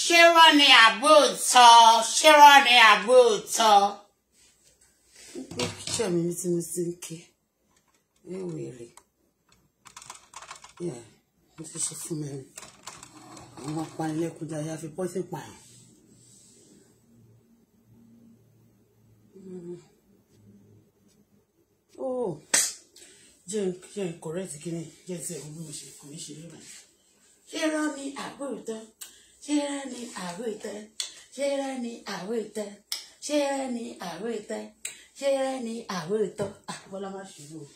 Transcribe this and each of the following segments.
ṣérọ́ ni àbóòtọ́ ṣérọ́ ni àbóòtọ́. pé píṣọ mi ní tí mo ti ń ké ní wèrè mo ti ṣe fún mi àwọn apanilẹ́kùn dáadáa fi pọ́sí pààyàn. Hmm. Oh, jẹ́ jẹ́ correct kí ni jẹ́ tí ẹ̀ ń bí mo ṣe kò ní ṣe rí Ṣé rán ni àbóòtọ́? Sherani Aruite, Sherani Aruite, Sherani Aruite, Sherani Aruito. Ah, voilà ma chou.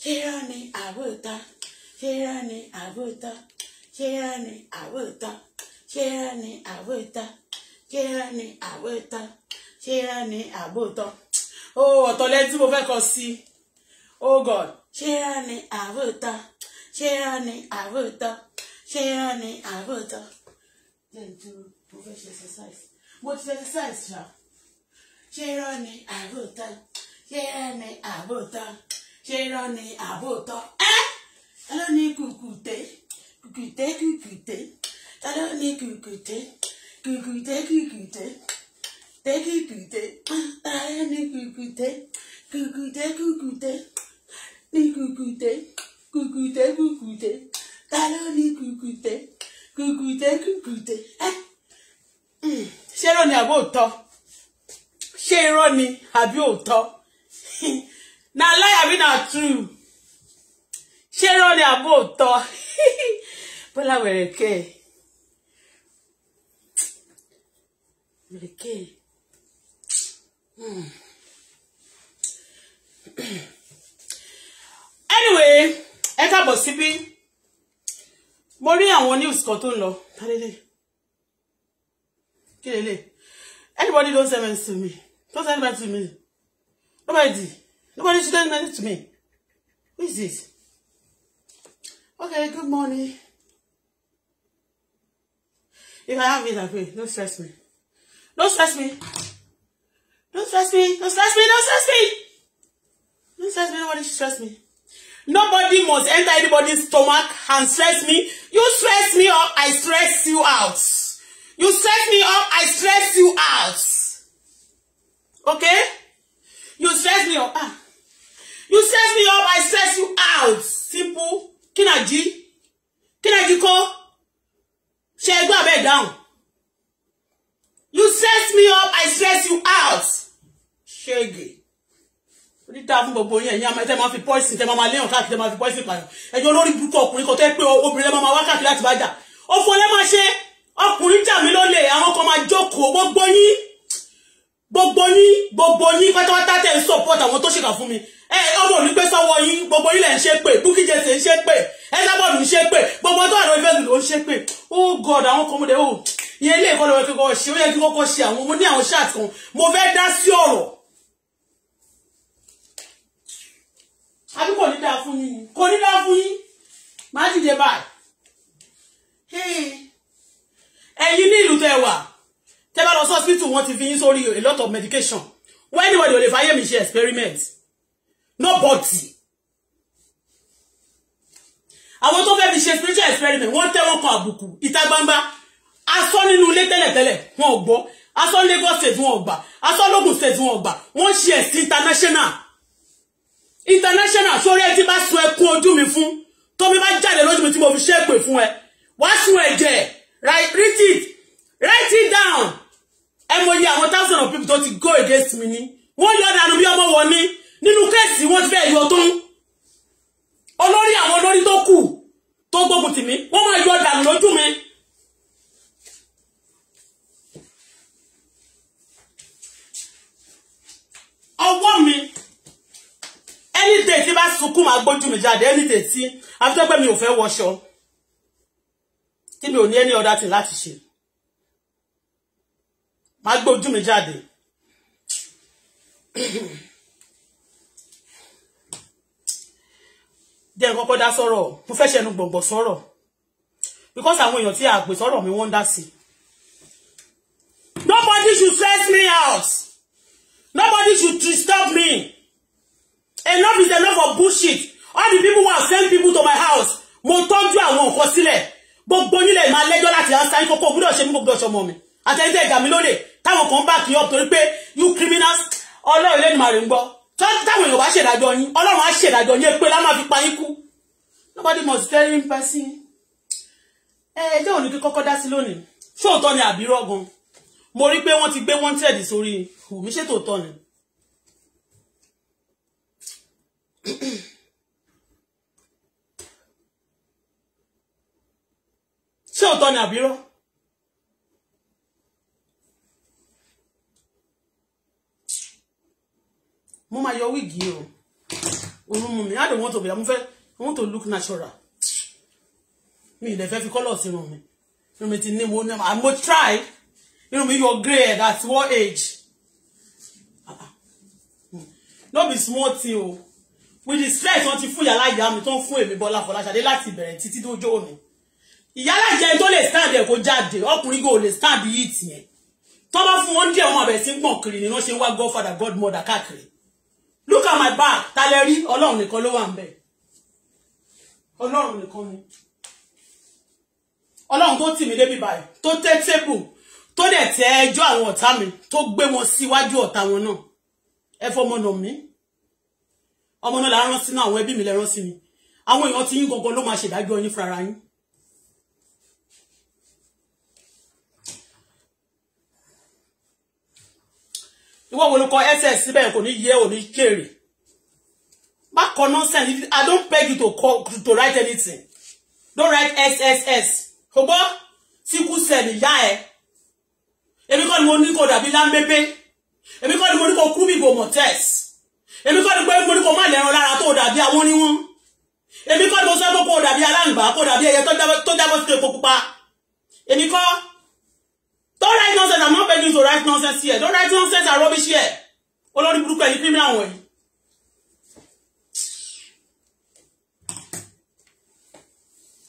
Sherani Aruita, Sherani Aruita, Sherani Aruita, Sherani Aruita, Sherani Aruita, Sherani Aruita. Oh, ọ̀tọ̀ lẹ́yìn tí mo fẹ́ kọ sí. Oh God. Shirani Aruta, Shirani Aruta, Shirani Aruta. Then do professional exercise. What's the exercise, sir? Shirani Aruta, Shirani Aruta, Shirani Aruta. Eh? Hello, ni kukute, kukute, kukute. Hello, ni kukute, kukute, kukute. Te kukute, hello, ah, ni kukute, kukute, kukute ní kùkùté kùkùté kùkùté ta ló ní kùkùté kùkùté kùkùté ẹ hmm, ṣé irọ́ ni àbí òótọ́ ṣé irọ́ ni àbí òótọ́ na lie àbí na true ṣé irọ́ ni àbí òótọ́ Bọ́lá wẹ̀rẹ̀kẹ́ wẹ̀rẹ̀kẹ́. Hmm. anyway ẹ káàbọ̀ síbí mo rí àwọn news kan tó ń lọ tálẹ́lẹ́ kí anybody don send message to me don send message to me nobody nobody should send message to me who is this okay good morning if i have it i pray don't stress me don't stress me don't stress me don't stress me don't stress me don't stress me nobody should stress me. Nobody must enter anybody's stomach and stress me. You stress me up, I stress you out. You stress me up, I stress you out. Okay? You stress me up. Ah. You stress me up, I stress you out. Simple. Kí ni àjí? Kí ni àjí kọ́? Ṣé You stress me up, I stress you out. Ṣége oníta fún gbogbo yín ẹ̀yin àmọ́ ẹ̀tẹ́ máa fi pọ́ìsì tẹ́ máa máa léèyàn káàkiri máa fi pọ́ìsì pààyàn ẹ̀yin olórí burúkú ọkùnrin kan tẹ́ pé obìnrin lẹ́ máa máa wá káàkiri láti bá jà òfò máa ṣe ọkùnrin jà mí lólè àwọn kan máa jókòó gbogbo yín gbogbo yín gbogbo yín pátápátá tẹ̀ ń support àwọn tó ṣèkà fún mi ẹ ọmọ òní gbé sọ́wọ́ yín gbogbo yín lẹ̀ ń ṣe pé Bukky ń ṣe pé oh ẹ̀dábọ̀dù oh, àbí kò ní dáa fún yín ni kò ní dáa fún yín má dìde báyìí ẹ̀yin ní ìlú tẹ́ wà tẹ́ bá lọ sí hospital wọ́n ti fi yín sórí a lot of medication when anybody ò lè fàyè mi ṣe experiment body. àwọn tó fẹ́ fi ṣe spiritual experiment wọ́n tẹ́wọ́n kan àbùkù ìta gbangba asọ nínú ilé tẹ́lẹ̀tẹ́lẹ̀ wọn ò gbọ́ asọ Lagos state wọn ò gbà asọ logun state wọn ò gbà wọ́n ṣe ẹ̀sìn international international sórí ẹ tí bá sun ẹkún ojú mi fún tómi bá jáde lójú mi tí mo fi ṣe pè fún ẹ wàá sun ẹ̀jẹ̀ write it write it down ẹ mọ iye àwọn thousand of people tó ti go against me. ni wọ́n yọ dànù bí ọmọ wọn ni nínú kéèsì wọ́n ti fẹ́ yọ tó ń olórí àwọn olórí tó kù tó gbógun tì mí wọ́n máa yọ dànù lójú mi. ọwọ́ mi any day tí bá sunkún máa gbójú mi jáde any day tí àfitọ́ pé mi ò fẹ́ wọṣọ tí mi ò ní any other thing láti ṣe máa gbójú mi jáde jẹ́ kọ́kọ́ dá sọ̀rọ̀ mo fẹ́ ṣẹnu gbọ̀ngbọ̀ sọ̀rọ̀ because àwọn èèyàn tí a pè sọ̀rọ̀ mi wọ́n dá sí nobody should stress me out nobody should disturb me enough is enough of bullshit all the people who have sent people to my house mo tọ́jú àwọn nǹkan sílẹ̀ gbogbo nílẹ̀ máa lẹ́jọ́ láti ansa ikókó gbúdọ̀ ṣe mí gbogbo ọ̀ṣọ́mọ mi àtẹ̀yìntẹ̀ ìgbà mi lóde táwọn kan bá kì í ọ̀tọ̀ pé you criminals ọlọ́run lẹ́nu màrí ń gbọ́ táwọn èèyàn bá ṣèdájọ́ yín ọlọ́run á ṣèdájọ́ yín pé lámà fi pa yín kú nobody must tell him person ẹ ẹ jẹ́ òní kí kọ́kọ́ dá sí lónìí ṣóòótọ́ ni àbí rọ́gan mo rí pé wọ́n ti gbé wọ́n tẹ̀dí sórí Wùmí ṣètò tọ́ ni ṣé òótọ́ ni àbírọ́ mo máa yọ wíìgì o orun mu mi i don't want to be i want to look natural mi ì lè fẹ́ fi kọ́lọ̀ sí irun mi irun mi ti ní mo ní àmọ́ mo try irun mi yọ grey head at what age ah, ah. Hmm. no be small thing o with the stress wọn ti fún yàrá ìyá mi tó ń fún èmi Bọ́lá Fọláṣadé láti bẹ̀rẹ̀ títí dójó mi ìyálà jẹ tó lè stand ẹ kó jáde ọkùnrin kò lè stand yìí tìyẹn tó bá fún wọn díẹ̀ wọn àbẹ̀ sí gbọ̀n kiri ni wọ́n ṣe ń wá godfather godmother káàkiri look at my back ta lẹ rí ọlọ́run nìkan ló wà ń bẹ̀ ọlọ́run nìkan ni ọlọ́run tó tì mí débi báyìí tó tẹ́ tébù tó dẹ̀ tẹ́ ẹjọ́ àwọn ọ̀tá mi tó gbé wọn síwájú ọ̀tá wọn náà ẹ fọmọ nà mí ọmọ náà la rán sínú àwọn ẹbí mi lẹ rán sí mi àwọn èèyàn tí yín gangan ló máa ṣèdájọ́ yín fúnra yín. ìwọ wo ló kọ ss síbẹ̀ kò ní yẹ ò ní jèrè má kọ nonsense i don't beg you to call to write anything don't write sss o gbọ́ síkú sẹ̀ níyà ẹ̀ èmi kọ́ ni mo ní kò dàbí lámbébé èmi kọ́ ni mo ní kò kú mi gò mọ̀ test èmi kọ́ ni pé mo ní kò má lẹ́ran lára tó dàbí àwọn oníwọ̀n èmi kọ́ ni mo sọ pé kò dàbí aláǹgbá kò dàbí ẹyẹ tó jábọ́ sí epo pupa èmi kọ́ don't write nonsense i'm not begging you to write nonsense here don't write nonsense and rubbish here olórí burúkú ẹ̀yin criminal wọ̀nyí.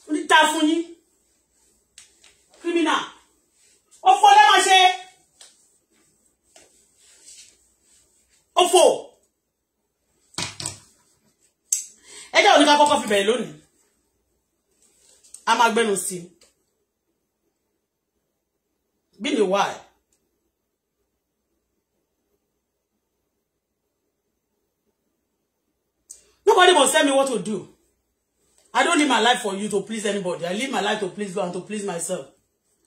oníta fún yín criminal ọ̀fọ̀ lẹ́wọ̀n ṣe Ofo. ẹjọ́ òní ká kọ́kọ́ fi bẹ̀rẹ̀ lónìí a máa gbẹ́nu sí i bí ni wáyé. Nobody must tell me what to do. I don't live my life for you to please anybody. I live my life to please God and to please myself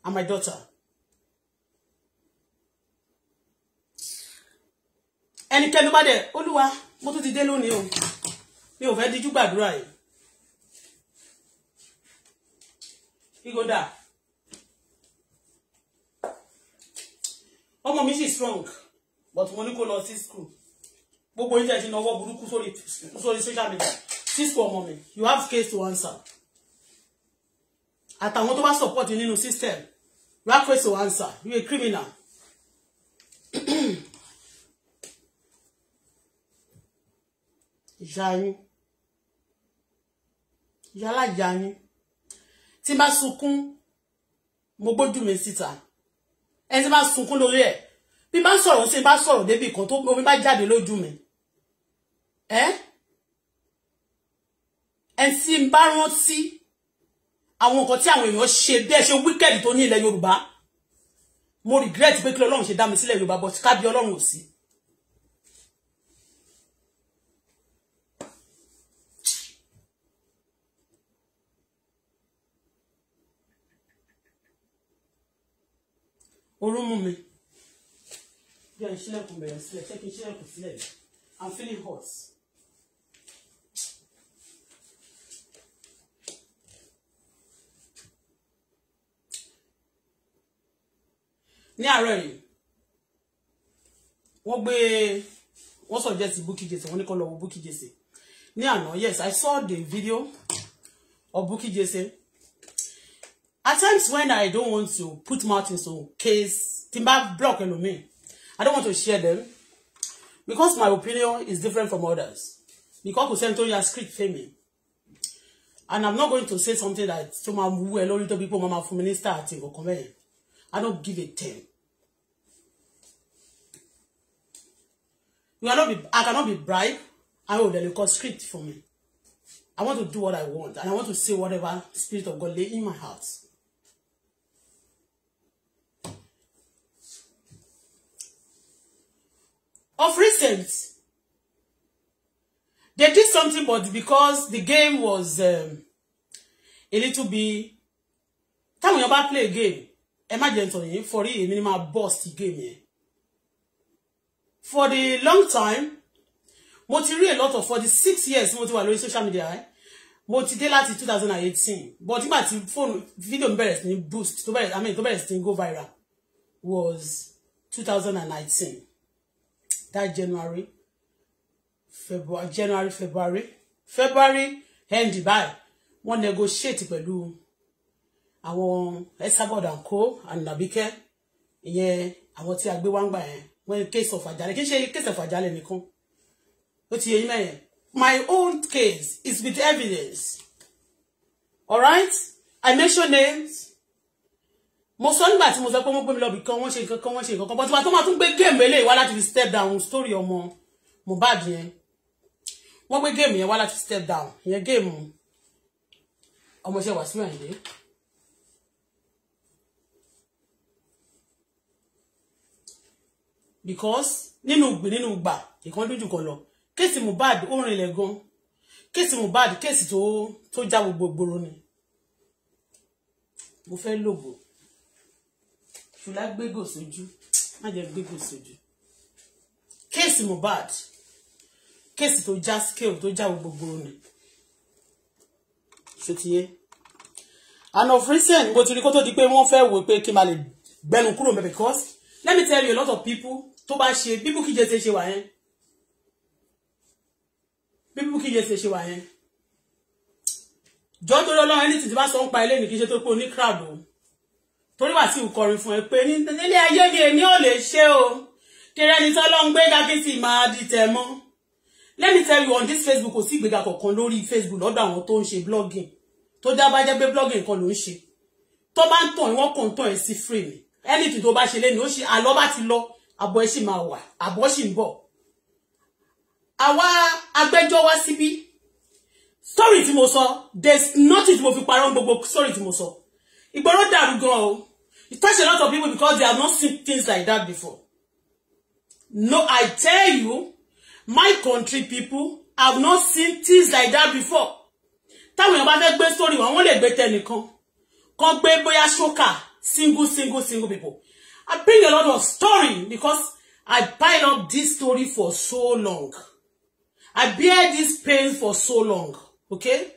and my daughter. Ẹnikẹ́ni bá dẹ̀, Olúwa, mo tún ti dé lónìí o mi ò fẹ́ díjú gbàdúrà yìí igoda ọmọ mi sì strong but mo ní kó lọ sí school gbogbo yín tẹ̀ sí náwó burúkú sórí sórí social media sísò ọmọ mi you have case to answer àtàwọn tó bá support nínú system you have case to answer you a criminal. ìyá yálà ìyá yín tí n bá sunkún mo gbójú mi síta ẹni tí n bá sunkún lórí ẹ bí n bá sọ̀rọ̀ sí n bá sọ̀rọ̀ débi kan tó omi bá jáde lójú mi ẹ ẹni tí n bá rántí àwọn nǹkan tí àwọn èèyàn ṣe bí ẹ ṣe wíkẹ́ẹ̀dì tó ní ilẹ̀ Yorùbá mo regret pé kí Ọlọ́run ṣe dá mi sílẹ̀ Yorùbá but ká bí Ọlọ́run ò sí. orún mú mi bí a ń ṣílẹ̀kùn bẹ̀rẹ̀ ṣé kí n ṣílẹ̀kùn sílẹ̀ I'm feeling hot. ní àárọ̀ yìí wọ́n gbé wọ́n sọ jẹ́ ti Bukky Jesse wọ́n ní kọ́ lọ wo Bukky Jesse ní àná yes I saw the video of Bukky Jesse at times when I don't want to put mouth in some case tí n bá block me. I don't want to share them because my opinion is different from others because kò sent tó your script for me, and I'm not going to say something that tó máa wú ẹ lórí tó bí pé mo máa fún minister àti nǹkan I don't give a ten you cannot be I cannot be bribed I will dem call script for me I want to do what I want and I want to say whatever spirit of God lay in my heart. of recent they did something but because the game was um, a little bit táwọn èèyàn bá play a game ẹ for jẹ́ nítorí yìí forí èmi ni máa game yẹn for the long time mo a lot of for the six years mo ti wà social media ẹ eh, mo ti dé láti two thousand and eighteen but nígbà tí fóònù fídíò mi bẹ̀rẹ̀ sí boost to bẹ̀rẹ̀ I mean tó bẹ̀rẹ̀ sí go viral was two thousand and nineteen that January, February, January, February, February end by wọ́n negotiate pẹ̀lú àwọn Esabod and co and Nabike ìyẹn àwọn tí a gbé wá ń gbà yẹn when case of Ajale kì í case of Ajale nìkan ó ti yẹ yín my own case is with evidence All right, I mention names mo sọ nígbà tí mo sọ pé wọ́n gbé mi lọ́bì kan wọ́n ṣe nǹkan kan wọ́n ṣe nǹkan kan bọ́tíwá tó máa tún gbé géèmù eléyìí wá láti fi step down story ọmọ Mohbad yẹn wọ́n gbé géèmù yẹn wá láti step down ìyẹn géèmù ọmọọṣẹ́ Wàsíù Àyìndé because nínú ìgbè nínú ìgbà ìkan dúdú kan lọ kéèsì Mohbad ó rìnlẹ̀ gan kéèsì Mohbad kéèsì tó tó já gbogbo gbòòrò ni mo fẹ́ lògbò ṣùlá gbégò sójú má jẹ́ gbégò sójú kéèsì Mohbad kéèsì tó já scale tó já gbogbo ni ṣòtìyẹ and of recent mo ti rí kó tó di pé wọ́n fẹ́ wò pé kí n máa lè gbẹnu kúrò because let me tell you a lot of people tó bá ṣe bíbú kíje ṣe ṣe wà yẹn bíbú kíje ṣe ṣe wà yẹn jọ́jọ́ lọ́lọ́run anything tí ti bá sọ ń pa ilé nìkíṣe tó pé oní crowd o torí Wàsíù kọrin fún ẹ pé nílé ayé mi èmi ò lè ṣe o kéré ní tọ́lọ́ ń gbé dákí sí máa dìtẹ̀ mọ́ let me tell you on this Facebook kò sí ìgbéga kọ̀ọ̀kan lórí Facebook lọ́dọ̀ àwọn tó ń ṣe blogging tó dábàá jẹ́ pé blogging kan ló ń ṣe tó bá ń tàn wọ́n kàn ń tàn ẹ̀ sí free mi anything tó bá ṣe lẹ́nu ó ṣe àlọ́ bá ti lọ àbọ̀ ẹ̀ sì máa wà àbọ̀ sì ń bọ̀ àwa agbẹjọ́ wá síbí story tí mo sọ there's nothing tí mo fi parọ́ gbogbo story tí mo sọ. So ìgboro dàrú gan o it touch a lot of people because they have not seen things like that before no I tell you my country people have not seen things like that before táwọn èèyàn bá fẹ́ gbé sórí wọn wọ́n lè gbé tẹnìkan kan gbé bóyá ṣókà single single single people I bring a lot of story because I pile up this story for so long I bear this pain for so long okay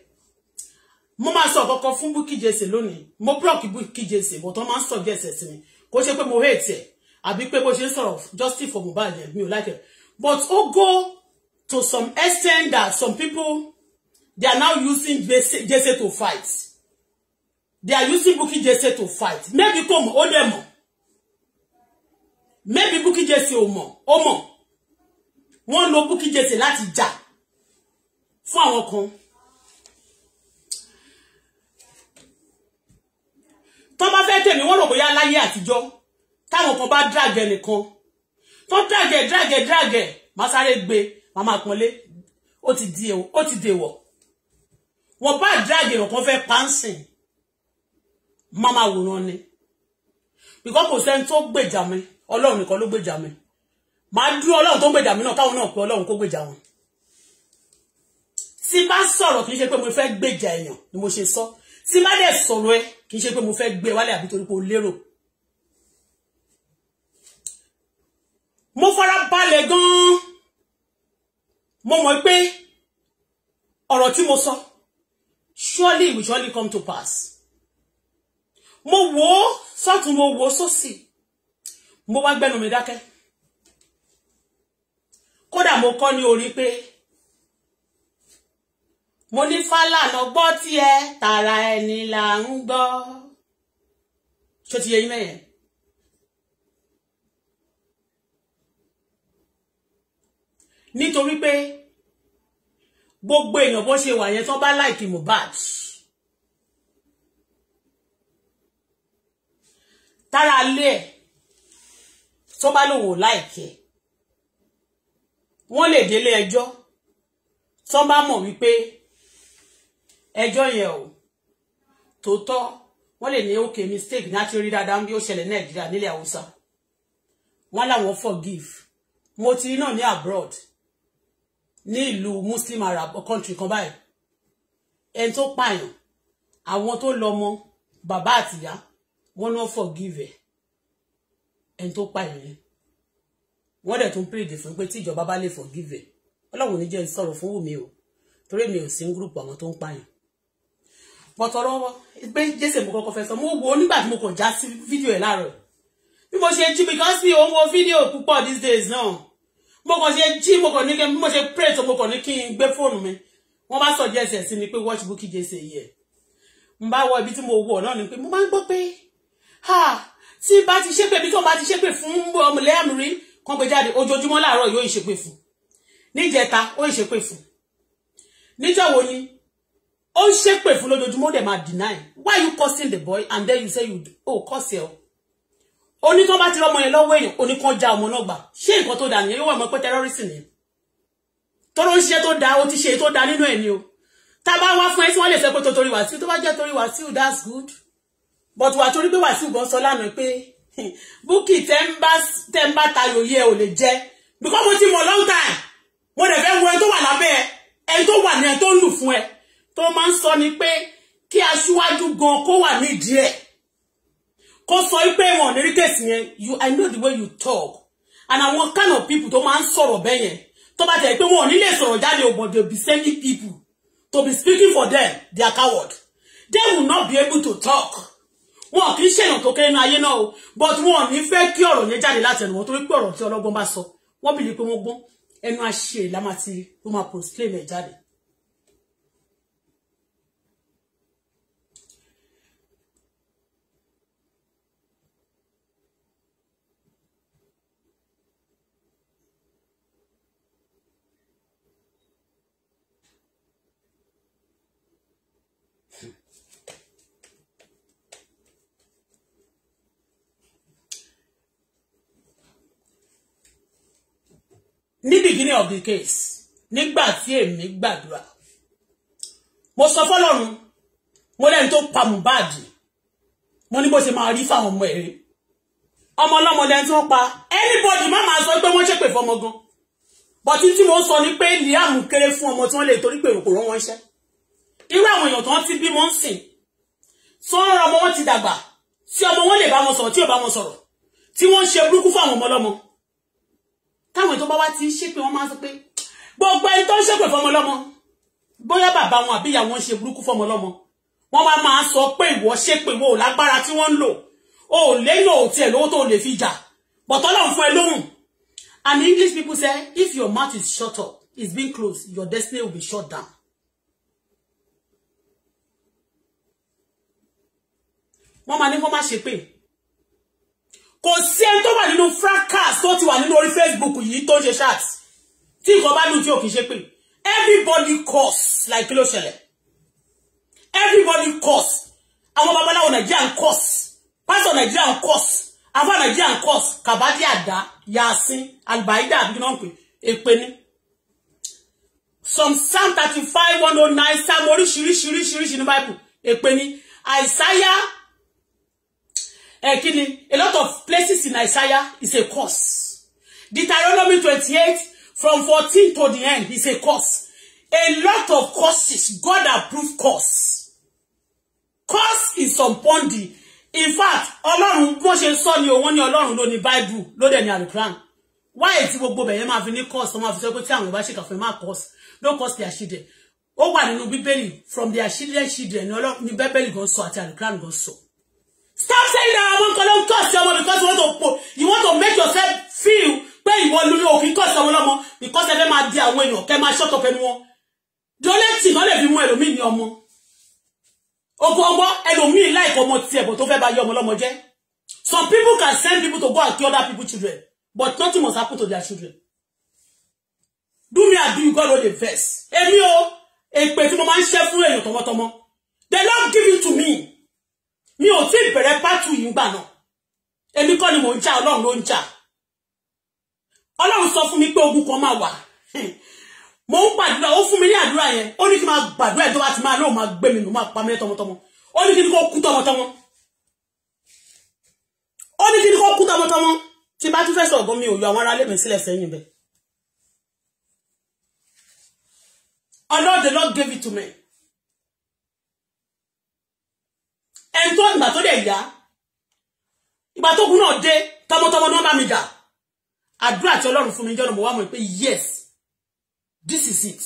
mo máa sọ ọ̀kọ̀ọ̀kan fún Buki Jesse lónìí mo block Buki Jesse but wọ́n máa ń sọ̀jọ́ ẹ̀sẹ̀ sí mi kò ṣe mo hate ẹ̀ àbí pé bó ṣe ń justice for mobile. yẹn mi ò like it but ó go to some extent that some people they are now using Jesse to fight they are using Buki Jesse to fight maybe kò mọ̀ ó dẹ̀ mọ̀ maybe Buki Jesse ò mọ̀ ó mọ̀ wọ́n lo Bukky Jesse láti jà fún àwọn kan tó bá fẹ́ tèmi wọ́n rò bóyá láyé àtijọ́ táwọn kan bá dàgẹ̀ nìkan tó dàgẹ̀ dàgẹ̀ dàgẹ̀ máa sáré gbé máa máa pọ́nlé ó ti di èwọ̀ ó ti dèwọ̀ wọ́n bá dàgẹ̀ nìkan fẹ́ pánsìn máa máa wòran ni bìkọ́ kò sẹ́ni tó gbèjà mi ọlọ́run nìkan ló gbèjà mi màá dúró ọlọ́run tó gbèjà mi náà káwọn náà pé ọlọ́run kó gbèjà wọn tí bá sọ̀rọ̀ kì í ṣe pé mo fẹ́ gbèjà èèyàn ni mo ṣe sọ tí má dẹ̀ sọ̀rọ̀ ẹ kì í ṣe pé mo fẹ́ gbé wálé àbí torí pé o lérò mo fara balẹ̀ gan-an mo mọ̀ pé ọ̀rọ̀ mo sọ surely will surely come to pass mo wò ó sọ́tún mo wò ó sósì mo wá gbẹnu mi dákẹ́ kódà mo kọ́ ní orí pé mo ní Fálànà gbọ́ tiẹ̀ tara ẹni là ń gbọ́ ṣó ti yẹ yín mẹ́yẹn. nítorí pé gbogbo èèyàn bó ṣe wà yẹn tán bá láìkì Mohbad tára lé ẹ̀ tó bá lòwò láìkì ẹ̀ wọ́n lè délé ẹjọ́ tán bá mọ̀ wípé ẹjọ́ yẹn o tòótọ́ wọ́n lè ní òkè mistake ní àti orí dáadáa bí ó ṣẹlẹ̀ nàìjíríà nílẹ̀ haúsá wọ́n láwọn forgive mo ti náà ní abroad ní ìlú muslim arab country kan báyìí ẹni tó pààyàn àwọn tó lọ́mọ bàbá àtìyá wọ́n náà forgive ẹ̀ ẹni tó pààyàn yẹn wọ́n dẹ̀ tún pèrèdè fún pé tí ìjọba bá lè forgive ẹ̀ ọlọ́run ní jẹ́ sọ̀rọ̀ fún wùmí o torí mi ò sí ń gúrùpù àwọn tó ń pààyàn but ọ̀rọ̀ pé jésè mo kọ́kọ́ fẹ́ sọ mo wo nígbà tí mo kàn já sí fídíò ẹ̀ láàárọ̀ bí mo ṣe jí because mi ò ń wo fídíò púpọ̀ these days náà mo kàn ṣe jí mo kàn ní kí bí mo ṣe pray tó mo kàn ní kí n gbé fóònù mi wọ́n bá sọ díẹ̀ sẹ̀ sí ni pé watch Bukky Jesse yìí ẹ̀ n bá wọ ibi tí mo wọ̀ náà ni pé mo máa ń gbọ́ pé ha tí bá ti ṣépè bí tó bá ti ṣépè fún ọmọlẹ́yàmù um, rí kan gbé jáde ojoojúmọ́ láàárọ̀ yóò ṣépè fún níjẹta ó ṣépè fún níjọ́ wo ni ó ń ṣépè fún lójoojúmọ́ dẹ̀ máa deny why you cursing the boy and then you say you oh curse him? Oni oníkan bá ti rọmọ yẹn lọ́wọ́ èèyàn oníkan já ọmọ náà gbà ṣé nǹkan tó dà nìyẹn yóò wà mọ́ pé terrorism ni tọ́lọ́ ń ṣe tó da ó ti ṣe tó da nínú ẹ̀ ni o tá a bá wá fún ẹ tí wọ́n lè sọ pé tó torí Wàsíù tó bá jẹ́ torí Wàsíù that's good but wà torí pé Wàsíù gan sọ lánàá pé Bukky temba ń bá tayò yẹ ò lè jẹ́ because mo ti mọ̀ long time mo dẹ̀ fẹ́ wo ẹni tó wà lábẹ́ ẹ ẹni tó wà ní ẹni tó ń lù fún tó máa ń sọ ni pé kí aṣíwájú gan kó wà nídìí ẹ̀ kó sọ pé wọn ní rí yẹn you I know the way you talk and àwọn kind of people tó máa ń sọ̀rọ̀ bẹ́ẹ̀ yẹn tó bá tẹ̀ pé wọn ò ní lè sọ̀rọ̀ jáde o but they be sending people to be speaking for them they are coward they will not be able to talk wọn kì í ṣèyàn tó kéré ní ayé náà o but wọn ò ní fẹ́ kí ọ̀rọ̀ yẹn jáde láti ẹnu wọn torí pé ọ̀rọ̀ tí ọlọ́gbọ́n bá sọ wọ́n bìlí pé wọ́n gbọ́n ẹnu àṣìṣe la máa máa post claim ẹ̀ jáde ní beginning of the case nígbà tí èmi gbàdúrà mo sọ fọ́lọ́run mo lẹ́ni tó pa Mohbad mo ní bó ṣe máa rí fáwọn ọmọ ẹ̀rí ọmọ ọlọ́mọ lẹ́ni tí wọ́n pa anybody má máa sọ pé wọ́n ṣépè fọmọ gan but tí mo sọ ni pé Liam kéré fún ọmọ tí wọ́n lè torí pé òkòrò wọn ṣẹ́ irú àwọn èèyàn tó wọ́n ti bímọ ń sìn tó ń rọ ọmọ wọn ti dàgbà tí ọmọ wọn lè bá wọn sọ̀rọ̀ tí ò bá wọn sọ̀rọ̀ tí wọ́n ń ṣe burúkú fún àwọn ọmọ ọlọ́mọ táwọn ètò bá wá ti ń ṣépè wọ́n máa ń sọ pé gbogbo ẹni tó ń ṣépè fọmọ lọ́mọ bóyá bàbá wọn àbí ìyàwó ń ṣe burúkú fọmọ lọ́mọ wọ́n máa máa sọ pé ìwọ ṣépè wo lágbára tí wọ́n ń lò o ò léyìn òtí ẹ̀ lówó tó lè fi jà bọ̀tọ́ lọ́n fún ẹ lóhùn and English people say if your mouth is shut up it's been closed your destiny will be shut down. wọ́n máa ní kó má ṣépè kò sí ẹni tó wà nínú fracas tó ti wà nínú orí Facebook yìí tó ń ṣe chat tí nǹkan bá dùn tí òkè ṣe pé everybody curse like kí ló ṣẹlẹ̀ everybody curse àwọn babaláwo Nàìjíríà ń curse pásítọ̀ Nàìjíríà ń curse àfáà Nàìjíríà ń curse kàbádé yasin àgbàyídà àbí náà pè èpè ni some psalm thirty five one oh nine psalm oríṣiríṣiríṣiríṣi ní bible èpè ni Isaiah uh, kini, a lot of places in Isaiah is a curse. Deuteronomy 28 from 14 to the end is a curse. A lot of curses, God approved curse. Curse is some the, in fact, Ọlọ́run bó ṣe sọ ni òun ni Ọlọ́run ló ní Bible ló dẹ̀ ní Al-Quran. Why ti gbogbo bẹ̀yẹn máa fi ní curse, wọ́n máa fi sọ pé tí àwọn ìbá ṣe kàfẹ́ máa curse, don't curse their children. Ó wà nínú Bíbélì from the Ashide Ashide? ni Bíbélì go so. àti Al-Quran gan sọ stop saying that àwọn kan ló ń kọ́ because you want to po you want to make yourself feel pé ìwọ ló ní òfin kọ́ sí ọmọ more because ẹ fẹ́ máa di àwọn èèyàn kẹ́ máa shut up ẹnu don't let náà lè fi mú ẹlòmíì ní ọmọ oh ọgbọ́ ẹlòmíì me like tiẹ̀ bọ̀ tó fẹ́ bá yọ ọmọ lọ́mọ jẹ́ some people can send people to go and kill other people's children but nothing must happen to their children do me a do you God no dey vex èmi a petty tí mo máa ń ṣe fún èèyàn tọmọtọmọ they don't give it to me mi ò tí bẹ̀rẹ̀ pátù yìí gbà náà èmi kọ́ ni mò ń jà ọlọ́run ló ń jà ọlọ́run sọ fún mi pé ogun kan máa wà Mò ń pàdúrà ó fún mi ní àdúrà yẹn ó ní kí n máa gbàdúrà ẹ̀ tó bá ti máa lóun máa gbé mi nù máa pa mí tọmọtọmọ ó ní kí n kú tọmọtọmọ ó ní kí n kú tọmọtọmọ tí bá tún fẹ́ sọ̀gbọ́n mi ò yọ àwọn aráalé mi sílẹ̀ sẹ́yìn bẹ́ẹ̀. ẹni tó ìgbà tó dẹ̀ yá ìgbà tó kún náà dé tọmọtọmọ náà bá mi jà àdúrà tí ọlọ́run fún mi jọ́nà mo wá mọ̀ pé yes this is it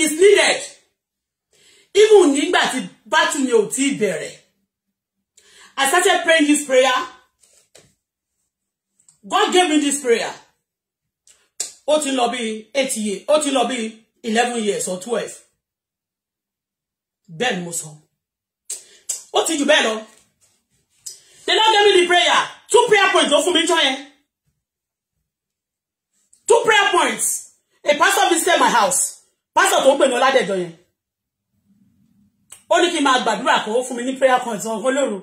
it's needed even nígbà tí bátù mi ò tí bẹ̀rẹ̀ I started praying this prayer God gave me this prayer ó ti lọ bí eight years ó ti lọ bí eleven years or twelve bẹ́ẹ̀ ni mo sọ. So ó ti jù bẹ́ẹ̀ lọ they don give me the prayer two prayer points ló fún mi join yẹn two prayer points a pastor visited my house pastor tó ń pè ní ọládẹjọ yẹn ó ní kí n máa gbàdúrà kó fún mi ní prayer points ọ̀hún olórun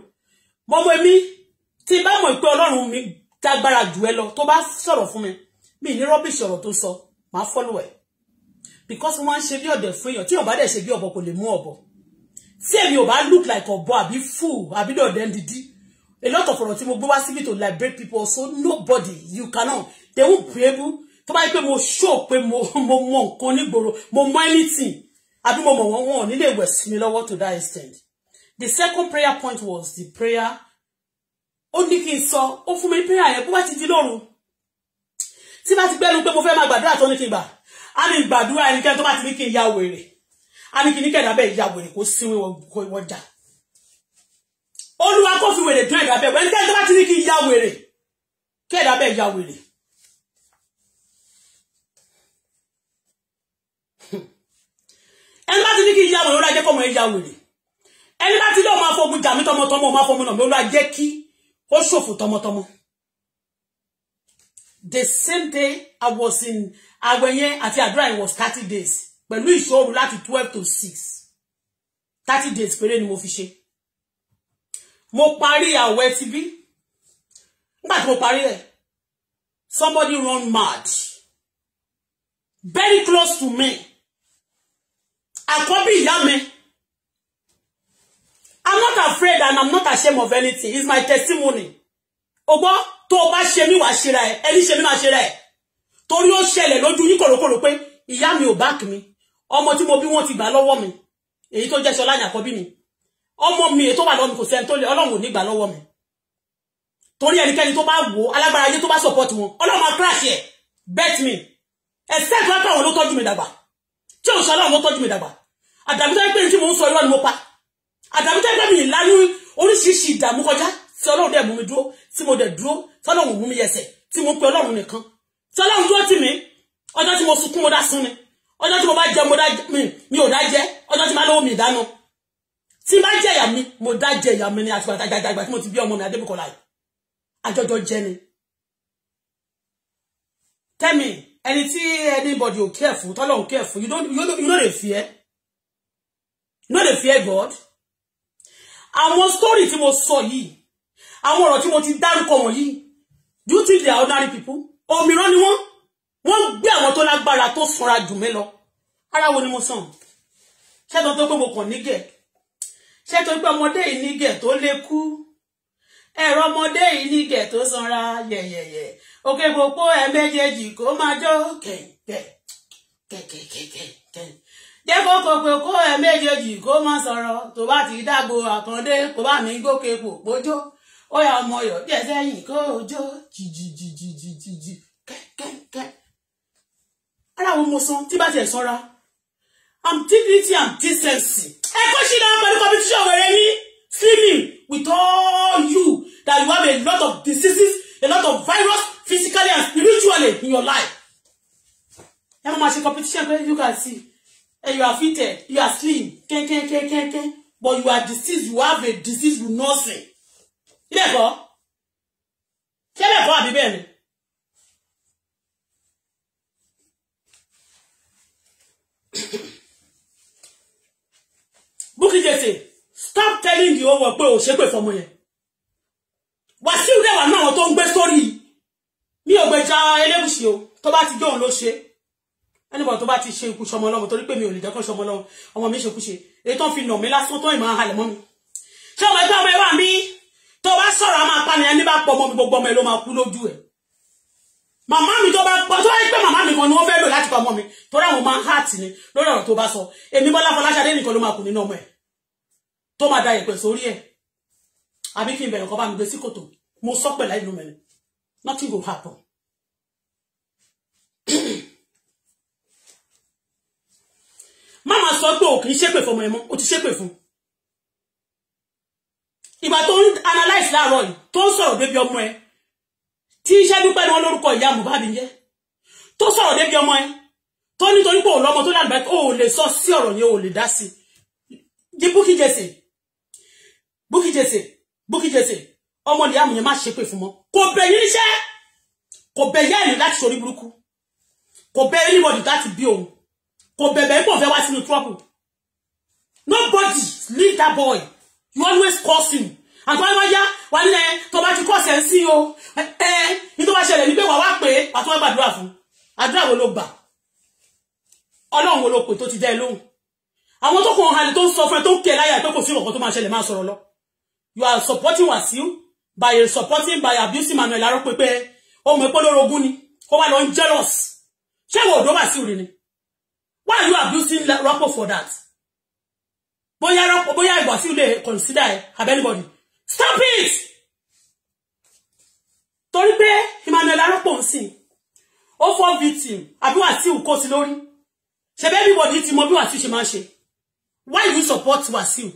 mọ́mọ́ mi tí bá mọ̀ pé ọlọ́run mi dágbára jù ẹ lọ tó bá sọ̀rọ̀ fún mi mi ní rọ́bìṣì ọ̀rọ̀ tó sọ máa fọ́lọ̀ ẹ̀ because wọ́n ń ṣe bí ọ̀dẹ̀ fún èèyàn tí ọ̀bá dẹ̀ ṣe bí ọ̀bọ kò lè mú ọ̀bọ tí èmi ò bá look like ọ̀bọ àbí fool àbí dọ̀dẹ́ dídí a lot of ọ̀rọ̀ tí mo gbé wá síbi to liberate people so nobody you cannot they won't be able to bá yẹ pé mo show pé mo mo mọ nǹkan nígboro mo mọ anything àbí mo mọ̀ wọ́n wọ́n nílé ìwẹ̀ sí mi lọ́wọ́ to that extent the second prayer point was the prayer Only ní so, n sọ ó mi prayer yẹn bó bá ti di lóru tí bá ti gbẹ́nu pé mo fẹ́ máa gbàdúrà tó ní kí n gbà á ní gbàdúrà ẹnikẹ́ni tó ti ní ya wèrè a ní kíní kẹ̀dá bẹ́ẹ̀ ya wèrè kó sínwín wọ́n jà olúwa kó fi wèrè dún ẹ̀dá bẹ́ẹ̀ wẹ́n tẹ́lẹ̀ bá ti ní kí ya wèrè kẹ̀dá bẹ́ẹ̀ ya wèrè. ẹni bá ti ní kí ya wèrè ó lájẹ́ kọ́mọ ẹ̀ ya wèrè ẹni bá ti ní ọmọ afọgun jàmí tọmọtọmọ ọmọ afọgun náà ló lájẹ́ kí ó ṣòfò tọmọtọmọ. the same day i was in awẹyẹ àti àdúrà it was thirty days pẹ̀lú ìṣòro láti twelve to six thirty days péré ni mo fi ṣe mo parí àwẹ̀ ti bí nígbà tí mo parí ẹ̀ somebody run mad very close to me àkọ́bí ìyá mi I'm not afraid and I'm not ashamed of anything it's my testimony ogbó tó o bá ṣe mí wàá ṣe ra ẹ ẹni ṣe mí máa ṣe ra ẹ torí ó ṣẹlẹ̀ lójú yín kòròkòrò pé ìyá mi ò báàkì mi ọmọ tí mo bí wọ́n ti gbà lọ́wọ́ mi èyí tó jẹ́ Ṣọlá àyàkọ́bí mi ọmọ mi èyí tó wà lọ́wọ́ mi kò sẹ́ni tó lè ọlọ́run ò ní gbà lọ́wọ́ mi torí ẹnikẹ́ni tó bá wò alágbára ayé tó bá support wọn ọlọ́run á crash ẹ̀ bet me ẹ̀sẹ̀ tó bá wọn ló tọ́jú mi dàgbà tí òun ṣọlọ́run ló tọ́jú mi dàgbà àdàbí tó ń pè ní tí mò ń sọ irọ́ ni mo pa àdàbí tó ń pè mí lánú oríṣiríṣi ìdààmú kọjá tí ọlọ́run dẹ̀ mú mi dúró tí mo dẹ̀ dúró tí ọlọ́run mú mi yẹsẹ̀ tí mo pe ọlọ́run nìkan tí ọlọ́run dúró tì mí ọjọ́ tí mo sunkún mo dá sún ni ọjọ́ tí mo bá jẹ mo dá mi mi ò dá jẹ ọjọ́ tí mo bá lówó mi ìdáná tí n bá jẹ ìyá mi mo dá jẹ ìyá mi ni àti gbàgbà ìgbà tí mo ti bí ọmọ mi adébùkọ́lá yìí àjọjọ jẹ ni tẹ́mi ẹni tí anybody ò care fún tọ́lọ̀ ò care fún you don't you know you know dey fear you know dey fear God àwọn story tí mo sọ yìí àwọn ọ̀rọ̀ tí mo ti dárúkọ wọ̀nyí do you think they are ordinary people òmíràn ni wọ́n wọ́n gbé àwọn tó lágbára tó sanra jù mí lọ ara wo ni mo sàn ṣẹ́tọ́ tó pé mo kàn nígẹ̀ ṣẹ́tọ́ pé ọmọdé yìí nígẹ̀ tó lè kú ẹ̀rọ ọmọdé yìí nígẹ̀ tó sanra yẹ̀yẹ̀yẹ̀ òkè gbogbo ẹ̀ méjèèjì kó máa jó kẹ̀kẹ̀ kẹ̀kẹ̀kẹ̀kẹ̀ jẹ́ kó kọ̀pẹ̀ kó ẹ̀ méjèèjì kó máa sọ̀rọ̀ tó bá ti dágbo àkàndé kó bá mi gòkè pò pójó ó yà ọmọ yọ̀ díẹ̀ sẹ́yìn kó o jó jìjìjìjì. ara àwọn mo san tí bá tiẹ̀ sanra i'm dignity and decency ẹ kó ṣì náà pẹ̀lú competition wẹ̀rẹ̀ ní slimming with all you that you have a lot of diseases a lot of virus physically and spiritually in your life ẹ máa ṣe competition pé you can see and you are fit, you are slim ken ken ken ken ken, but you are diseased you have a disease you know say. ilé ẹ̀kọ́ ṣé bẹ́ẹ̀ kọ́ àbí ni. Bukky Jesse stop telling the old world pé o ṣépè fọmọ yẹn Wàsíù dẹ̀ wà náà àwọn tó ń gbé sórí mi ò gbèjà Elégùṣì o tó bá ti jẹ́ òun ló ṣe ẹnìkan tó bá ti ṣe ikú ṣọmọ lọ́mọ torí pé mi ò lè jẹ́ kó ṣọmọ lọ́mọ ọmọ mi ṣekú ṣe èyí tó ń fi nà mí lásán tó ìmọ̀ àhàlẹ̀ mọ́ mi ṣé ọmọ ẹgbẹ́ ọmọ ẹ wà mí tó bá sọ̀rọ̀ a máa pa ni ẹni bá pọ̀ mọ́ gbogbo ọmọ ẹ ló máa kú lójú ẹ̀ màmá mi tó bá pọ̀ tó wáyé pé màmá mi kan ni wọ́n fẹ́ lò láti pa ọmọ mi tó ráwọn máa ń hàtì ni lórí ọ̀rọ̀ tó bá sọ èmi Bọ́lá Fọláṣadé nìkan ló máa kù nínú ọmọ ẹ̀ tó máa da ìpè sórí ẹ̀ àbí kí n bẹ̀rẹ̀ kọ́ bá mi gbé sí kòtò mo sọ pẹ̀lá ìlú mẹ́rin nothing will happen. máma sọ pé òkè ṣépè fọmọ ẹ mọ́ ó ti ṣépè fún ìgbà tó ń analyse láàárọ̀ yìí tó ń sọ̀rọ̀ bébí ọmọ ẹ tí iṣẹ́ dúpẹ́ ni wọ́n lórúkọ ìyá Mohbad ń jẹ́ tó sọ̀rọ̀ débi ọmọ ẹ tó nítorí pé òun lọ́mọ tó lálùbá ó lè sọ sí ọ̀rọ̀ yẹn ó lè dá sí i Bukky Jesse Buki Jesse Buki Jesse Omo ìyá mi yẹn má ṣépè fún mọ́ kò bẹ̀ yín níṣẹ́ kò bẹ̀ yá ẹ̀yìn láti sórí burúkú kò bẹ̀ anybody láti bí òun kò bẹ̀bẹ̀ ipò fẹ́ wá sínú trouble nobody leave that boy you always cause him àgbáyé wáyá wà nílẹ̀ tó bá ti kọ́ ọ̀sẹ̀ ń sí o ẹ ní tó bá ṣẹlẹ̀ ní pé wà wá pé wà tó wá gbàdúrà fún àdúrà wo ló gbà ọlọ́run wo ló pè tó ti dá ẹ lóhùn àwọn tó kọ ọ̀hánì tó ń sọ fún ẹ tó ń kí ẹ láyà pé kò sí ọ̀kan tó máa ṣẹlẹ̀ máa sọ̀rọ̀ lọ you are supporting Wasiu by supporting by abusing Manuel arọ pé pé ohun ẹ̀pọ́ lóró ogún ni kó wá lọ ń jealous ṣé ìwọ ọ̀dọ́ Wasiu rè ni why are you abusing Rapo for that bóyá Rapo bóyá Wasiu lè consider ẹ abẹ́nibọ̀dì stop it torí pé Emmanuel arọ́pọ̀ ń sìn ó fọ́ victim àbí Wàsíù kó sí lórí ṣebí everybody ti mọ bí Wàsíù ṣe máa ṣe why you support Wàsíù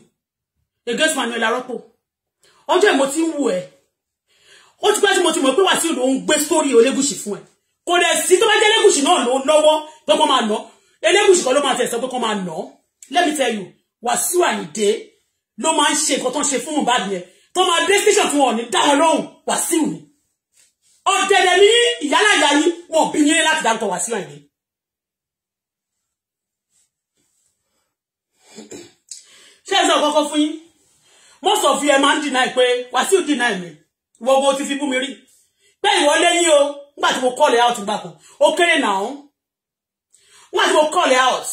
against Emmanuel arọ́pọ̀ ọjọ́ ìmọ̀ tí ń wù ẹ́ ó ti pẹ́ tí mo ti mọ̀ pé Wàsíù ló ń gbé sórí Olégùṣì fún ẹ kò dẹ̀ sí tó bá jẹ́ Elégùṣì náà ló lọ́wọ́ pé kó máa nà Elégùṣì kan ló máa tẹ̀sán pé kó máa nà let me tell you Wàsíù Àyìndé ló máa ń ṣe nǹkan tó ń ṣe fún Mohbad yẹn tó máa dé station tí wọn ò ní dá wọn lóhùn Wàsíù ni ọ̀dẹ̀dẹ̀ ní ìyálàyà yìí wọn ò bí yín láti dárúkọ Wàsíù Àyìndé. ṣé ẹ sọ kọ́kọ́ fún yín most of you ẹ máa ń deny pé Wàsíù deny mi gbogbo ti fi bú mi rí pé ìwọ lẹ́yìn o nígbà tí mo call out gbà kan ó kéré nà án nígbà tí mo call out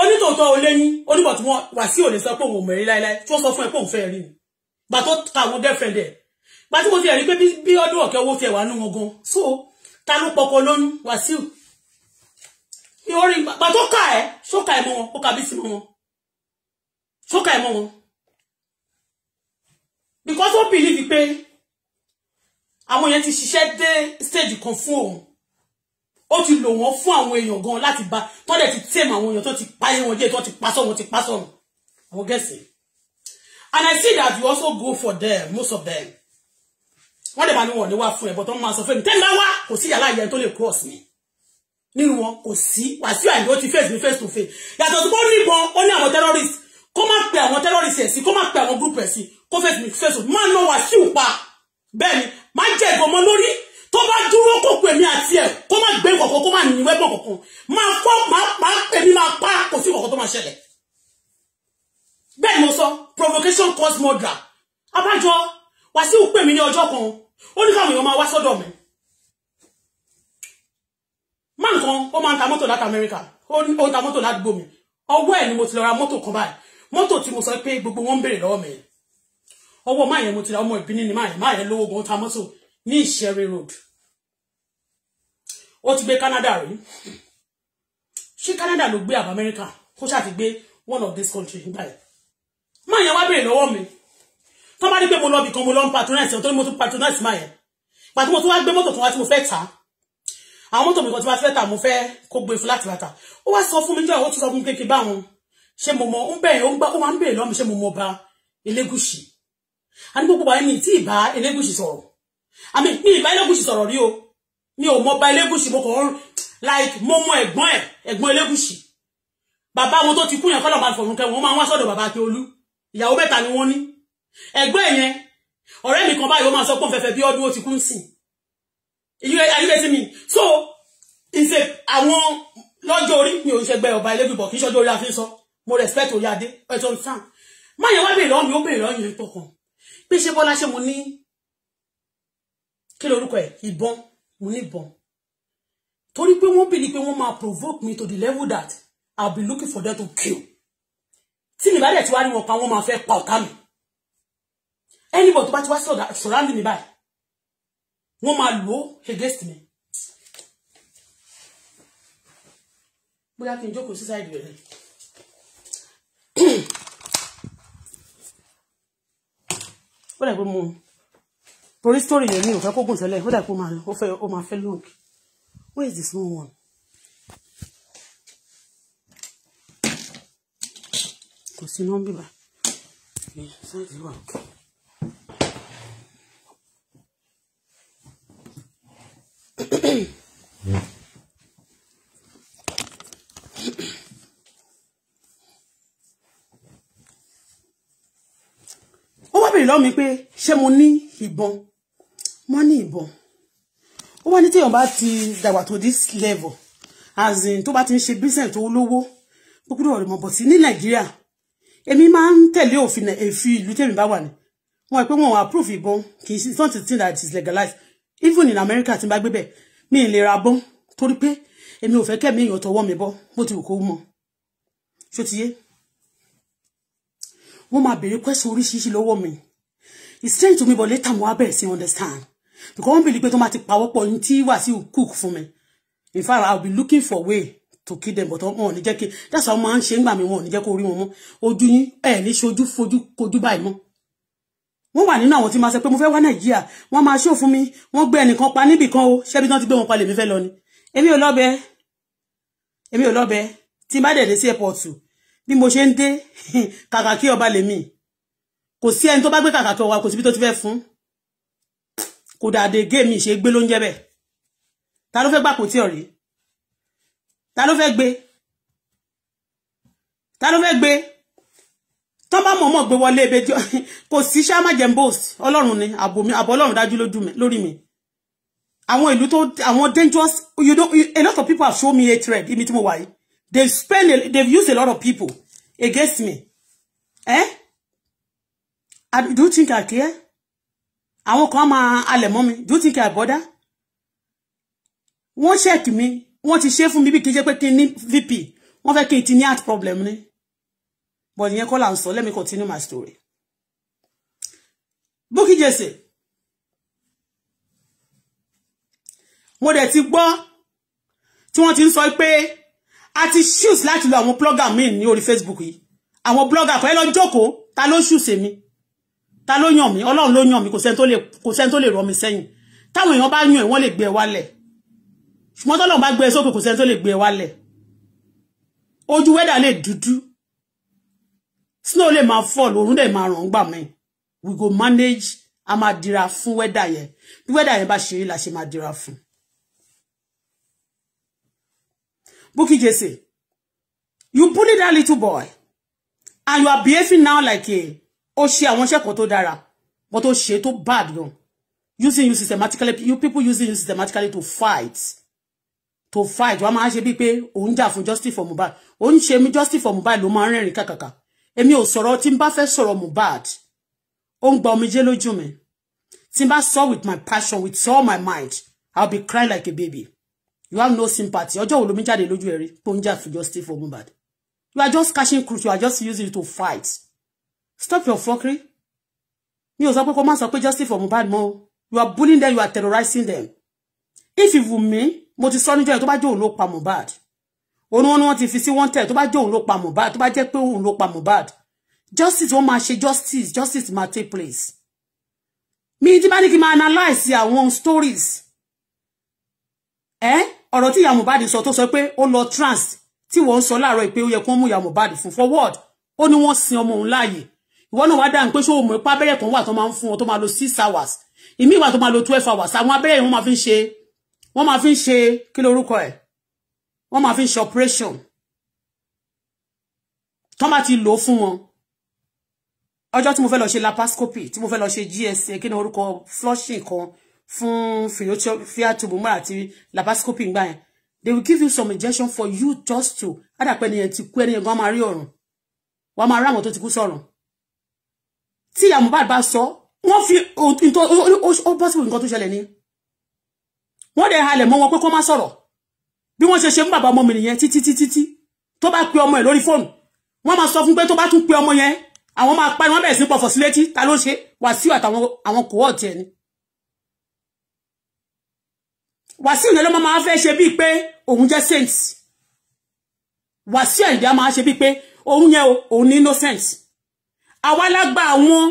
onítòótọ́ o lẹ́yìn oníbọ̀ tí wọ́n Wàsíù ò lè sọ pé òun ò mẹ́rin láéláé tí wọ́n sọ fún ẹ pé òun fẹ́ rí mi gbà tó ka àwọn defend ẹ̀ gbà tí mo ti ẹ̀rí pé bí ọdún ọ̀kẹ́ owó ti ẹ̀ wà nù wọn gan so ta ló pọkọ lónú Wàsíù ìhórí gbà tó ka ẹ̀ ṣóka ẹ̀ mọ́ wọn ó ka bí sí mọ́ wọn ṣóka ẹ̀ mọ́ wọn because ó believe pé àwọn yẹn ti ṣiṣẹ́ dé stage kan fún òun ó ti lò wọ́n fún àwọn èèyàn gan láti ba tọ́lẹ̀ ti tẹ̀mọ̀ àwọn èèyàn tó ti pa ẹ̀wọ̀n jẹ́ tó ti pa sọ́run ti pa sọ́run àwọn gẹ̀ẹ́sì and I see that you also go for them most of them wọ́n dẹ̀ máa ní wọ̀n ní wá fún ẹ̀ bọ́tọ́ wọ́n máa sọ fún mi tẹ́lẹ̀ wá kò sí yàrá ìyẹn tó lè cross mi You wọn kò sí Wàsíù Àyìndé ti face mi face to face yàtọ̀ tó bọ́ níbọn ó ní àwọn terrorist kó má pe àwọn terrorist ẹ̀ sí kó má pe àwọn group ẹ̀ sí kó face mi face to face máa ná Wàsíù pa bẹ́ẹ̀ ni máa jẹ́ ìgbọ̀nmọ́ lórí tó bá dúró kó pè mí àti ẹ̀ kó má gbé kọ̀ọ̀kan kó má ní wẹ́gbọ̀n kọ̀ọ̀kan máa fọ́ máa pè mí máa pa kò sí kọ̀ọ̀kan tó máa ṣẹlẹ̀ bẹ́ẹ̀ ni mo sọ provocation cause murder abájọ Wàsíù pè mí ní ọjọ́ kan ó ní káwọn èèyàn máa wá sọ́dọ̀ mi má nǹkan ó máa ń ta mọ́tò láti Amẹ́ríkà ó ń ta mọ́tò ládùúgbò mi ọwọ́ ẹ̀ ni mo ti lọ ra mọ́tò kan báyìí mọ́tò tí mo sọ pé gbogbo wọn ń béèrè lọ́wọ́ mi ọwọ́ máa yẹn mo ti ra ọmọ ìbíní ni máa yẹn máa yẹn lówó gan ta mọ́tò ní Ìṣẹ́rí road ó ti gbé Canada rí ṣé Canada ló gbé àbá Amẹ́ríkà kó ṣáà ti gbé one of these country nígbà yẹn máa yẹn wá béèrè lọ́wọ́ mi tó bá rí pé mo lọ bìkan mo lọ patronize tó ní mo tún patronize máa yẹn pàtó mo tún wá gbé mọ́tò kan wá tí mo fẹ́ tà àwọn mọ́tò mi kan tí mo fẹ́ tà mo fẹ́ kó gbé fún láti bàtà ó wá sọ fún mi jọ àwọn tó sọ fún mi kékeré bá wọn ṣé mo mọ ń bẹ̀rẹ̀ ó máa ń bèèrè lọ́mọ ṣé mo mọ ba Elégùṣì a ní gbogbo àyẹ̀mí tí ìbá Elégùṣì sọ̀rọ̀ àmì mi ìbá Elégùṣì sọ̀rọ̀ rí o mi ò mọ ba Elégùṣì mo kàn like mo mọ ẹ̀gbọ́n ẹ̀ ẹ̀gbọ́n Elégùṣì bàbá wọn to ti kú yẹn kọ́lọ̀ máa fọ̀rùn kẹ́ wọn máa ń wá sọ́dọ̀ bàbá Akíolú ìyàwó mẹ́ta ni wọ́n ní ẹgbẹ́ yẹn ọ̀rẹ́ mi kan báyìí ó máa sọ pé òun fẹ́fẹ́ bí ọdún ó ti kú ń sìn ayúbẹ́sí mi so ìṣe àwọn lọ́jọ́ orí mi ò ń ṣẹgbẹ́ ọba ẹlẹ́gbẹ̀bọ̀ kì í ṣọjọ́ orí afi sọ mo respect orí adé ẹjọ́ ń sàn má yẹn wá bèèrè lọ́wọ́ mi ó bèèrè lọ́yìn ìpọ̀ kan bí ṣe bọ́lá ṣe mo ní kí lorúkọ ẹ̀ ìbọn mo ní ìbọn torí pé wọ́n bìlí pé wọ́n máa provoke me to the level that I'll be looking for them to kill tí mi bá dẹ̀ ti wá ní wọn pa wọn máa fẹ́ pa ọ̀tá mi anybody tó bá ti wá sọ̀rọ̀ mi báyìí wọ́n máa lò ó against mi. bóyá kí n jókòó sí sáìdì rẹ̀ ó dẹ̀ pé mo torí story yẹn mi ò fẹ́ kó gùn tẹ́lẹ̀ ó dẹ̀ pé ó máa fẹ́ lóògì where is the small one. kò sí nọ́mbì bá sáàtì wà òkè. ó wá bèrè lọ́wọ́ mi pé ṣé mo ní ìbọn mo ní ìbọn ó wá ní téèyàn bá ti dàgbà tó this level as in tó bá ti ń ṣe business tó lówó gbogbo ọ̀rẹ́ mọ̀ bọ̀ sí ní nàìjíríà èmi máa ń tẹ̀lé òfin èfi ìlú tèmi bá wà ní wọn pé wọn approve ìbọn kì í it's not a thing that is legalized even in America tí n bá gbé bẹ̀ mi ì lè ra bọ́n torí pé èmi ò fẹ́ kẹ́mi èèyàn tọwọ́ mi bọ́ bó ti wù kó mọ̀ ṣó ti yé wọ́n máa béèrè question oríṣiríṣi lọ́wọ́ mi it's strange to me but later mo wá bẹ̀rẹ̀ sí understand because wọ́n believe pé tó máa ti pawọ́pọ̀ ní tí Wàsíù cook fún me. in fact I'll be looking for way to kill them but wọn ní jẹ́ kí that's how man ṣe ngba mi wọn ní jẹ́ kó rí wọn mọ́ ojú yín ẹ ní ṣojú fojú kojú báyìí mọ́ wọ́n wà nínú àwọn tí máa ṣe pé mo fẹ́ wá Nàìjíríà wọ́n máa show fún mi wọ́n gbé ẹnìkan pa níbì kan o ṣebí tán ti gbé wọn pa lé mi fẹ́ lọ ni èmi ò lọ́bẹ̀ èmi ò lọ́bẹ̀ tí bá dẹ̀ dé sí airport bí mo ṣe ń dé kàkà kí ọba lè mi kò sí ẹni tó bá gbé kàkà kí ọwa kò síbi tó ti fẹ́ fún kò dàdé géèmì ṣe gbé lóúnjẹ bẹ́ẹ̀ ta ló fẹ́ gbà kò tí ọ̀rẹ́ ta ló fẹ́ gbé ta ló fẹ́ gbé tọ́ bá mọ̀ọ́mọ̀ gbé wọlé ebe jọ kò sí ṣáà má jẹ́ boast ọlọ́run ni àbò mi àbò ọlọ́run dájú lórí mi àwọn ìlú tó àwọn dangerous you know a lot of people have shown me hatred ibi tí mo wà yìí They spend. a, they've used a lot of people against me eh do you think I care àwọn kan máa alẹ̀ mọ́ mi do you think I bother wọ́n check mi wọ́n ti ṣe fún mi bí kì í ṣe pé kí n ní vp wọ́n fẹ́ kí n ti ní heart problem ni but ìyẹn kọ́ là ń sọ let me continue my story Bukky Jesse mo dẹ̀ ti gbọ́ tí wọ́n ti ń sọ pé a ti shoes láti lo àwọn blogger mi ní orí facebook yìí àwọn blogger kan ẹ lọ jókòó ta ló shoes èmi ta ló yàn mí ọlọ́run ló yàn mí kò sẹ́ni tó lè kò sẹ́ni tó lè rọ mi sẹ́yìn táwọn èèyàn bá yàn ẹ̀ wọ́n lè gbé wálẹ̀ ṣùgbọ́n tọ́lọ̀ bá gbé sókè kò sẹ́ni tó lè gbé wálẹ̀ ojú wẹ́dà lè dúdú snow lè máa fall òórùn dẹ̀ máa ràn gbà mí we go manage a máa dira fún wẹ́dà yẹn bí wẹ́dà yẹn bá ṣe rí la ṣe máa dira fún. Bukky Jesse you bully that little boy and you are behaving now like a ó ṣe àwọn iṣẹ́ kan tó dára but ó ṣe tó bad gan using you systematically you people using you systematically to fight to fight wàá máa ṣe bíi pé òun jà fún justice for Mohbad òun ṣe mí justice for Mohbad ló máa ń rẹ́rìn kàkàkà èmi ò sọ̀rọ̀ tí n bá fẹ́ sọ̀rọ̀ Mohbad ó ń gba mi tí n bá with my passion with all my mind I'll be crying like a baby you have no sympathy Ojo wo ló mi jáde lójú ẹ̀rí pé òun jà justice for Mohbad you are just cashing cruise you are just using it to fight stop your fuckery mi ò sọ pé kó má sọ pé justice for Mohbad Mo. you are bullying them you are terrorizing them if you wù mí mo ti sọ níjọ́ yẹn tó bá jẹ́ òun ló pa Mohbad òun wọn ni wọ́n ti fi sí wanted tó bá jẹ́ òun ló pa Mohbad tó bá jẹ́ pé òun ló pa Mohbad justice wọ́n máa ṣe justice justice máa take place mi ti bá ní kí n máa analyse àwọn stories eh? ọ̀rọ̀ tí ìyá Mohbad sọ tó sọ pé ó lọ trance tí wọ́n ń sọ láàárọ̀ pé ó yẹ kí wọ́n mú ìyá Mohbad fún forward ó ní wọ́n sin ọmọ òun láàyè ìwọ náà wá dáhùn pé ṣé o mọ̀ ipá abẹ́rẹ́ kan wà tó máa ń fún wọn tó máa lo six hours ìmí ìwà tó máa lo twelve hours àwọn abẹ́rẹ́ yẹn wọ́n máa fi ń ṣe wọ́n máa fi ń ṣe kí lorúkọ ẹ̀ wọ́n máa fi ń ṣe operation tán bá ti lò ó fún wọn ọjọ́ tí mo fẹ́ lọ ṣe laparoscopy tí mo fẹ́ lọ ṣe gs kí ni orúkọ flushing kan fún fiatubumar àti laparoscopy gbà yẹn they will give you some injection for you just to ádàpẹ́ ẹniyẹn ti kú ẹniyẹn gan máa rí ọ̀run wàá máa rí àwọn tó ti kú sọ̀rọ̀ tí ìyá Mohbad bá sọ wọ́n fi ó bọ́sibú nǹkan tó ṣẹlẹ̀ ni wọ́n dẹ̀ halẹ̀ mọ́ wọn pé kó má sọ̀rọ̀ bí wọ́n ṣe ṣe ń bàbá ọmọ mi nìyẹn títí títí tí tó bá pe ọmọ ẹ̀ lórí fóònù wọ́n máa sọ fún pé tó bá tún pe ọmọ yẹn àwọn máa parí wọ́n bẹ̀rẹ̀ sí pọ̀fọ̀ sí létí ta ló ṣe Wàsíù àtàwọn àwọn kòwọ́ọ̀tì ẹ̀ ni Wàsíù yẹn ló máa fẹ́ ṣe bíi pé òun jẹ́ saint Wàsíù Àyìndé máa ṣe bíi pé òun yẹn òun ní innocent àwa lágbà àwọn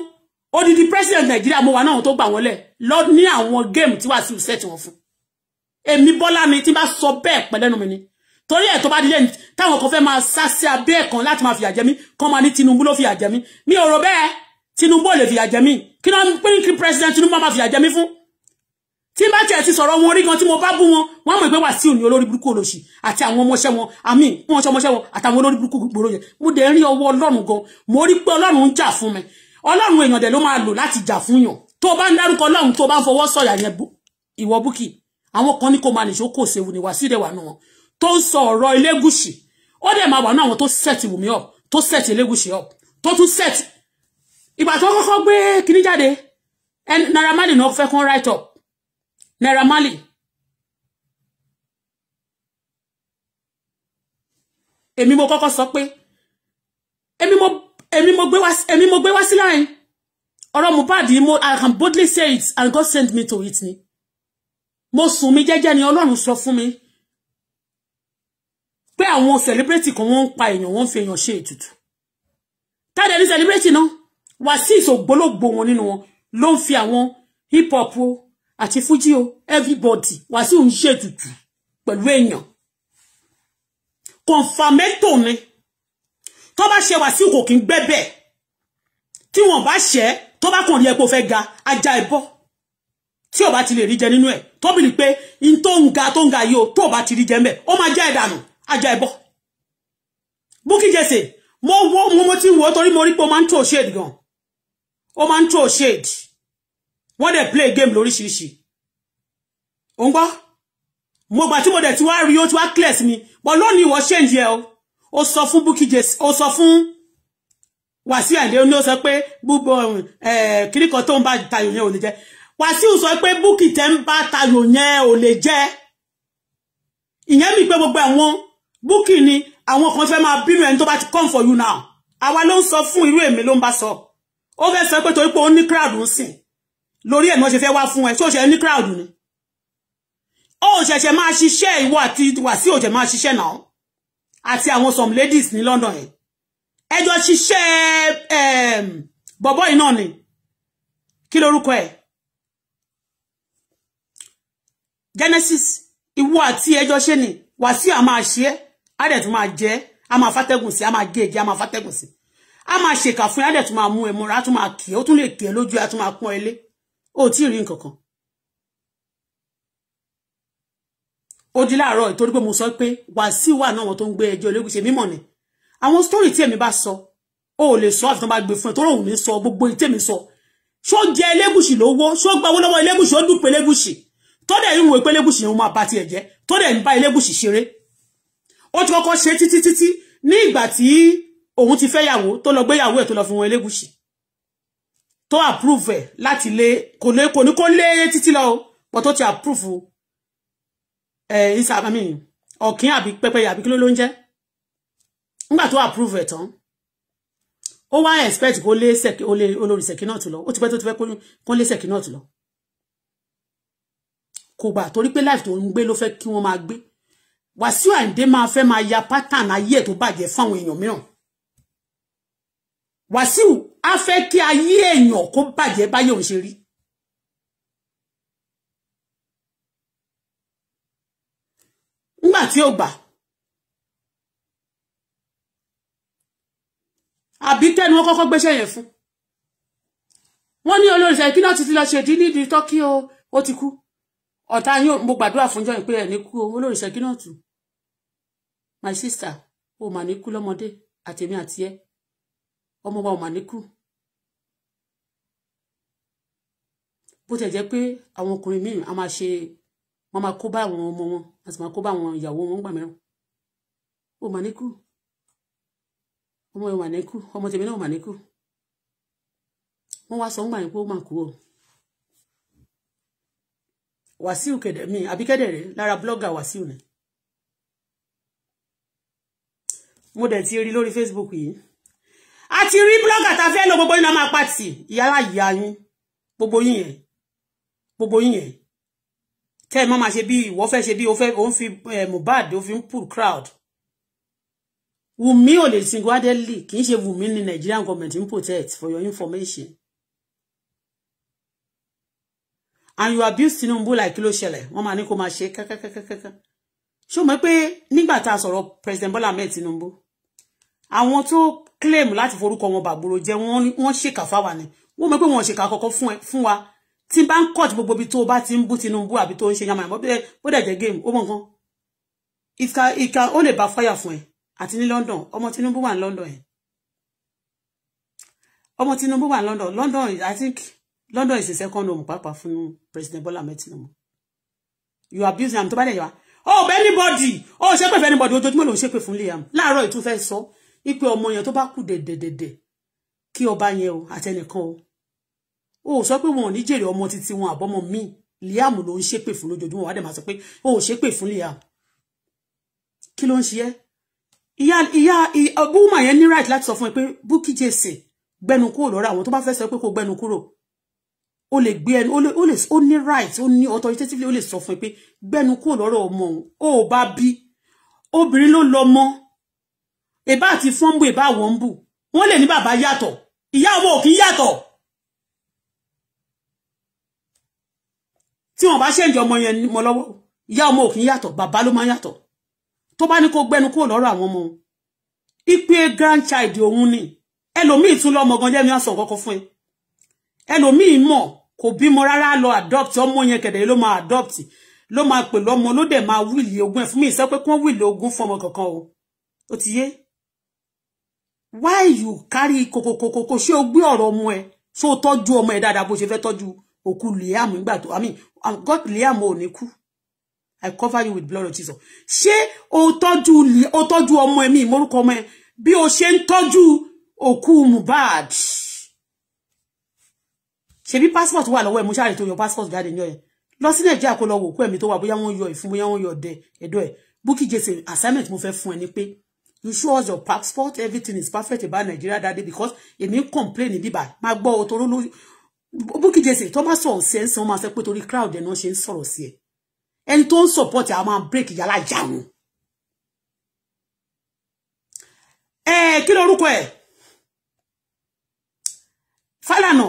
odidi president Nàìjíríà mo wà náà tó gbà wọ́n lẹ̀ lọ ní àwọn géèmù tí Wàsíù set wọn fún emi bola mi tí bá sọ bẹ́ẹ̀ pẹ̀lẹ́nu mi ni torí ẹ̀ tó bá dilẹ̀ táwọn kan fẹ́ máa sá sí abẹ́ ẹ̀kan láti máa fìyà jẹ mí kán máa ní Tinubu ló fìyà jẹ mí mi ò rò bẹ́ẹ̀ Tinubu ò lè fìyà jẹ mí kí ló ń pín kí president Tinubu máa fìyà jẹ mí fún tí bá tiẹ̀ ti sọ̀rọ̀ wọn orí gan tí mo bá bú wọn wọn mọ̀ pé Wàsíù ni olórí burúkú olóṣì àti àwọn ọmọọṣẹ́ wọn àmì wọn ṣe ọmọọṣẹ́ wọn àtàwọn olórí burúkú gbòòrò yẹn mo dẹ̀ rí ọwọ́ Ọlọ́run gan mo rí pé Ọlọ́run ń jà fún mi Ọlọ́run èèyàn dẹ̀ ló máa lò láti jà fún yàn tó o bá ń dárúkọ Ọlọ́run tó o bá iwo fọwọ́ àwọn kan ní kó máa nìṣó kò séwu ni Wàsíù dẹ̀ wà nù wọn tó ń sọ ọ̀rọ̀ Elégùṣì ó dẹ̀ máa wà nù àwọn tó set Wùmí up tó set Elégùṣì up tó tún set ìgbà tó kọ́kọ́ gbé kíní jáde Naira Marley náà fẹ́ kán write up Naira Marley mo kọ́kọ́ sọ pé èmi mo èmi mo gbé wá èmi mo gbé wá sí láàrin ọ̀rọ̀ Mohbad mo I can boldly say it and God sent me to it ni mo sùn mi jẹ́jẹ́ ni Ọlọ́run sọ fún mi pé àwọn celebrity kan wọ́n ń pa èèyàn wọ́n ń fi èèyàn ṣe ètùtù tádẹ ní celebrity náà wá sí ìṣògbólógbò wọn nínú wọn ló ń fi àwọn hip hop o àti fújì o everybody wá sí òun ṣe ètùtù pẹ̀lú èèyàn kọ̀ǹfàmẹ́tò ni tó bá ṣe wá sí òkò kí ń gbẹ́bẹ̀ tí wọ́n bá ṣẹ́ tó bá kàn rí epo fẹ́ ga ajá ẹ̀bọ́ tí o bá ti lè rí jẹ nínú ẹ̀ tó bìrì pé in tó ń ga tó ń ga yìí o tó o bá ti rí jẹ mẹ́ ó máa já ẹ̀dànù ajá ẹ̀bọ. Bukky Jesse mo wo mo mo ti wo torí mo rí pé o máa ń throw shade gan o máa ń throw shade wọ́n dẹ̀ play game lóríṣiríṣi ò ń gbọ́ mo gbà tí mo dẹ̀ ti wá rí o ti wá clear sí mi but lónìí ìwọ change yẹ o ó sọ fún Bukky Jesse ó sọ fún Wàsíù Àyìndé ó ní sọ pé gbogbo um, eh, kíríkan tó ń bá tayò yẹn ò ní jẹ Wàsíù sọ pé Bukky tẹ́ ń bá tayò yẹn ò lè jẹ́ ìyẹn mi pé gbogbo àwọn Bukky ni àwọn kan fẹ́ máa bínú ẹni tó bá ti come for you now àwa ló ń sọ fún irú èmi ló ń bá sọ ó fẹ́ sọ pé torí pé ó ní crowd ń sìn lórí ẹ̀ ni wọ́n ṣe fẹ́ wá fún ẹ tí ó ṣe ní crowd ni ó ṣẹ̀ṣẹ̀ máa ṣiṣẹ́ ìwọ àti Wàsíù òjẹ̀ máa ṣiṣẹ́ náà àti àwọn some ladies ní London ẹ̀ ẹjọ́ ṣiṣẹ́ bọ̀bọ́ yìí náà ni kí lorúkọ ẹ̀ genesis ìwọ àti ẹjọ́ ṣe ni wàsíù a máa ṣe é á dẹ̀ tún máa jẹ ẹ́ a máa fátẹ́gùn sí a máa gé ègé a máa fátẹ́gùn sí a máa ṣèkà fún ẹ á dẹ̀ tún máa mú ẹ mọ́ra á tún máa kì í ó tún lè kì í lójú á tún máa pọ́n ẹ lé ó tí ì rí nǹkan ó di láàárọ̀ ìtorí pé mo sọ pé wàsíù wà náà wọn tó ń gbé ẹjọ́ Olégùṣe mímọ̀ ni àwọn sítórì tí èmi bá sọ ó lè sọ àfi tán bá gbé fún ẹ tó rọrùn mi sọ gbogbo ìtẹ́mi sọ ṣó jẹ Elégùṣì lówó ṣó gbawó lọ́wọ́ Elégùṣì ó dúpẹ́ Elégùṣì tó dẹ̀ ń wo pé Elégùṣì yẹn máa bá tiẹ̀ jẹ́ tó dẹ̀ ń bá Elégùṣì ṣeré ó ti kọ́kọ́ ṣe títí títí ní ìgbà tí òun ti fẹ́ yàwó tó lọ gbé yàwó ẹ̀ tó lọ fún wọn Elégùṣì tó approve ẹ̀ láti lé kò lé kò ní kó lé títí lọ o pọ̀ tó ti approve ẹ̀ ìsàmì ọ̀kín àbí pẹ́pẹ́yẹ àbí kí ló ló ń jẹ́ nígbà tó approve ẹ̀ tán ó wá expect kó lé olórí sẹ̀kínọ́ọ̀tì lọ ó ti pẹ́ tó ti fẹ́ kó lé sẹ̀kínọ́ọ̀tì lọ kò gbà torí pé life tó ń gbé ló fẹ́ kí wọ́n máa gbé Wàsíù Àyìndé máa fẹ́ máa ya pattern ayé tó bàjẹ́ fáwọn èèyàn mìíràn Wàsíù á fẹ́ kí ayé èèyàn kó bàjẹ́ báyé òun ṣe rí nígbà tí ó gbà àbí tẹnu wọn kọ́kọ́ gbéṣẹ́ yẹn fún wọn ní olórí ṣe kí náà ti ti lọ ṣèdí nídìí tọ́kí o ó ti kú ọ̀tá yín mo gbàdúrà fún jọ́yìn pé ẹ̀ní kú olórí Sekinat my sister o mà ní kú lọ́mọdé àtèmi àti ẹ ọmọ wa ò mà ní kú bó tẹ̀ jẹ́ pé àwọn ọkùnrin míì a máa ṣe wọ́n máa kó bá àwọn ọmọ wọn a sì máa kó bá àwọn ìyàwó wọn gbà mìíràn o mà ní ọmọ ẹ mà ọmọ tèmi náà mà ní wọ́n wá sọ ń gbà yín pé ó mà kú o Wàsíù kẹ̀dẹ̀ mi àbí kẹ́dẹ̀ rẹ̀ lára blọ́gà Wàsíù ni mo dẹ̀ ti rí lórí Facebook yìí a ti rí blọ́gà tá a fẹ́ lọ gbogbo yín náà máa pàtì ìyá ìyá yín gbogbo yín yẹn gbogbo yín yẹn tẹ́ ẹ̀ má máa ṣe bí ìwọ fẹ́ ṣe bí o fẹ́ o ń fi Mohbad o fi ń pull crowd Wùmí ò lè single handedly kì í ṣe Wùmí ni Nigerian government ń protect for your information and you abuse Tinubu like kí ló ṣẹlẹ̀ wọ́n máa ní kó máa ṣe kẹ́kẹ́kẹ́kẹ́kẹ́ ṣé o mọ̀ pé soro tá a sọ̀rọ̀ president Bola Ahmed Tinubu àwọn tó claim láti forúkọ wọn bàgbóró jẹ́ wọ́n ṣèkà fáwa ni wọ́n mọ̀ pé wọ́n ṣèkà kọ́kọ́ fún wa Fun. n bá ń kọ́ọ̀tù gbogbo ibi tó o bá ti Tinubu àbí tó ń ṣe yamayamọ́ bó dẹ̀ jẹ́ game ó mọ̀ nǹkan ìka ìka ó lè bá fáyà fún ẹ àti ní London ọmọ Tinubu wà London ẹ ọmọ Tinubu wà London London I think London is the second home pàápàá fún President Bola Ahmed you abuse am to bá dẹ̀ yà wá oh anybody oh ṣépè fún anybody ojoojúmọ́ ló ń ṣépè fún Liam láàárọ̀ ìtún fẹ́ sọ ipe ọmọ yẹn tó bá kù dẹ̀dẹ̀dẹ̀dẹ̀ kí ọba yẹn o àtẹnìkan o ò sọ pé wọn ò ní jèrè ọmọ títí wọn àbọ́mọ míì Liam ló ń ṣépè fún lójoojúmọ́ wàá dẹ̀ máa sọ pé o ò ṣépè fún Liam kí ló ń ṣe ẹ́ ìyá ìyá ọgbọ́n mà yẹn ní right láti sọ fún ẹ pé Bukky Jesse gbẹnu kúrò lọ́rọ̀ àwọn tó bá fẹ́ sọ pé kó gbẹnu kúrò o lè gbé ẹni o lè o lè o ní right o ní authoritatively o lè sọ fún ẹ pé gbẹnu kúrò lọ́rọ̀ o ò bá bí obìnrin ló lọmọ ìbá àti fọ́nbù ìbá àwọn ń bù wọ́n lè ní bàbá yàtọ̀ ìyá ọmọ ò kì í yàtọ̀ tí wọ́n bá ṣèǹjẹ ọmọ yẹn mọ lọ́wọ́ ìyá ọmọ ò kì í yàtọ̀ bàbá ló máa yàtọ̀ tó bá ní kó gbẹnu kúrò lọ́rọ̀ ipe grandchild òun ni ẹlòmíì tún lọ́mọ gan jẹ́ mi á sọ kọ́kọ́ fún kò bímọ rárá lọ adopt ọmọ yẹn kẹ̀dẹ̀ ló máa adopt ló máa pẹ̀lú ọmọ ló dẹ̀ máa wíìlì ogún ẹ̀ fún mi ìsọ pé kí wọ́n wíìlì ogún fún kankan o ó ti yé why you carry kokokokoko ṣé o gbé ọ̀rọ̀ ọmọ So ṣé o tọ́jú ọmọ ẹ dáadáa bó ṣe fẹ́ tọ́jú òkú Liam nígbà tó i mean um, God Liam ò ní kú I cover you with blood of Jesus ṣé o tọ́jú o tọ́jú ọmọ ẹ mi ìmọ̀rúkọ ọmọ ẹ bí o ṣe ń tọ́jú òkú Mohbad ṣebí passport wà lọ́wọ́ ẹ̀ mo ṣáàrè tó yọ passport jáde ní ọ̀yẹ́ lọ sí nàìjíríà kó lọ wò kú ẹ̀mí tó wà bóyá wọ́n yọ ìfún bóyá wọ́n yọ ọ̀dẹ ẹ̀dọ́ ẹ̀ Bukky Jesse assignment mo fẹ́ fún ẹ ni pé you show us your passport everything is perfect about Nigeria that day because èmi ń complain bíbà máa gbọ́ o toró ló Bukky Jesse tó bá sọ̀rọ̀ sí ẹ̀ ń sàn máa sọ pé torí crowd ẹ̀ náà ṣe ń sọ̀rọ̀ sí ẹ̀ ẹni tó ń support àwọn máa break yàrá ìjà wọn. ẹ kí lorúkọ ẹ Falana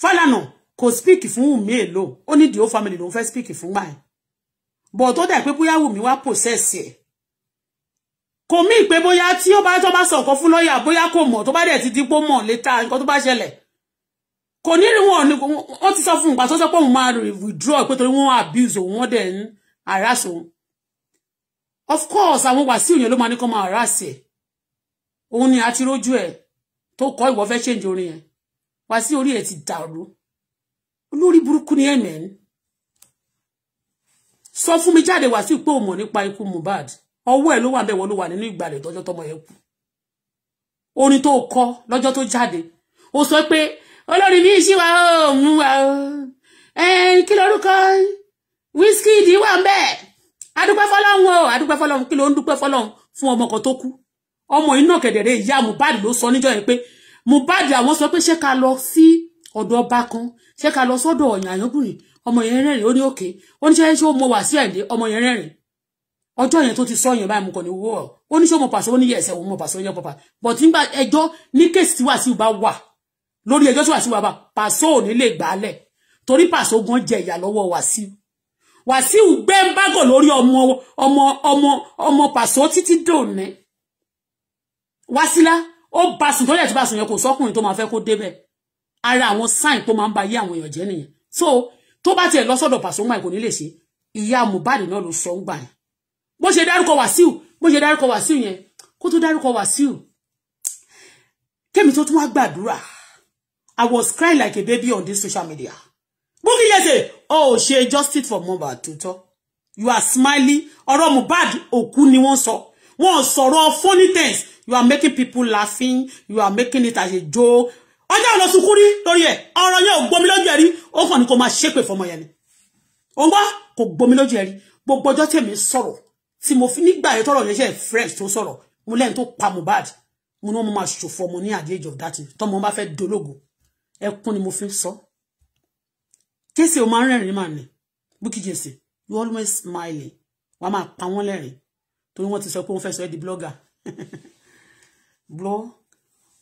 Fálànà kò speak fún Wùmí lo ó ní the whole family ló ń fẹ́ speak fún wáyé bọ̀ tó dẹ̀ pé bóyá Wùmí wá possess ẹ̀ kò mí pé bóyá tí ó bá tó bá sọ nǹkan fún lọ́ọ̀yà bóyá kò mọ̀ tó bá dẹ̀ ti dípò mọ̀ létà nǹkan tó bá ṣẹlẹ̀ kò ní rí ni ó ti sọ fún ìgbà tó sọ pé òun máa withdraw pé torí wọn abuse òun wọn dẹ̀ harass òun of course àwọn wàsíù yẹn ló máa ní kó máa harass ẹ̀ òun ni àti rójú ẹ̀ tó kọ́ ìwọ fẹ́ change orin yẹn wá sí orí ẹ ti dàrú olórí burúkú ni ẹ̀mẹ̀ ń sọ fún mi jáde wá sí pé o mọ̀ nípa ikú Mohbad ọwọ́ ẹ̀ ló wà bẹ́ẹ̀ wọ́n ló wà nínú ìgbàlẹ̀ tọ́jọ́ tọmọ yẹn kú orin tó kọ lọ́jọ́ tó jáde ó sọ pé olórí mi ṣì wà ó mú wa ó kí lorúkọ Wizkid wà ń bẹ́ẹ̀ adúpẹ́ fọlọ́hún o adúpẹ́ fọlọ́hún kí ló ń dúpẹ́ fọlọ́hún fún kan tó kú ọmọ iná kẹ̀dẹ̀rẹ̀ ìyá Mohbad ló sọ níjọ́ yẹn pé Mohbad àwọn sọ pé ṣé ká lọ sí ọ̀dọ̀ ọba kan ṣé ká lọ sọ́dọ̀ ọ̀yàyànbùnrin ọmọ yẹn rẹ́rìn ó ní òkè ó ní ṣe mo wà sí ẹ̀dẹ́ ọmọ yẹn rẹ́rìn ọjọ́ yẹn tó ti sọ yẹn báyìí mo kàn ní wọ́ ó ní ṣé mo pàṣẹ ó ní yẹ̀sẹ̀ òun mo pàṣẹ yẹn pàpà but nígbà ẹjọ́ ní kéèsì tí Wàsíù bá wà lórí ẹjọ́ tí Wàsíù bá wà pàṣẹ ò ní lè gbàálẹ̀ torí pàṣẹ ogun jẹ ìyà lọ́wọ́ Wàsíù Wàsíù gbé ń bágò lórí ọmọ ọmọ ọmọ ọmọ pàṣẹ títí dòní Wàsílá ó bá sùn tó yẹ ti bá sùn yẹn kò sọkùnrin tó máa fẹ́ kó débẹ̀ ara àwọn sáìn tó máa ń ba ayé àwọn èèyàn jẹ́ nìyẹn so tó bá tiẹ̀ lọ sọ́dọ̀ Pasuma kò ní lè ṣe ìyá Mohbad náà ló sọ ń gbà yẹn bó ṣe dárúkọ Wàsíù bó ṣe dárúkọ Wàsíù yẹn kó tó dárúkọ Wàsíù kémi tó tún wá gbàdúrà I was crying like a baby on this social media Bukky Jesse o oh, ṣe justice for Mohbad tuntun you are smiling ọ̀rọ̀ Mohbad òkú ni wọ́n so. wọ́n sọ̀rọ̀ funny things you are making people laughing you are making it as a joke ọjọ́ ìlọ sunkún rí lórí ẹ̀ ọ̀rọ̀ yẹn ò gbomi lójú ẹ̀rí ó kàn ní kó máa ṣépè fọmọ yẹn ni òun wá kò gbomi lójú ẹ̀rí gbogbo ọjọ́ tèmi sọ̀rọ̀ tí mo fi nígbà yẹn tọrọ yẹn ṣe fresh tó sọ̀rọ̀ mo lẹ́yìn tó pa Mohbad mo ní wọn máa ṣòfò ọmọ ní at the age of that tọmọ bá fẹ́ dológo ẹkún ni mo fi sọ jésì o máa ń rẹ́rìn-ín màá ní Bukky Jesse you always smiling wàá máa pa wọ́n lẹ́rìn torí wọ́n ti sọ pé wọ́n fẹ́ sọ ẹ́ di blogger blog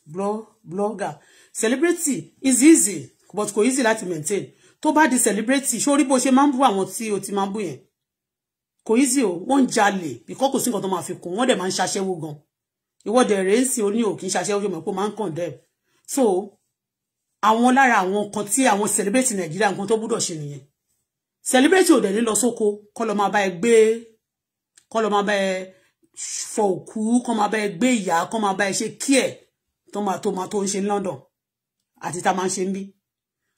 blog blogger celebrity is easy but kò easy láti maintain tó bá di celebrity sórí bó ṣe máa ń bú àwọn tí o ti máa ń bú yẹn easy o wọ́n ń because ìkọ́ kò sí nǹkan tó fi kún wọ́n de máa ń ṣaṣẹ́wó gan ìwọ́dẹ̀ rẹ̀ ń sìn oní òkè ń ṣaṣẹ́wó yóò mọ̀ pé ó máa so àwọn lára àwọn kan tí àwọn celebrity nàìjíríà nǹkan tó gbúdọ̀ ṣe nìyẹn celebrity ò dẹ̀ ní lọ sóko kọ́ lọ máa bá ẹ gbé kọ́ lọ máa bá ẹ fọ òkú kọ́ máa bá ẹ gbé ìyá kọ́ máa bá ẹ ṣe kí ẹ̀ tó máa tó máa tó ń ṣe ní London àti tá a máa ń ṣe ń bí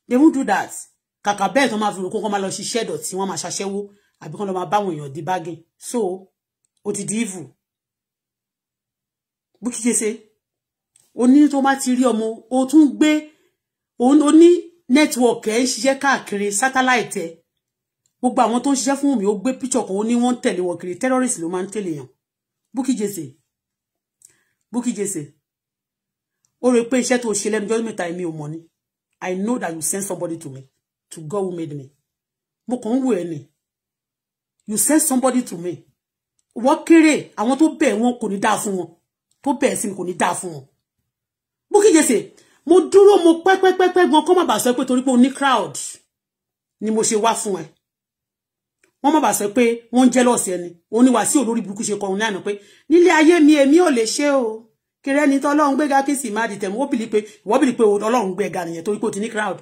they won't do that kàkà bẹ́ẹ̀ tó máa fi rògbò kọ́ máa lọ ṣiṣẹ́ ìdọ̀tí wọ́n máa ṣaṣẹ́wó àbí kọ́ lọ máa báwọn èèyàn di bargain so ó ti di evil bó kíkẹ́ ṣe oní tó bá ti rí ọmọ o tún gbé oní nẹ́tíwọ̀kì ẹ̀ ń ṣiṣẹ́ káàkiri sátáláìtì ẹ̀ gbogbo àwọn tó ń ṣiṣẹ́ fún mi ó gbé píṣọ̀ kan ó ní wọ́n tẹ̀lé wọn terrorist ló máa ń tẹ̀lé yàn Bukky Jesse Bukky Jesse ó rò pé iṣẹ́ tó ṣe lẹ́nu jọ́dún mẹ́ta èmi ò mọ̀ ni I know that you send somebody to me to God who made me mo kàn ń wò ẹ́ ni you send somebody to me wọ́n kéré àwọn tó bẹ̀ wọn kò ní dáa fún wọn tó bẹ̀ sí kò ní dáa fún wọn Bukky Jesse mo dúró mo pẹ́pẹ́pẹ́pẹ́ gan kó má bàa sọ pé torí pé o ní crowd ni mo ṣe wá fún ẹ wọ́n má bàa sọ pé wọ́n ń jẹ́lọ́ọ̀sì ẹni oníwàásí olórí burúkú ṣe kọrun náà pé nílé ayé mi èmi ò lè ṣe o kiri ẹni tó ọlọ́run gbéga kí sì má di tẹ̀mú ó pé ìwọ́ bìlí pé ọlọ́run gbéga nìyẹn torí pé o ti ní crowd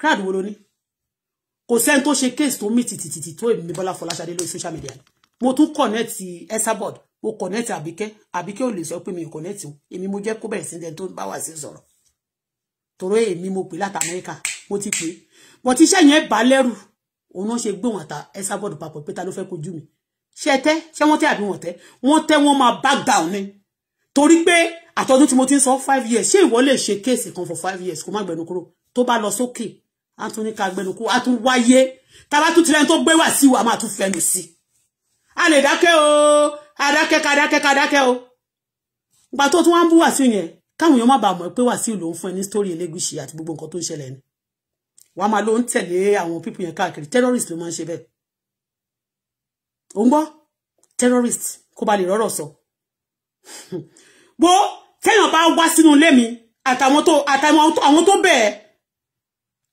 crowd wo ló ní kò sẹ́ni tó ṣe case tó mí tìtìtìtì tó èmi Bọ́lá Fọláṣadé lórí social media mo tún connect Esabod mo connect Àbíkẹ́ Àbíkẹ́ ò lè sọ pé mi ò connect o èmi mo jẹ́ kó bẹ̀rẹ̀ sí ẹni tó bá wà sí sọ̀rọ̀ torí èmi mo pè láti Amẹ́ríkà mo ti pè bọ́t iṣẹ́ yẹn bá lẹ́rù òun náà ṣe gbóhùn àtà ẹsàbọọdù papọ̀ pé ta ló fẹ́ kojú mi ṣe tẹ ṣé wọ́n tẹ àbí wọ́n tẹ wọ́n tẹ wọ́n máa back down ni torí pé àtọdún tí mo ti ń sọ five years ṣé ìwọ lè ṣe kéèsì kan for five years kó má gbẹnu kúrò tó bá lọ sókè á tún ní ká gbẹnu kúrò á tún wáyé tá a bá tún tirẹ̀ tó gbé wá sí wa máa tún fẹnu sí a lè dákẹ́ o adákẹ́ kadákẹ́ kadákẹ́ o gbà tó tún wá ń bú wá sí yẹn káwọn èèyàn má bàa mọ̀ pé wá sí ìlò ń fún ẹ ní sítórì Elégùṣì àti gbogbo nǹkan tó ń ṣẹlẹ̀ ni wàá máa ló ń tẹ̀lé àwọn pípù yẹn káàkiri terrorist ló máa ń ṣe bẹ́ẹ̀ ò ń gbọ́ terrorist kó ba lè rọ́rọ̀ sọ bó téèyàn bá wá sínú ilé mi àtàwọn tó àtàwọn tó bẹ̀ẹ́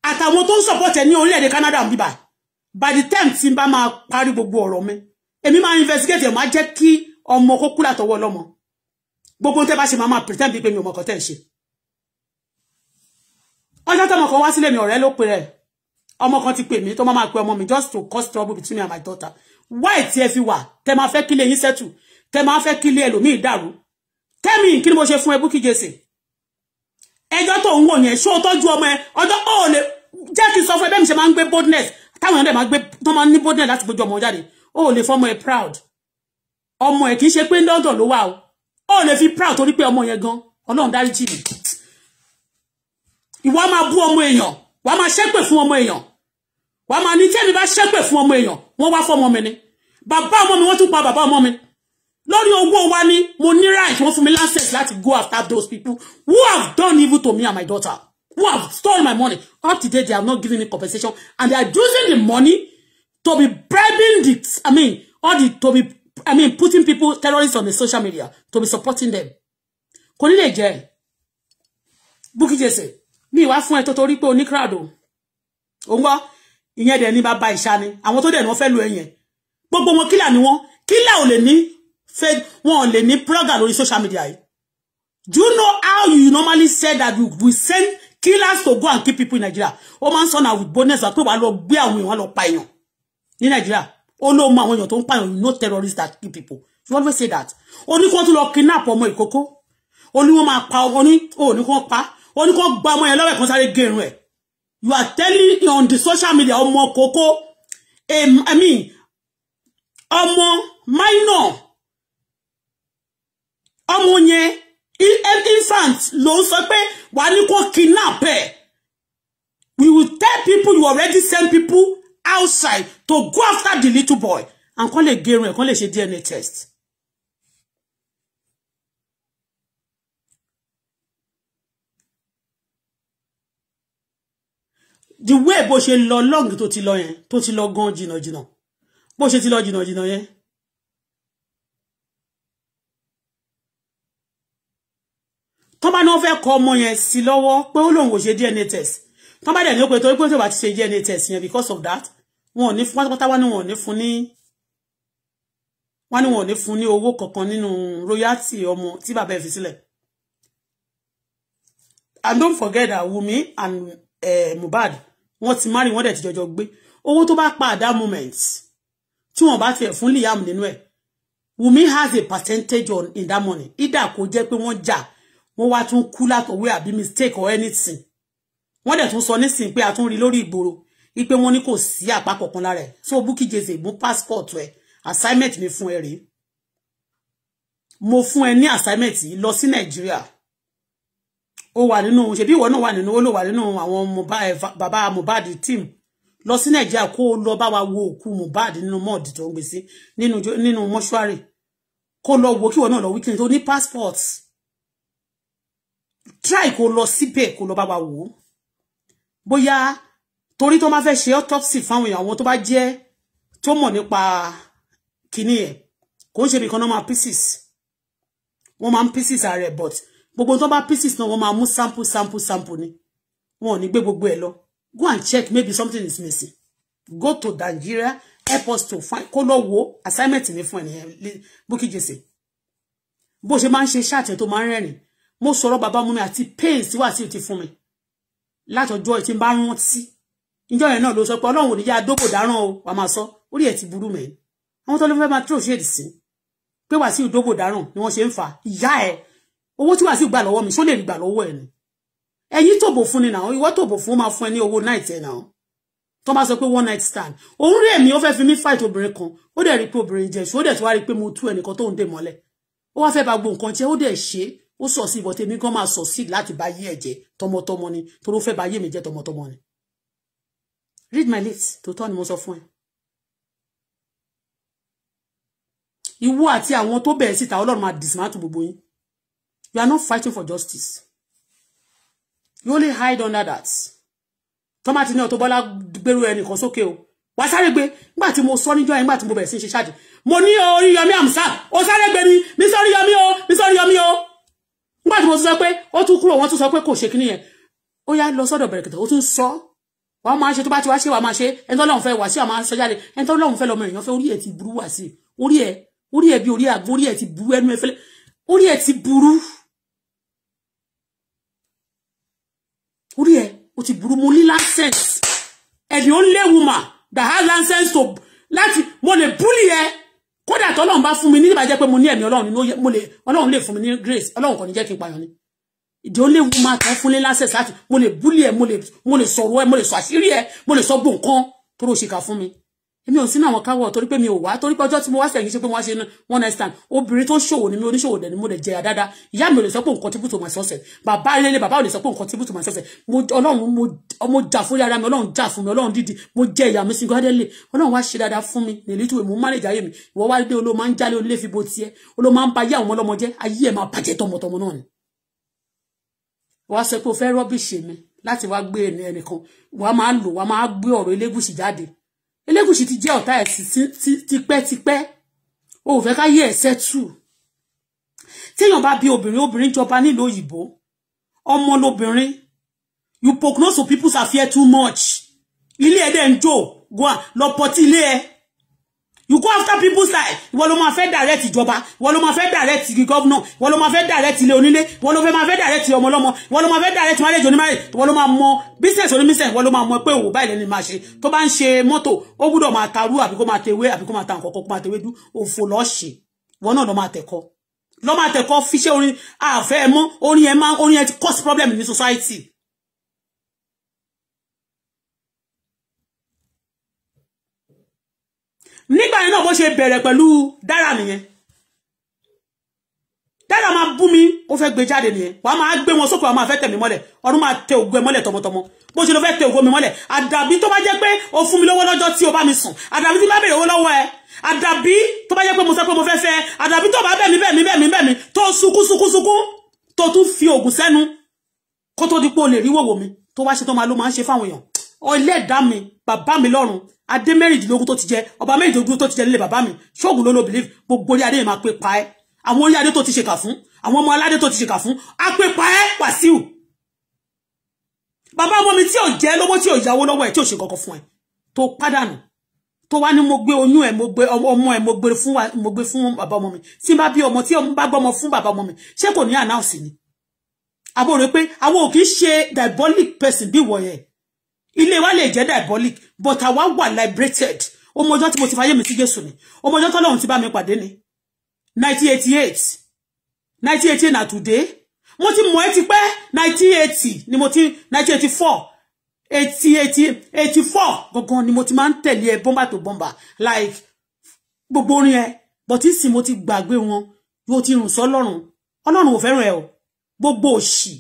àtàwọn tó ń support ẹ ní orílẹ̀-èdè Canada bíbà by the time tí n bá máa parí gbogbo ọ̀rọ̀ mi èmi máa investigate ẹ̀ máa jẹ́ kí ọmọ kó kúlà tọwọ́ ọlọ́mọ gbogbo tẹ́ bá ṣe máa máa pretend bí pé mi ò mọ̀ kọ́ tẹ́ ń ṣe ọjọ́ tọmọ kan wá sílé mi ọ̀rẹ́ ló pe rẹ̀ ọmọ kan ti pè mí tó máa máa pe ọmọ mi just to cause trouble between me and my daughter why tí ẹ fi wà tẹ máa fẹ́ kílé yín settle tẹ máa fẹ́ kílé ẹlòmíì dàrú tẹ́mi kí ni mo ṣe fún ẹ Bukky Jesse ẹjọ́ tó ń wò yẹn ṣó tọ́jú ọmọ ẹ ọjọ́ ó lè jẹ́ kí n sọ fún ẹ bẹ́ẹ̀ mi ṣe máa ń gbé boldness táwọn èèyàn dẹ̀ máa gbé tó máa ń ní boldness láti gbójú ọmọ jáde ó lè fọmọ ẹ proud ọmọ ẹ kì í ṣe pé London ló wà o ó lè fi proud torí pé ọmọ yẹn gan Ọlọ́run dáríjì mi ìwọ máa bú ọmọ èèyàn wàá máa ṣépè fún ọmọ èèyàn wàá máa ní tẹ́mi bá ṣépè fún ọmọ èèyàn wọ́n wá fọmọ mi ni bàbá ọmọ mi wọ́n tún pa bàbá ọmọ mi lórí owó wa ni mo ní right wọ́n fún mi license láti go after those people who have done evil to me and my daughter who have stolen my money up to date they have not given me compensation and they are using the money to be bribing the i mean all the to be i mean putting people terrorists on the social media to be supporting them kò ní lè jẹ Bukky Jesse mi wa fún ẹ tó torí pé o ní crowd o ò ń gbọ́ ìyẹn dẹ̀ ní bàbá ni àwọn tó dẹ̀ ní wọ́n fẹ́ lu ẹ̀yẹn gbogbo wọn kílà ni wọ́n kílà ò lè ní fẹ́ wọn ò lè blogger lórí social media yìí do you know how you normally say that you will send killers to go and kill people in Nigeria O man ń sọ with boldness wà pé wàá lọ gbé àwọn èèyàn lọ pa èèyàn ní Nigeria ó lóun mọ àwọn èèyàn tó ń pààyàn you know terrorists that kill people you always say that ó ní kí wọ́n tún lọ kidnap ọmọ ìkókó ó ní wọ́n máa pa ọmọ ní ó ní pa ó ní gba ọmọ yẹn lọ́wọ́ kan sáré gé irun you are telling on the social media ọmọ kókó i mean ọmọ minor ọmọ yẹn infant ló ń sọ pé wà á ní kó kidnap ẹ̀ we will tell people you already send people outside to go after the little boy and kán lè gé irun ẹ̀ kán lè DNA test. the way bó ṣe lọ long to ti lọ yẹn tó ti lọ gan jìnnà jìnnà bó ṣe ti lọ jìnnà jìnnà yẹn tọ́ bá náà fẹ́ kọ ọmọ yẹn sí lọ́wọ́ pé ó lòun ò ṣe DNA test tọ́ bá dẹ̀ ní ó pe torí pé tó bá ti ṣe DNA test yẹn because of that wọn ò ní fún pátápátá wọn ni wọn ò ní fún ní wọn ni wọn ò ní fún ní owó kankan nínú royalty ọmọ tí bàbá ẹ̀ fi sílẹ̀ and don't forget that Wumi and uh, Mohbad wọ́n ti marry wọ́n dẹ̀ ti jọjọ gbé owó tó bá pa at that moment tí wọ́n bá tiẹ̀ fún Liam nínú ẹ̀ Wumi has a percentage on in that money either kò jẹ́ pé wọ́n jà wọ́n wá tún kú látọwé àbí mistake or anything wọ́n dẹ̀ tún sọ nísìnyí pé a tún rí lórí ìgboro wípé wọ́n ní kò sí àpá kọ̀ọ̀kan lára ẹ̀ so Bukky Jesse mú passport ẹ̀ assignment mi fún ẹ rèé mo fún ẹ ní assignment yìí lọ sí Nàìjíríà O wà nínú ṣebí ìwọ náà wà nínú ó ló wà nínú àwọn bàbá Mohbad team lọ sí Nàìjíríà kó o lọ bá wa wo òkú Mohbad nínú mọ́ọ̀dì tó ń gbé sí nínú mọ́ṣúárì kó lọ wo kí ìwọ náà lọ wí kí ni ní passport try kó lọ síbẹ̀ kó lọ bá wa wò ó bóyá torí tó máa fẹ́ ṣe autopsy fáwọn èèyàn àwọn tó bá jẹ́ tó mọ̀ nípa kíní ẹ̀ kò ń ṣe nìkan náà máa pieces wọ́n máa ń pieces ààrẹ but gbogbo tó bá pieces náà wọ́n máa mú sample sample sample ni wọn ò ní gbogbo ẹ̀ lọ go and check maybe something is missing go to Nigeria help us to find kó lọ wo assignment ní fún ẹnìyẹn Bukky Jesse bó ṣe máa ń chat to tó máa ń rẹ́rìn mo sọ̀rọ̀ bàbá mú mi àti pain tí wà tí ò ti fún mi látọjọ́ ẹ̀ tí ń bá rántí ìjọ yẹn náà ló sọ pé ọlọ́run ò ní yá adóbò dáràn o wà máa sọ orí ẹ̀ ti burú mẹ́ àwọn to ló fẹ́ máa tró ṣèdì sí pé wà sí ìdóbò dáràn ni wọ́n ṣe ń fà ìyá ẹ̀ owó tí wàá sì gbà lọ́wọ́ mi ṣó lè gbà lọ́wọ́ ẹ̀ ni ẹ̀yin tòbò fún ni náà ìwọ tòbò fún máa fún ẹ ní owó night ẹ̀ náà tó máa sọ pé one night stand òun rẹ̀ mi ó fẹ́ fi mí fight obìnrin kan ó dẹ̀ rí pé obìnrin jẹ́ ṣó dẹ̀ tó wá rí pé mo tú ẹnìkan tó ń dè mọ́lẹ̀ ó wá fẹ́ ba gbogbo nǹkan jẹ́ ó dẹ̀ ṣe ó sọ sí ìbọn tèmi gan máa sọ sí láti bá yé ẹ jẹ tọmọtọmọ ni torí ó fẹ́ ba yé mi jẹ tọmọtọmọ ni read my lips tó tọ́ ni mo sọ fún ẹ ìwọ àti àwọn tó bẹ̀rẹ̀ síta ọlọ́run dismantle gbogbo yín You are not fighting for justice. You only hide under that. Tọ́mátì náà tó bọ́lá gbèrú ẹnìkan sókè o. Wà sáré gbé nígbà tí mo sọ níjọ́ yẹn nígbà tí mo bẹ̀rẹ̀ sí ṣe ṣáàdì. Mo ní Oríyọmí Àmùsá, ó sáré gbé ni, mi sọ Oríyọmí o, mi sọ Oríyọmí o. Nígbà tí mo sọ pé ó tún kúrò, wọ́n tún sọ pé kò ṣe kíní yẹn. Ó yá lọ sọ́dọ̀ bẹ̀rẹ̀ kìtà, ó tún sọ. Wàá máa ṣe tó bá ti wá ṣe wàá máa ṣe, ẹni tó lọ́hùn fẹ́ wà sí àwọn aṣọ jáde, ẹni tó lọ́hùn fẹ́ lọ́mọ èèyàn fẹ́ orí ẹ̀ ti burú wà sí. Orí ẹ̀ orí ẹ̀ bí orí àgbo orí ti burú ẹnu ẹ̀ fẹ́lẹ́ orí ẹ̀ ti burú. orí ẹ o ti burú mo ní license and the only woman that has license to láti mo lè búlì ẹ kódà tọ́lọ́run bá fún mi nígbà jẹ́ pé mo ní ẹ̀mí ọlọ́run ni mo lè ọlọ́run lè fún mi ní grace ọlọ́run kò ní jẹ́ kí n pààyàn ni ìdí olè woman kan fún ní license láti mo lè búlì ẹ mo lè sọ̀rọ̀ ẹ mo lè sọ àṣírí ẹ mo lè sọ gbòǹkan tó ló ṣe kà fún mi èmi ò sínú àwọn káwọ torí pé mi ò wá torí pé ọjọ́ tí mo wá sẹ́yìn ṣe pé wọn ṣe one night stand obìnrin tó ṣòwò ni mi oníṣòwò dẹ ni mo lè jẹyà dáadáa ìyá mi ò lè sọ pé nǹkan tíbùtò máa sọsẹ bàbá ilé bàbá ò lè sọ pé nǹkan tíbùtò máa sọsẹ Ọlọ́run mo jà fún yàrá mi Ọlọ́run jà fún mi Ọlọ́run dídì mo jẹ ìyá mi single handedly Ọlọ́run wá ṣe dáadáa fún mi nílí tuwé mo máa lè jáyé mi ìwọ wá dé olóò máa ń jálé olè fi bo tiẹ olóò máa ń ba ayé mi láti wá máa lò wàá máa gbé ọ̀rọ̀ Elégùṣì jáde Elégùṣì ti jẹ́ ọ̀tá ẹ̀ tipẹ́tipẹ́ o ò fẹ́ ká yé ẹ̀sẹ̀ tù téèyàn bá bí obìnrin obìnrin jọba nílùú òyìnbó ọmọ lobìnrin you poke nose to people's affair too much ilé ẹ̀ dẹ̀ ń jò lọ pọtí ilé ẹ̀ you go after people's side ìwọ ló máa fẹ́ direct ìjọba ìwọ ló máa fẹ́ direct governor ìwọ ló máa fẹ́ direct ilé onílé ìwọ ló máa fẹ́ direct ọmọ ọlọ́mọ ìwọ ló máa fẹ́ direct marriage onímarriage ìwọ ló máa mọ business oníbusiness ìwọ ló máa mọ pé òwò báyìí lẹ́nu máa ṣe tó to ń ṣe mọ́tò ó gbúdọ̀ máa tarú àbí kó máa tewé àbí kó máa ta nǹkan kó máa tewé dú òfò lọ́ọ́ ṣe ìwọ náà ló máa tẹ̀kọ́ lọ́ máa tẹ̀kọ́ fiṣẹ́ orin àfẹ́ mọ́ orin ẹ̀ máa orin ẹ̀ ti cause problem ní society nígbà yẹn náà bó ṣe bẹ̀rẹ̀ pẹ̀lú dára nìyẹn dára máa bú mi ó fẹ́ gbé jáde nìyẹn wàá máa gbé wọn sókè wàá máa fẹ́ tẹ̀ mí mọ́lẹ̀ ọdún máa tẹ ògo ẹ mọ́lẹ̀ tọmọtọmọ bó ṣe lọ fẹ́ tẹ ògo mi mọ́lẹ̀ àdàbí tó bá jẹ́ pé o fún mi lówó lọ́jọ́ tí o bá mi sùn àdàbí tí bá bèrè owó lọ́wọ́ ẹ àdàbí tó bá jẹ́ pé mo sọ pé mo fẹ́ fẹ́ àdàbí tó bá bẹ̀mí bẹ̀mí bẹ̀mí bẹ̀mí tó sunkún sunkún sunkún tó tún fi òògùn sẹ́nu kó tó di pé o lè rí wòwò mi tó wá ṣe tó máa ló máa ń ṣe fáwọn èèyàn ọ ilé ẹ̀dá mi bàbá mi lọ́run adé mẹ́rìndínlógún to ti jẹ ọba mẹ́rìndínlógún to ti jẹ nílé bàbá mi ṣóògùn ló ló believe gbogbo orí ma yẹn máa pé pa ẹ́ àwọn orí adé tó ti ṣèkà fún àwọn ọmọ aládé tó ti ṣèkà fún á pé pa ẹ́ wàsíù bàbá ọmọ mi tí ò jẹ́ lówó tí ò yáwó lọ́wọ́ ẹ̀ tí ò ṣe kankan fún ẹ tó pádànù tó wá ní mo gbe oyún ẹ̀ mo gbe omo ẹ̀ mo gbé fún mo gbe fun bàbá ọmọ mi ti n bá bí ọmọ tí ọmọ bá gbọ́mọ fún bàbá ọmọ mi ṣé kò ní ànáùsì ni àbò rẹ pé àwọn ò kì í diabolic person Bi wo wọ̀nyẹn ilé wa lè jẹ́ diabolic but àwa wà liberated ọmọjọ́ tí mo ti fayé mi sí Jésù ni ọmọjọ́ tọ́lọ́run ti bá mi pàdé ni 1988 1988 na today mo ti mọ̀ ẹ́ ti pẹ́ 1980 ni mo ti 1984 80 84 gangan ni mo ti máa ń tẹ̀lé ẹ bọ́mbà tó bọ́mbà like gbogbo orin ẹ but ìsìn mo ti gbàgbé wọn yóò ti rùn sọ́lọ́run ọlọ́run ò fẹ́ràn ẹ o gbogbo òṣì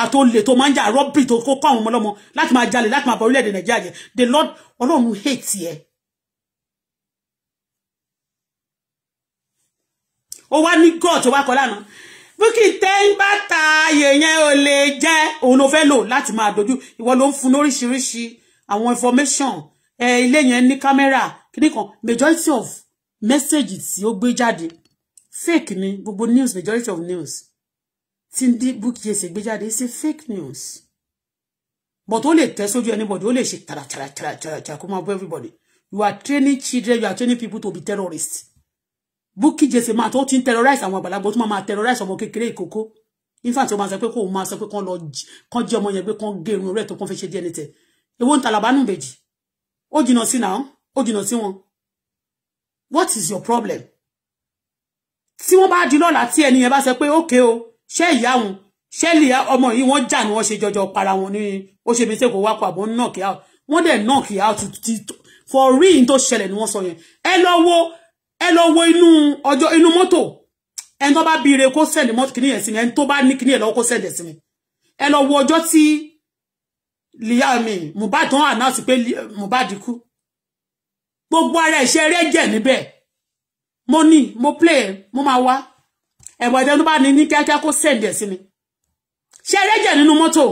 àtòlè tó máa ń jà rọ́bìrì tó kó kọ́ àwọn ọmọlọ́mọ láti máa jalè láti máa bọ̀ orílẹ̀-èdè nàìjíríà jẹ́ the lord ọlọ́run hate ẹ. ó wá ní god tó wá kọ lánàá bukki tẹ́yìn bá ta ààyè yẹn ò lè jẹ́ òun ló fẹ́ lò láti máa dojú ìwọ ló ń fún lóríṣiríṣi àwọn information ẹ ilé yẹn ní kámẹ́rà kíní kan majority of messages. tí ó gbé jáde fake ni gbogbo news majority of news tí Bukky gbé jáde ṣe fake news but ó lè tẹ́ sójú anybody ó lè ṣe tàràtàràtàràtàrà kó máa bọ́ everybody you are training children you are training people to be terrorists Bukky máa tó ti ń terrorize àwọn àgbàlagbà tó máa terrorize ọmọ kékeré ìkókó in fact ó máa sọ pé kó o máa sọ pé kán lọ kán jẹ ọmọ yẹn pé kán gé irun rẹ̀ tó kán fi ṣe DNA test èwo ń talaba nù bèjì ó jìnnà sí náà ó jìnnà sí wọn what is your problem tí wọ́n bá di lọ́la tí ẹni yẹn bá sọ pé ókè o ṣé ìyá wọn ṣé ìyá ọmọ yìí wọ́n jà ní wọ́n ṣe jọjọ para wọn ní ó ṣe mi sẹ́kọ̀ọ́ wákọ̀ àbọ̀ knock out wọ́n dẹ̀ knock out for real tó ṣẹlẹ̀ ni wọ́n sọ yẹn ẹ lọ wo ẹ lọ wo inú ọjọ́ inú mọ́tò ẹni tó bá bí ire kó sẹ́ndì mọ́tò kìíní yẹn sí mi ẹni tó bá ní kìíní yẹn lọ́wọ́ kó sẹ́ndì sí mi ẹ lọ wo ọjọ́ tí liya mi Mohbad tán ànáàsì pé Mohbad kú gbogbo ara ìṣe rẹ̀ jẹ́ níbẹ̀ mo ní mo play mo máa wá ẹ̀bùn ẹ̀dẹ́ tó bá ní ní kíákíá kó sẹ̀ǹdẹ̀ sí ni ṣé ẹrẹ́jẹ̀ nínú mọ́tò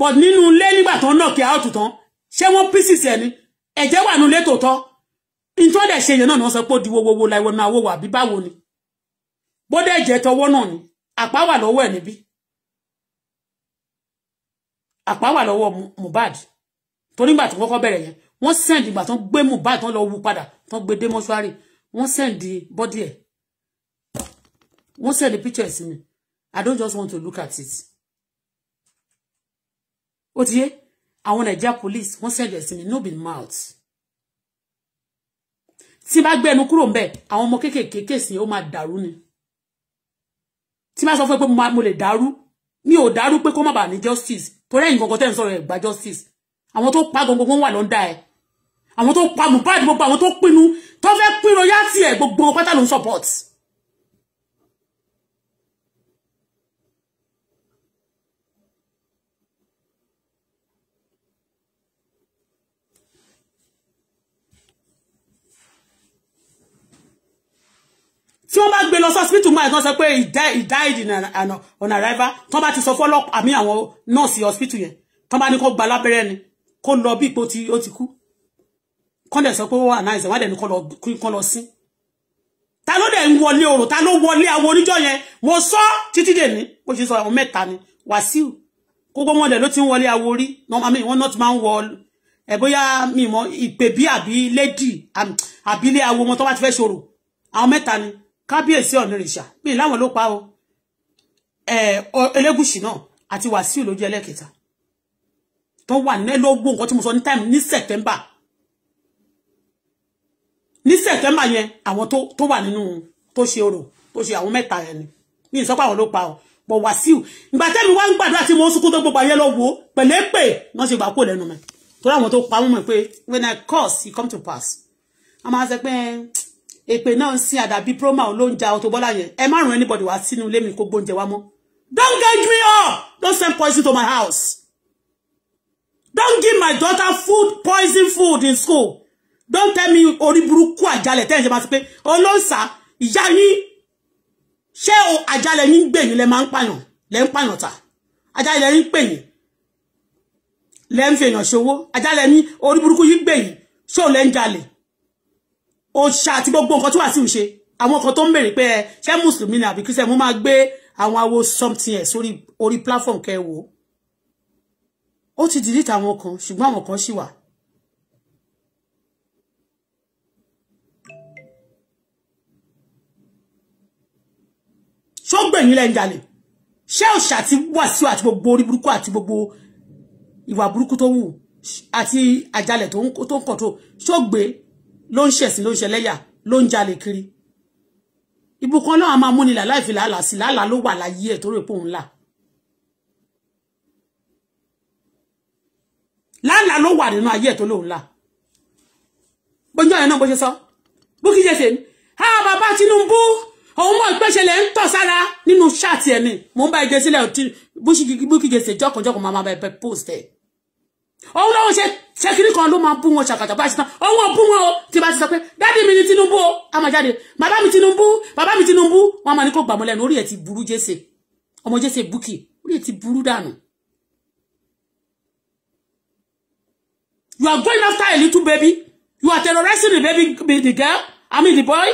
but nínú ilé nígbà tó ń nà kí áùtù tán ṣé wọ́n pieces ẹ̀ ni ẹ̀jẹ̀ wà nínú ilé tòótọ́ nítorí ọ̀dẹ̀ ṣe yẹn náà ni wọ́n sọ pé ó di wowowo láìwo náà wò wà bí báwo ni bódẹ̀ ẹ̀jẹ̀ tọwọ́ náà ni àpá wà lọ́wọ́ ẹ̀ níbí àpá wà lọ́wọ́ Mohbad tó nígbà tó kọ́kọ́ bẹ̀rẹ̀ yẹn wọ́n send ìgbà tó gbé Mohbad tó lọ wú padà tó gbé dé wọ́n send bọ́dí ẹ̀ wọ́n send the picture sí me. i don't just want to look at it What ó I want àwọn naija police wọ́n send ẹ̀ sí mi no be mouth tí bá gbé ẹnu kúrò ńbẹ̀ àwọn ọmọ kéékèèké kéèsì ó máa daru. ni tí bá sọ fún ẹ mo lè dàrú mi ò dàrú pé kó má bàa ní justice torí ẹ̀yin gangan tẹ́ ń sọ̀rọ̀ gba justice àwọn tó pa gangan wọn wà lọ́ndà ẹ̀ àwọn tó pa mohbad gbogbo àwọn tó pinnu to fẹ́ pinnu yá tiẹ̀ gbogbo pátá ló ń support. tí wọ́n bá gbé lọ sọ́sìpítù máa tán sọ pé he died in an on arrival tán bá ti sọ fọ́lọ́ àmì àwọn nọ́ọ̀sì hospital yẹn tán bá ní kó gba lábẹ́rẹ́ ni kó lọ bí ipò tí ó ti kú kán dẹ̀ sọ pé wọ́n àná ìsẹ̀ wọ́n dẹ̀ ní kán lọ sí. ta ló dẹ̀ ń wọlé orò ta ló wọlé àwọn oníjọ́ yẹn mo sọ títí dè ní bó ṣe sọ àwọn mẹ́ta ni wàsíù kókó wọn dẹ̀ ló ti ń wọlé awo rí wọn náà ti máa ń wọ ẹ̀ mímọ́ ìpè bí àbí lady àbílẹ̀ awo wọn tó bá ti fẹ́ ṣòro àwọn mẹ́ta ni kábíyèsí ọ̀nìrìṣà bíi láwọn ló pa o elégùsì náà àti wàsíù lójú ẹlẹ́kẹta tó wà nílógún nǹkan tí mo sọ ní time ní september ní september yẹn àwọn tó wà nínú tó ṣe orò tó ṣe àwọn mẹ́ta yẹn ni mi ì sọ pé àwọn ló pa o bọ̀ wàsíù ìgbà tẹ́mi wá ń gbàdúrà tí mo sunkún tó gbogbo ayé lọ wo pẹ̀lẹ́pẹ̀ wọ́n ṣe gbà kó lẹ́nu mi torí àwọn tó pa wọ́n pé when I curse it come to pass a máa sọ pé èpè náà ń sin àdàbí promo ló ń ja Auto Bola yẹn ẹ má ràn anybody wá sínú ilé mi kó gbóúnjẹ wá mọ́ don't get me up don't send poison to my house don't give my daughter food poison food in school don't tell me orí burúkú àjálẹ̀ tẹ́yìn ṣe máa ti pé olóòsà ìyá yín ṣé àjálẹ̀ yín gbẹ̀yìn lẹ máa ń pààyàn lẹ ń pààyàn ta àjálẹ̀ yín gbẹ̀yìn lẹ ń fi èèyàn ṣòwò àjálẹ̀ yín orí burúkú yín gbẹ̀yìn ṣó lẹ ń jalè òòṣà àti gbogbo nǹkan tí Wasiu ṣe àwọn kan tó ń bèrè pé ṣé mùsùlùmí ni àbí kírísẹ̀ mo máa gbé àwọn awo something ẹ̀ ori orí platform kẹwò ó ti delete àwọn kan ṣùgbọ́n àwọn kan ṣì wà. ṣó gbẹ̀yìn lẹ́ ń jalè ṣé òṣà ti Wasiu àti gbogbo orí burúkú àti gbogbo ìwà burúkú tó wù àti àjálẹ̀ tó ń kọ̀tò ṣó gbé ló ń ṣẹ̀sìn ló ń ṣẹlẹ́yà ló ń jalè kiri ibùkan náà a máa múni là láì fi làálà sí làálà ló wà láyé ẹ̀ tó rè pòun là làálà ló wà nínú ayé ẹ̀ tó lòun là bójú ọ̀yàn náà bó ṣe sọ Bukky Jesse ni a bàbá Tinubu òun mọ̀ ìpẹ́ṣẹlẹ̀ ń tọ̀ sára nínú ṣáàtì ẹ̀ ni mò ń bá ẹjẹ sílẹ̀ Bukky Jesse jọkànjọkàn máa máa bẹ post ẹ̀ òun lọ́wọ́ ṣe ṣe kan ló máa bú wọn ṣàkàtà bá ṣe tán ọwọ́ bú wọn o tí bá ti sọ pé dádì mi ni Tinubu o a máa jáde bàbá mi Tinubu bàbá mi Tinubu wọn máa ní kó gbàmọ́ lẹ́nu orí ẹ̀ ti burú jésè ọmọ jésè búkì orí ẹ̀ ti burú dànù. you are going after a little baby you are terrorizing the baby the girl I mean the boy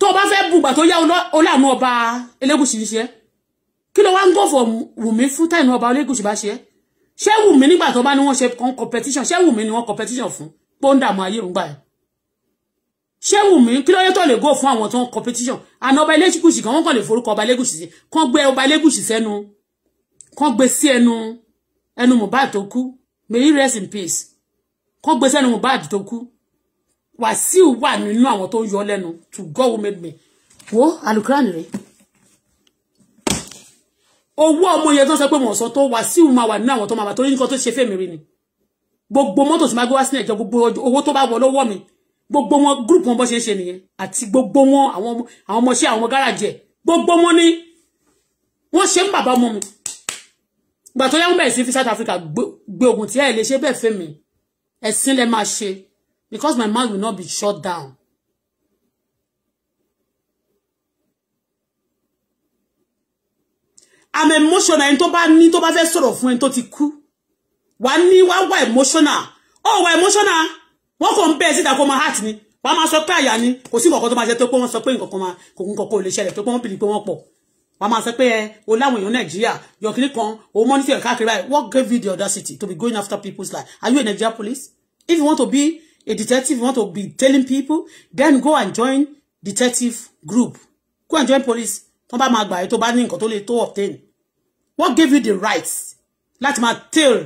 tó o bá fẹ́ bùgbà tó yá ọlànà ọba elégùsì ṣe kí ló wá ń gò fọ̀ wùmí fún táìnà ọba elégùsì bá ṣe é ṣé Wùmí nígbà tó bá ní wọ́n ṣe competition ṣé Wùmí ni wọ́n competition fún pọ́ńdà mọ́ ayé òǹgbà ẹ̀ ṣé Wùmí kí ló yẹ tó lè go fún àwọn tó ń competition àná ọba elégùsì kan wọ́n kàn lè forúkọ ọba elégùsì sí kàn gbé ọba elégùsì sẹ́nu kàn gbé sí ẹnu ẹnu Mohbad tó kú may he rest in peace kàn gbé sẹ́nu Mohbad tó kú Wàsíù wà nínú àwọn tó ń yọ lẹ́nu to go with made me wo alukurani rèé owó ọmọ yẹn tó sọ pé wọ́n sọ tó wá sí ìhùn máa wà nínú àwọn tó máa wà torí nǹkan tó ṣe fèmí rí ni gbogbo mọ́tò tí máa gbé wá sí nàìjọ gbogbo owó tó bá wọ lọ́wọ́ mi gbogbo wọn gúrùpù wọn bọ́ ṣe ń ṣe nìyẹn àti gbogbo wọn àwọn ọmọọṣẹ́ àwọn gáràjẹ gbogbo wọn ni wọ́n ṣe ń bàbá ọmọ mi gbà tó yáwó bẹ̀rẹ̀ sí fi South Africa gbé ogun tí ẹ̀ lè ṣe bẹ́ẹ̀ fèmí ẹ̀sìn lẹ máa ṣe because my mouth will not be shut down i'm emotional ẹni tó bá ní tó bá fẹ́ sọ̀rọ̀ fún ẹni tó ti kú wàá ní wá wà emotional ó wà emotional wọ́n kò ń bẹ́ẹ̀ síta kó máa heart ni wàá máa sọ pé àyà ni kò sí nǹkan tó máa ṣe tó pé wọ́n sọ pé nǹkan kan máa kò nǹkan kan ò lè ṣẹlẹ̀ tó pé wọ́n bìlì pé wọ́n pọ̀ wàá máa sọ pé ẹ o láwọn èèyàn nàìjíríà kan o monitor káàkiri báyìí what gave you the audacity to be going after people's life are you a Nigeria police if you want to be a detective you want to be telling people then go and join detective group go and join police tọ́n bá máa gbà ẹ́ tó bá ní nǹkan tó lè tó obtain what gave you the right láti máa tell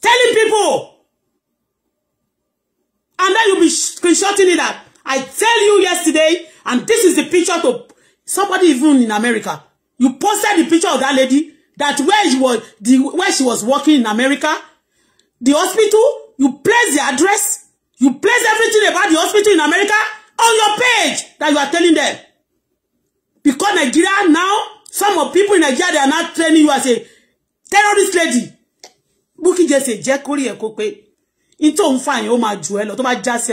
telling people and then you be screenshotting it out I tell you yesterday and this is the picture to somebody even in America you posted the picture of that lady that where she was the where she was working in America the hospital you place the address you place everything about the hospital in America on your page that you are telling them Because Nigeria now, some of people in Nigeria, they are not training you as a terrorist lady. Bukky Jesse, jẹ́ kórí ẹ̀ kó pé. In tó ń fà yín, ó máa jù ẹ́ lọ, tó bá já sí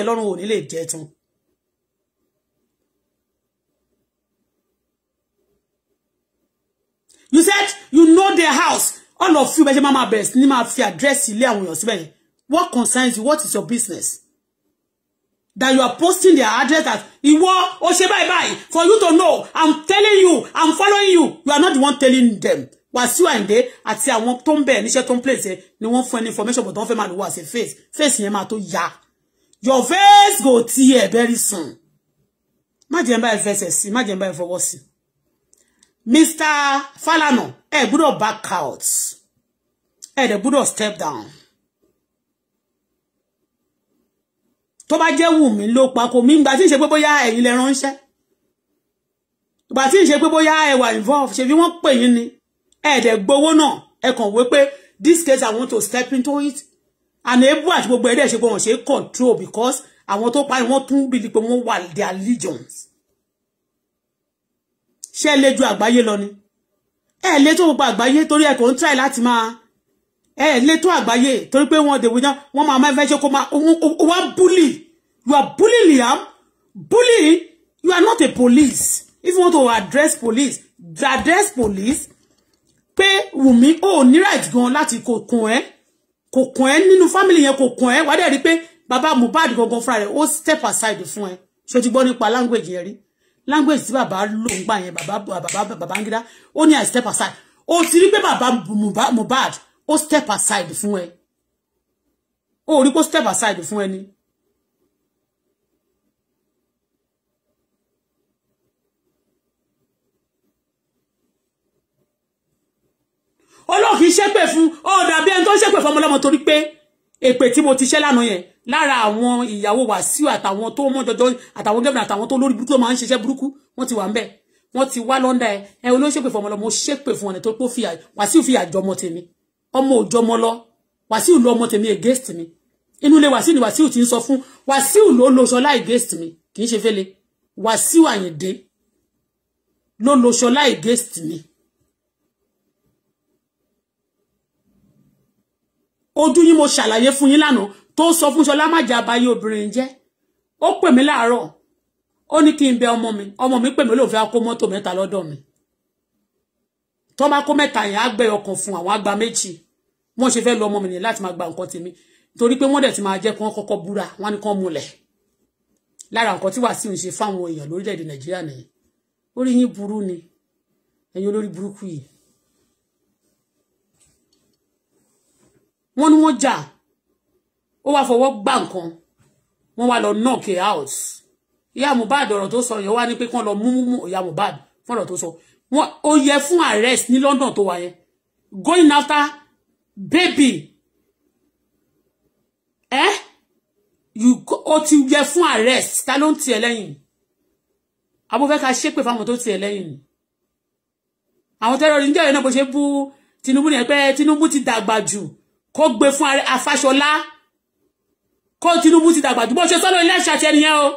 You said you know their house. All of you, bẹ́ẹ̀ ṣe best, bẹ̀rẹ̀ sí ní máa fi àdírẹ́sì ilé àwọn What concerns you? What is your business? that you are posting their address as Iwo o ṣe báyìí báyìí for you to know i'm telling you i'm following you you are not the one telling them Wàsíù Àyìndé àti àwọn tó ń bẹ̀ níṣẹ́ to ń place ẹ ni wọ́n fún ẹ ní information but wọ́n fẹ́ máa lò wá sí face face yẹn máa to ya your face go tear very soon má jẹ́ n bá ẹ fẹsẹ̀ sí má jẹ́ n bá ẹ Mr. Falana ẹ gbọ́dọ̀ back out ẹ dẹ̀ gbọ́dọ̀ step down. To tó bá jẹ́ Wùmí ló pa kò mí gbà tí ń ṣe pé bóyá ẹ̀yin lẹ ránṣẹ́ gbà tí ń ṣe pé bóyá ẹ wà involve ṣe bí wọ́n pè yín ni ẹ̀ẹ́dẹ̀ gbowó náà ẹ kàn wé pé this case I want to step into it and ebu àti gbogbo ẹ̀dẹ̀ ṣe pé wọ́n ṣe control because àwọn tó parí wọ́n tún bìlí pé wọ́n wà their legions ṣé ẹ lè ju àgbáyé lọ ni ẹ lè tó gbogbo àgbáyé torí ẹ kàn ń try láti máa ẹ létò àgbáyé torí pé wọn dèwò náà wọn máa máa fẹ́ ṣe kó máa wá bully you are bullying Liam Bully. you are not a police if you want to address police address police pé Wùmí ó ní right gan láti kò kàn ẹ́ kò kàn ẹ́ nínú family yẹn kò kàn ẹ́ wá dẹ̀ rí pé bàbá Mohbad gangan fúnra rẹ̀ ó step aside fún ẹ ṣé o ti gbọ́ nípa language yẹn rí language tí bàbá lò ń gbà yẹn bàbá bàbá Babangida ó ní i step aside o ti rí pé bàbá Mohbad ó step aside fún ẹ ó rí kó step aside fún ẹ ni. olóòkì ṣépè fún ọ̀dà bí ẹni tó ṣépè fún ọmọlọ́mọ torí pe. èpè tí mo ti ṣẹ́ lánàá yẹn lára àwọn ìyàwó Wàsíù àtàwọn tó mọ́ jọjọ àtàwọn gómìnà àtàwọn tó lórí burúkú tó máa ń ṣiṣẹ́ burúkú wọ́n ti wà ń bẹ̀ wọ́n ti wá lọ́ndà ẹ ẹ olóòṣèpè fún ọmọlọ́mọ ṣépè fún ọ̀nà tó pọ̀ fìyà Wàsíù fìyà jọmọ tèmi ọmọ òjò ọmọ lọ Wàsíù ló ọmọ tèmi against mi inú ilé Wàsíù ni Wàsíù ti ń sọ fún Wàsíù ló lo Ṣọlá against mi kì í ṣe fẹ́lẹ̀ Wàsíù Àyìndé ló lo Ṣọlá against me ojú yín mo ṣàlàyé fún yín lánàá tó sọ fún Ṣọlá má jà báyé obìnrin jẹ́ ó pè mí láàárọ̀ ó ní kí n bẹ ọmọ mi ọmọ mi pè mí lóun fẹ́ kó mọ́tò mẹ́ta lọ́dọ̀ mi tó bá kó mẹ́ta yẹn á gbé ọkàn fún àwọn àgbà méjì wọ́n ṣe fẹ́ lọ ọmọ mi nìyẹn láti máa gba nǹkan tèmi torí pé wọ́n dẹ̀ ti máa jẹ́ kí wọ́n kọ́kọ́ búra wọ́n ní kán múlẹ̀ lára nǹkan tí Wàsíù ń ṣe fáwọn èèyàn lórílẹ̀‐èdè Nàìjíríà nìyẹn orí yín burú ni ẹ̀yin olórí burúkú yìí wọ́n ní wọ́n jà ó wá fọwọ́ gbá nǹkan wọ́n wá lọ knock it out ìyá Mohbad ọ̀rọ̀ tó sọ yẹn wá ní pé kán lọ mú ìyá Mohbad fún ọ̀rọ̀ tó sọ wọ́n ó yẹ fún arrest ni London tó wà yẹn going after baby ẹ eh? you o ti yẹ fún arrest ta ló ń tiẹ̀ lẹ́yìn abúfẹ́ ká ṣépè fáwọn tó tiẹ̀ lẹ́yìn àwọn tẹ́rọ̀rì níjọ́ yẹn náà bó ṣe bú Tinubu nìyẹn pé Tinubu ti dàgbà jù kó gbé fún Afáṣọlá kó Tinubu ti dàgbà jù bó ṣe sọ́dọ̀ ilé àṣà tiẹ̀ nìyẹn o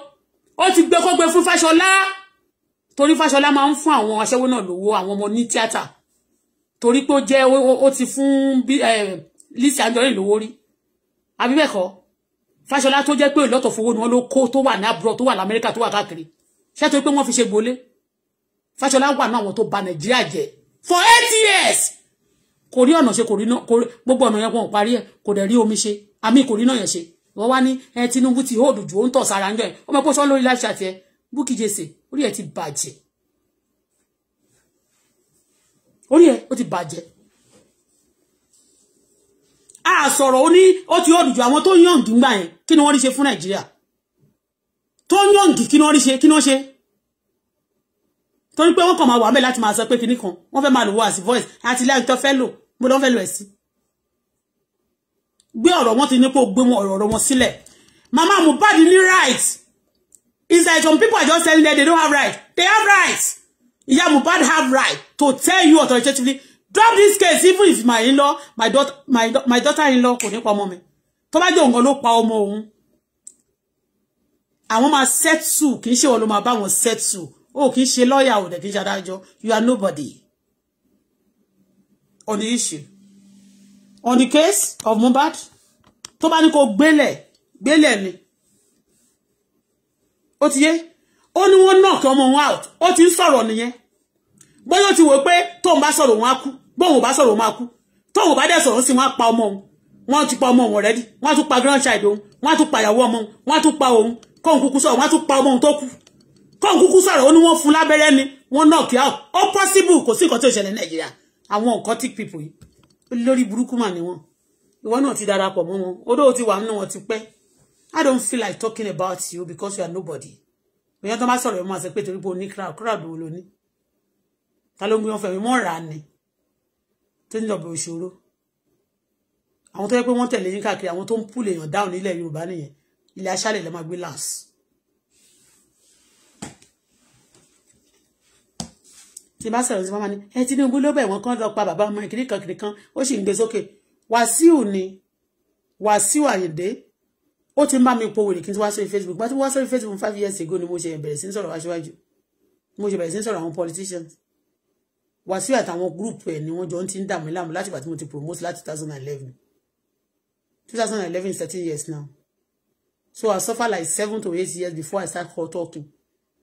ó ti gbé kó gbé fún Fáṣọlá torí Fáṣọlá máa ń fún àwọn aṣẹ́wó náà lówó àwọn ọmọ ní tíátà torí pé ó jẹ́ ó ti fún Lizzy Anjorin lówó rí àbí bẹ́ẹ̀ kọ́ Fáṣọlá tó jẹ́ pé ìlọ́tọ̀ fowó ni wọ́n ló kó tó wà ní abroad tó wà lamẹ́ríkà tó wà káàkiri ṣé torí pé wọ́n fi ṣe gbolé Fáṣọlá wà ní àwọn tó bà Nàìjíríà jẹ́ for eight years kò rí ọ̀nà ṣe kò rí náà gbogbo ọ̀nà yẹn wọn parí ẹ̀ kò dẹ̀ rí omi ṣe àmì kò rí náà yẹn ṣe wọ́n wá ní Tinubu ti hóòdù jù ó ń tọ̀ sára ń jọ ẹ̀ ọmọ pọ́ṣọ́ lórí láṣà tiẹ̀ Bukky Jesse orí ẹ̀ ti bàjẹ́ orí ẹ ó ti bàjẹ́ a sọ̀rọ̀ ó ní ó ti ọ̀dùjọ àwọn tó yànjú gbà yẹn kí ni wọ́n rí ṣe fún nàìjíríà tó yànjú kí ni wọ́n rí ṣe kí ni wọ́n ṣe torí pé wọ́n kàn máa wà mẹ́ láti máa sọ pé kinní kan wọ́n fẹ́ máa lò wọ́ àti voice àti ilé àìtọ́ fẹ́ lò mo lọ́n fẹ́ lò ẹ̀ sí gbé ọ̀rọ̀ wọn ti ní kó gbé ọ̀rọ̀ ọ̀rọ̀ wọn sílẹ̀ mama Mohbad ní right It's like some people are just telling them they don't have right they have rights Iya Mohbad have right to tell you authoritatively, drop this case even if my in-law, my daughter, my, my daughter-in-law kò ní pa ọmọ mi. Tó go jẹ́ power more. I want my set máa settle kì í ṣe wọn ló máa bá wọn settle. O lawyer o dẹ̀ kì í You are nobody. On the issue. On the case of Mohbad, tó bá ní kó gbélẹ̀, gbélẹ̀ ni. Ó ti ó ní wọ́n knock ọmọ wọn out ó ti ń sọ̀rọ̀ nìyẹn bóyá ó ti wò pé tóun bá sọ̀rọ̀ wọn á kú bóun ò bá sọ̀rọ̀ wọn á kú tóun bá dẹ̀ sọ̀rọ̀ sí wọn á pa ọmọ òun wọ́n ti pa ọmọ òun already wọ́n tún pa grandchild òun wọ́n tún pa ìyàwó ọmọ òun wọ́n tún pa òun kóun kúkú sọ̀rọ̀ wọ́n tún pa ọmọ òun tó kú kóun kúkú sọ̀rọ̀ ó ní wọ́n fún lábẹ́rẹ́ ni wọ́n knock out ó possible kò sí nǹkan tó ṣẹlẹ̀ nàìjíríà àwọn occultic people yìí lórí burúkú mà ni wọn ìwọ náà ti darapọ̀ mọ́ wọn odó ti wà nínú wọn ti pẹ́ I don't feel like talking about you because you are nobody bóyá tó má sọ̀rọ̀ ẹ̀ máa sọ pé torí pé o ní crowd crowd wo lo ní ta ló ń gbé wọn fẹ́ mi mọ́ ra ni tó ní lọ́bẹ̀ òṣòro àwọn tó yẹ pé wọ́n tẹ̀lé yín káàkiri àwọn tó ń pùl èèyàn dáhùn nílẹ̀ Yorùbá nìyẹn ilẹ̀ aṣálẹ̀ lẹ́ máa gbé lance. tí bá sọ̀rọ̀ sí máa ní ẹ Tinubu ló bẹ̀ wọ́n kán lọ pa bàbá ọmọ ìkíní kan kiri kan ó sì ń gbé sókè Wàsíù ni Wàsíù Àyìndé ó ti ń bá mi po wèrè kí n ti wá sórí facebook bá ti wá sórí facebook five years ago ni mo ṣe bẹ̀rẹ̀ sí ń sọ̀rọ̀ aṣíwájú mo ṣe bẹ̀rẹ̀ sí ń sọ̀rọ̀ àwọn politicians wàsíù àtàwọn gúrùpù ẹ̀ ni wọ́n jọ ń ti ń dààmú láàmú láti ìgbà tí mo ti promote láti 2011 thousand is thirteen years now so i suffer like seven to eight years before i start talking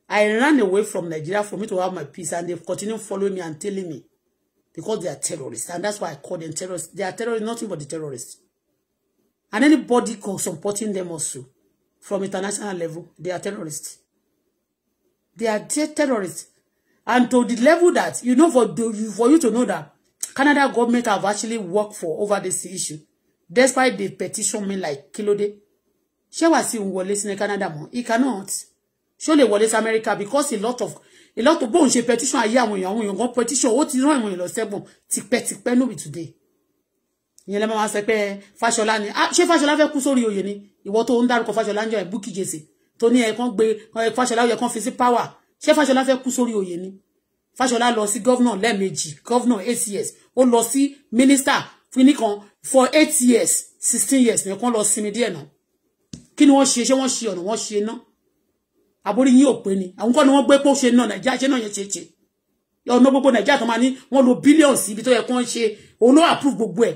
i ran away from nigeria for me to have my peace and they continue following me and telling me because they are terrorists and that's why i call them terrorists they are terrorists nothing but the terrorists and anybody supporting them also from international level they are terrorists they are terrorists and to the level that you know for the, for you to know that Canada government have actually worked for over this issue despite the petition me like kílódé ṣé wá sí wọlé sí Canada mọ́ he cannot ṣó lè wọlé sí America because a lot of a lot of bóun ṣe petition ayé àwọn èèyàn àwọn èèyàn gan petition What is wrong ó ti rán àwọn èèyàn lọ sẹ́gbọ̀n tipẹ́tipẹ́ no be today ìyẹn lẹ́mọ̀ wá sọ pé fàṣọlá ni ah, ṣé fàṣọlá fẹ́ kú sórí oyè ni ìwọ tó ń dárúkọ fàṣọlá ń jọ ẹ̀ Bukky Jesse tó ní ẹ̀kan gbé fàṣọlá yẹ kan fi sí power ṣé fàṣọlá fẹ́ kú sórí oyè ni fàṣọlá lọ sí gọ́vnà lẹ́ẹ̀mejì gọ́vnà acs ó lọ sí mínísítà fúnni kan for eight years sixteen years ní ẹ̀kan lọ sinmi díẹ̀ náà kí ni wọ́n ṣe ṣé wọ́n ṣe ọ̀nà wọ́n ṣe náà àbórí yín ò pé ni àwọn kọ́ ni wọ́n gbé pé ó ṣe náà nàìjíríà ṣe náà yẹn ṣe ṣe ọ̀nà gbogbo nàìjíríà kan máa ní wọ́n lo bílíọ̀nù sí ibi tó yẹ kí wọ́n ṣe òun ló approve gbogbo ẹ̀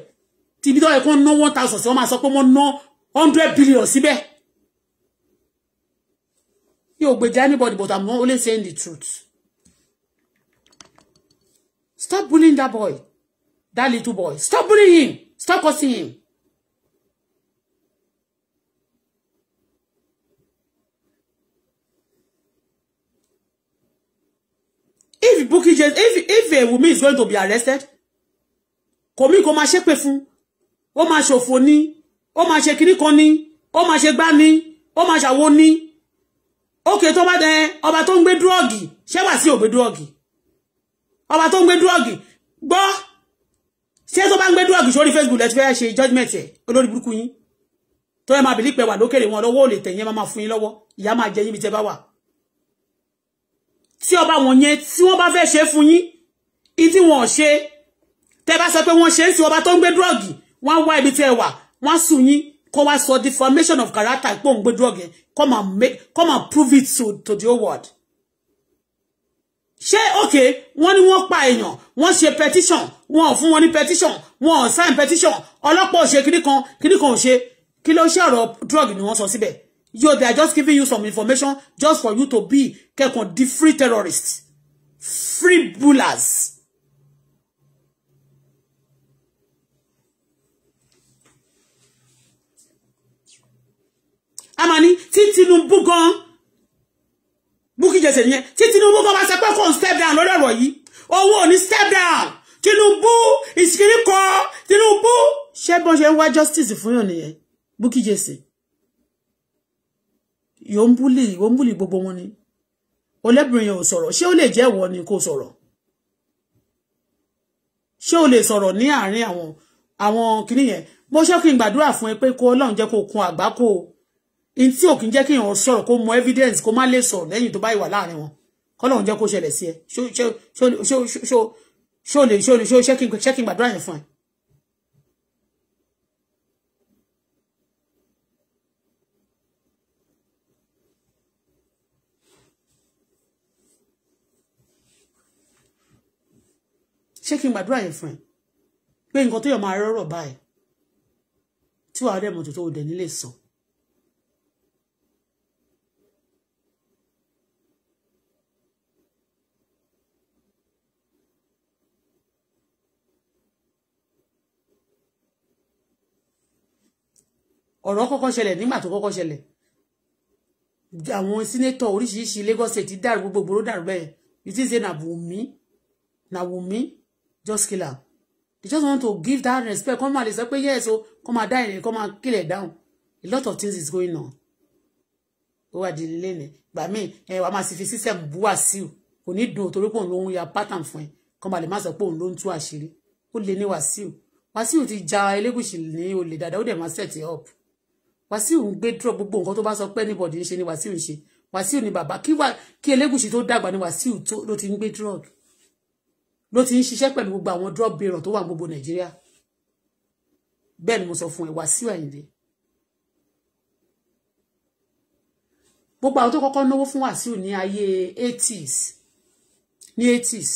tí ibi tó yẹ kó ná one thousand sí wọ́n máa sọ pé wọ́n ná hundred billion síbẹ̀ yo, ò anybody but I'm only saying the truth stop bullying that boy that little boy stop bullying him stop cursing him. if bookie Jease if if a woman is going to be arrested kò mí kò máa ṣépè fún ó máa ṣòfò ní ó máa ṣe kinní kan ní ó máa ṣe gbá ní o máa ṣàwo ní ókè tó bá dẹ ọba tó ń gbé dúrọ́ọ̀gì ṣé wà sí ògbé dúrọ́ọ̀gì ọba tó ń gbé dúrọ́ọ̀gì gbọ́ ṣé tó bá ń Facebook lẹ́tí fẹ́ ṣe judgement ẹ̀ olórí burúkú yín tó ẹ máa bìlí pẹ̀ wà lókèrè wọn lọ́wọ́ òlè tẹ̀yìn máa fún yín lọ́wọ́ ìyá máa jẹ yín bí tẹ bá wà tí ọba wọn yẹn tí wọ́n bá fẹ́ ṣe fún yín ìdí wọn ò ṣe tẹ bá sọ pé wọ́n ṣe ń sin ọba tó ń wọ́n wá ibi tẹ́ wà wọ́n sùn yín kó wá sọ defamation of character pé òun gbé drug yẹn come and make come and prove it to to the whole world. ṣé okay wọ́n ní wọ́n pa èèyàn wọ́n ṣe petition wọn ò fún wọn ní petition wọn ò sign petition ọlọ́pàá ò ṣe kíní kan kíní kan ò ṣe kí ló ṣe ọ̀rọ̀ drug ni wọ́n sọ síbẹ̀ yo they are just giving you some information just for you to be kẹ́kọ̀ọ́ di free terrorists free bullers. a máa ní tí Tinubu gan Bukky Jesse yẹn tí Tinubu gan bá ṣe pé kò ń step down lórí ọ̀rọ̀ yìí owó ò step down Tinubu ìsìkiri kọ Tinubu ṣé bọ́n ṣe ń wá justice fún yàn nìyẹn Bukky Jesse yóò ń búlì yóò ń búlì gbogbo wọn ni olẹ́bìnrin yẹn ò sọ̀rọ̀ ṣé ó lè jẹ́ ìwọ ni kò sọ̀rọ̀ ṣé o lè sọ̀rọ̀ ní àárín àwọn àwọn kìnìyẹn mo ṣe kí n gbàdúrà fún ẹ pé kó ọlọ́run jẹ́ kun àgbákò o in tí ò kí ń jẹ́ kí èèyàn sọ̀rọ̀ kó mọ evidence kó má lè sọ̀rọ̀ lẹ́yìn tó bá ìwà láàrin wọn kọ́lọ́run jẹ́ kó ṣẹlẹ̀ sí ẹ ṣó lè ṣó lè ṣó ṣẹ́kìn gbàdúrà yẹn fún ẹ. ṣẹ́kìn gbàdúrà yẹn fún ẹ pé nǹkan to yọ̀ máa rọ̀rọ̀ báyìí tí wàá dẹ̀ mọ̀tò tó o dẹ̀ nílé sàn. ọ̀rọ̀ kọ́kọ́ ṣẹlẹ̀ nígbà tó kọ́kọ́ ṣẹlẹ̀ àwọn sínétọ̀ oríṣiríṣi Lagos State dàrú gbogbo ló dàrú bẹ́ẹ̀ you think say na Wunmi na Wunmi just kill am they just want to give that respect Come máa lè say, pé yes o come máa die, come kọ́ kill ẹ̀ down a lot of things is going on ó wà di ilé ní gbà míì ẹ wàá máa sì fi system bú Wàsíù kò ní dùn torí pé òun ló ń ya pattern fún ẹ kọ́ máa lè má sọ pé òun ló ń tú àṣírí ó lè ní Wàsíù Wàsíù ti ja Elégùṣì ní olè dáadáa ó dẹ̀ máa set it up Wàsíù ń gbé drop gbogbo nǹkan tó bá sọ pé anybody ń ṣe ni Wàsíù ń ṣe Wàsíù ni bàbá kí wà kí Elégùṣì tó dàgbà ni Wàsíù tó ló ti ń gbé drug ló ti ń ṣiṣẹ́ pẹ̀lú gbogbo àwọn drug baron tó wà gbogbo Nàìjíríà bẹ́ẹ̀ ni mo sọ fún ẹ Wàsíù Àyìndé gbogbo àwọn tó kọ́kọ́ náwó fún Wàsíù ní ayé 80s ní 80s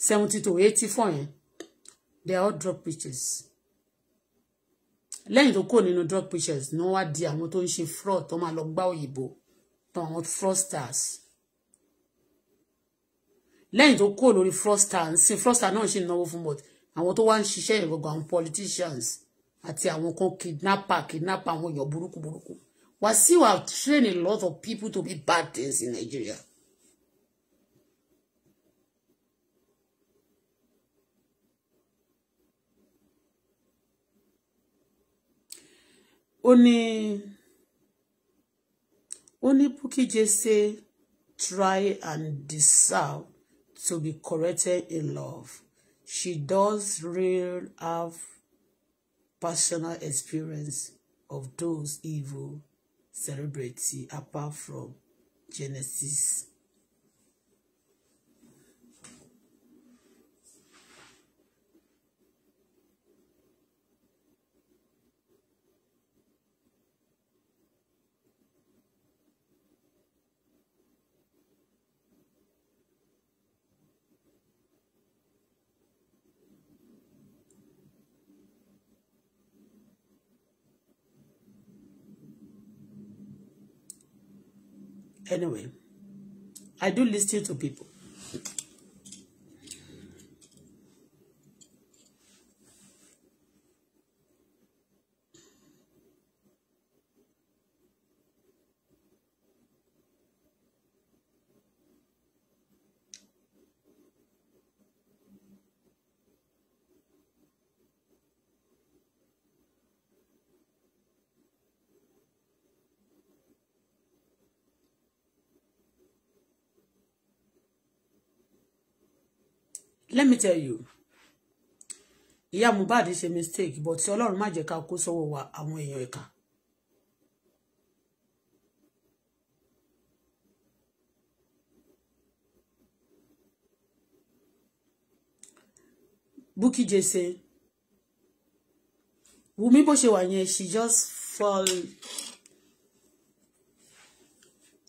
70 to 80 fún yẹn they all drop pictures lẹ́yìn tó kò nínú drug patients ni wọ́n wá di àwọn tó ń ṣe fraud tó máa lọ gbá òyìnbó tán àwọn fraudsters lẹ́yìn tó kò lórí fraudsters sí fraudster náà ṣì ń náwó fún but àwọn tó wá ń ṣiṣẹ́ yẹn gbogbo àwọn politicians àti àwọn kan kidnapper kidnapper àwọn èèyàn burúkú burúkú Wasiu have trained a lot of people to be bad things in Nigeria. ó ní ó ní try and deserve to be corrected in love she does real have personal experience of those evil celebrity apart from Genesis Anyway, I do listen to people. let me tell you ìyá Mohbad ṣe mistake but ọlọ́run má jẹ́ ká kó sọ́wọ́ wa àwọn èèyàn ẹ̀ka Bukky Jesse Wùmí bó ṣe wà yẹn she just fall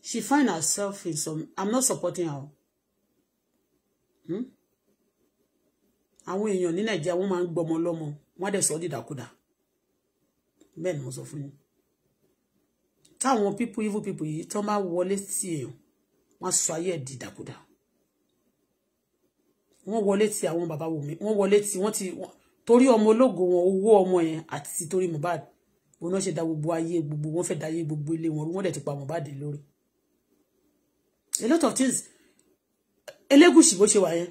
she find herself in some i'm not supporting her. Hmm? àwọn èèyàn ní nàìjíríà wọ́n máa ń gbọmọ lọ́mọ wọ́n á dẹ̀ sọ ọ́ dìdàkudà bẹ́ẹ̀ ni mo sọ fún yín táwọn pípú evil pípú yìí tó máa wọlé sí èèyàn wọ́n á sọ ayé ẹ̀ dìdàkudà wọ́n wọlé ti àwọn bàbá wò mí wọ́n wọlé ti wọ́n ti torí ọmọ ológo wọn owó ọmọ yẹn àti torí Mohbad wọn náà ṣe da gbogbo ayé gbogbo wọ́n fẹ́ da ayé gbogbo ilé wọn wọ́n dẹ̀ ti pa Mohbad lórí a lot of things Elégùṣì bó ṣe wà yẹn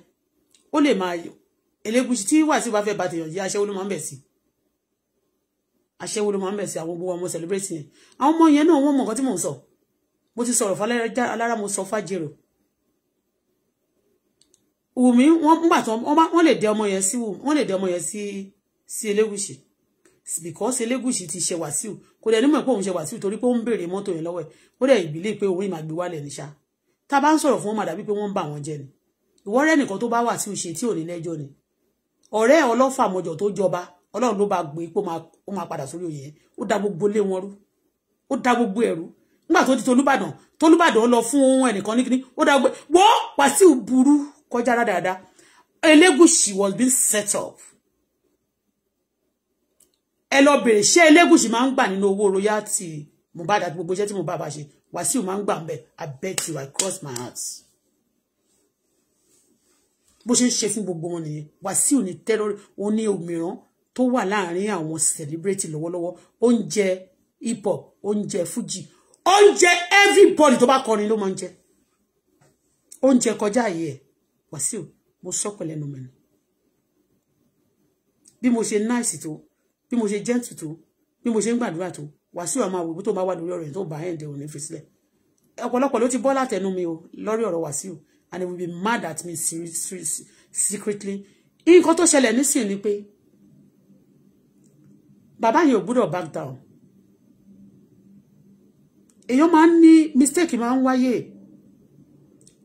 ó lè máa Elégùṣì tí Wasiu bá fẹ́ bá tèèyàn jẹ́ aṣẹ́wó ló máa ń bẹ̀ sí aṣẹ́wó ló máa ń bẹ̀ sí àwọn gbogbo ọmọ celebrate yẹn àwọn ọmọ yẹn náà wọ́n mọ̀ nǹkan tí mò ń mo ti sọ̀rọ̀ fún alára mo sọ fájèrò wùmí wọ́n gbà tán wọ́n lè dẹ ọmọ yẹn sí wọ́n lè dẹ ọmọ yẹn sí sí Elégùṣì because Elégùṣì ti ṣe Wàsíù kò dẹ̀ nímọ̀ pé òun ṣe Wàsíù torí pé ó ń béèrè mọ́tò yẹn lọ́wọ́ ẹ̀ ó dẹ̀ ìbílẹ̀ pé òun ìmà gbé wálẹ̀ níṣà tá a bá ń sọ̀rọ̀ fún wọn màdàbí pé wọ́n ń bà wọ́n jẹ ni ìwọ́rẹ́ nìkan tó bá Wàsíù ṣe tí ò ní lẹ́jọ́ ni ọ̀rẹ́ ọlọ́fàmọjọ tó jọba ọlọ́run ló bá gbé pé ó máa padà sórí òye ó da gbogbo lé wọn rú ó da gbogbo ẹrú nígbà tó ti tolúbàdàn tolúbàdàn lọ fún ẹnìkan níkíní ó da gbogbo wọ́ Wàsíù burú kọjá dáadáa Elégùṣì was being set up ẹ lọ bèrè ṣé Elégùṣì máa ń gbà nínú owó royalty Mohbad àti gbogbo iṣẹ́ tí Mohbad bá ṣe Wàsíù máa ń gbà ń bẹ̀ I bet you I cross my heart bó ṣe ń ṣe fún gbogbo wọn nìyẹn Wàsíù ní tẹ́rọ ó ní òmíràn tó wà láàrin àwọn celebrity lọ́wọ́lọ́wọ́ oúnjẹ hip oúnjẹ fuji oúnjẹ everybody tó bá kọrin ló máa ń jẹ oúnjẹ kọjá ààyè ẹ Wàsíù mo sọ pẹ̀lẹ́nu mẹ́nu bí mo ṣe nice tó bí mo ṣe gentle tó bí mo ṣe ń gbàdúrà tó Wàsíù àmọ́ àwòrán tó bá wà lórí ọ̀rọ̀ yẹn tó bá ẹ̀ ń òní fi sílẹ̀ ọ̀pọ̀lọpọ̀ ló ti bọ́ látẹnu mi o lórí ọ̀rọ̀ Wàsíù and they will be mad at me secretly nǹkan tó ṣẹlẹ̀ nísìnyí ni pé Baba, yẹn ò back down èèyàn máa ń ní mistake máa ń wáyé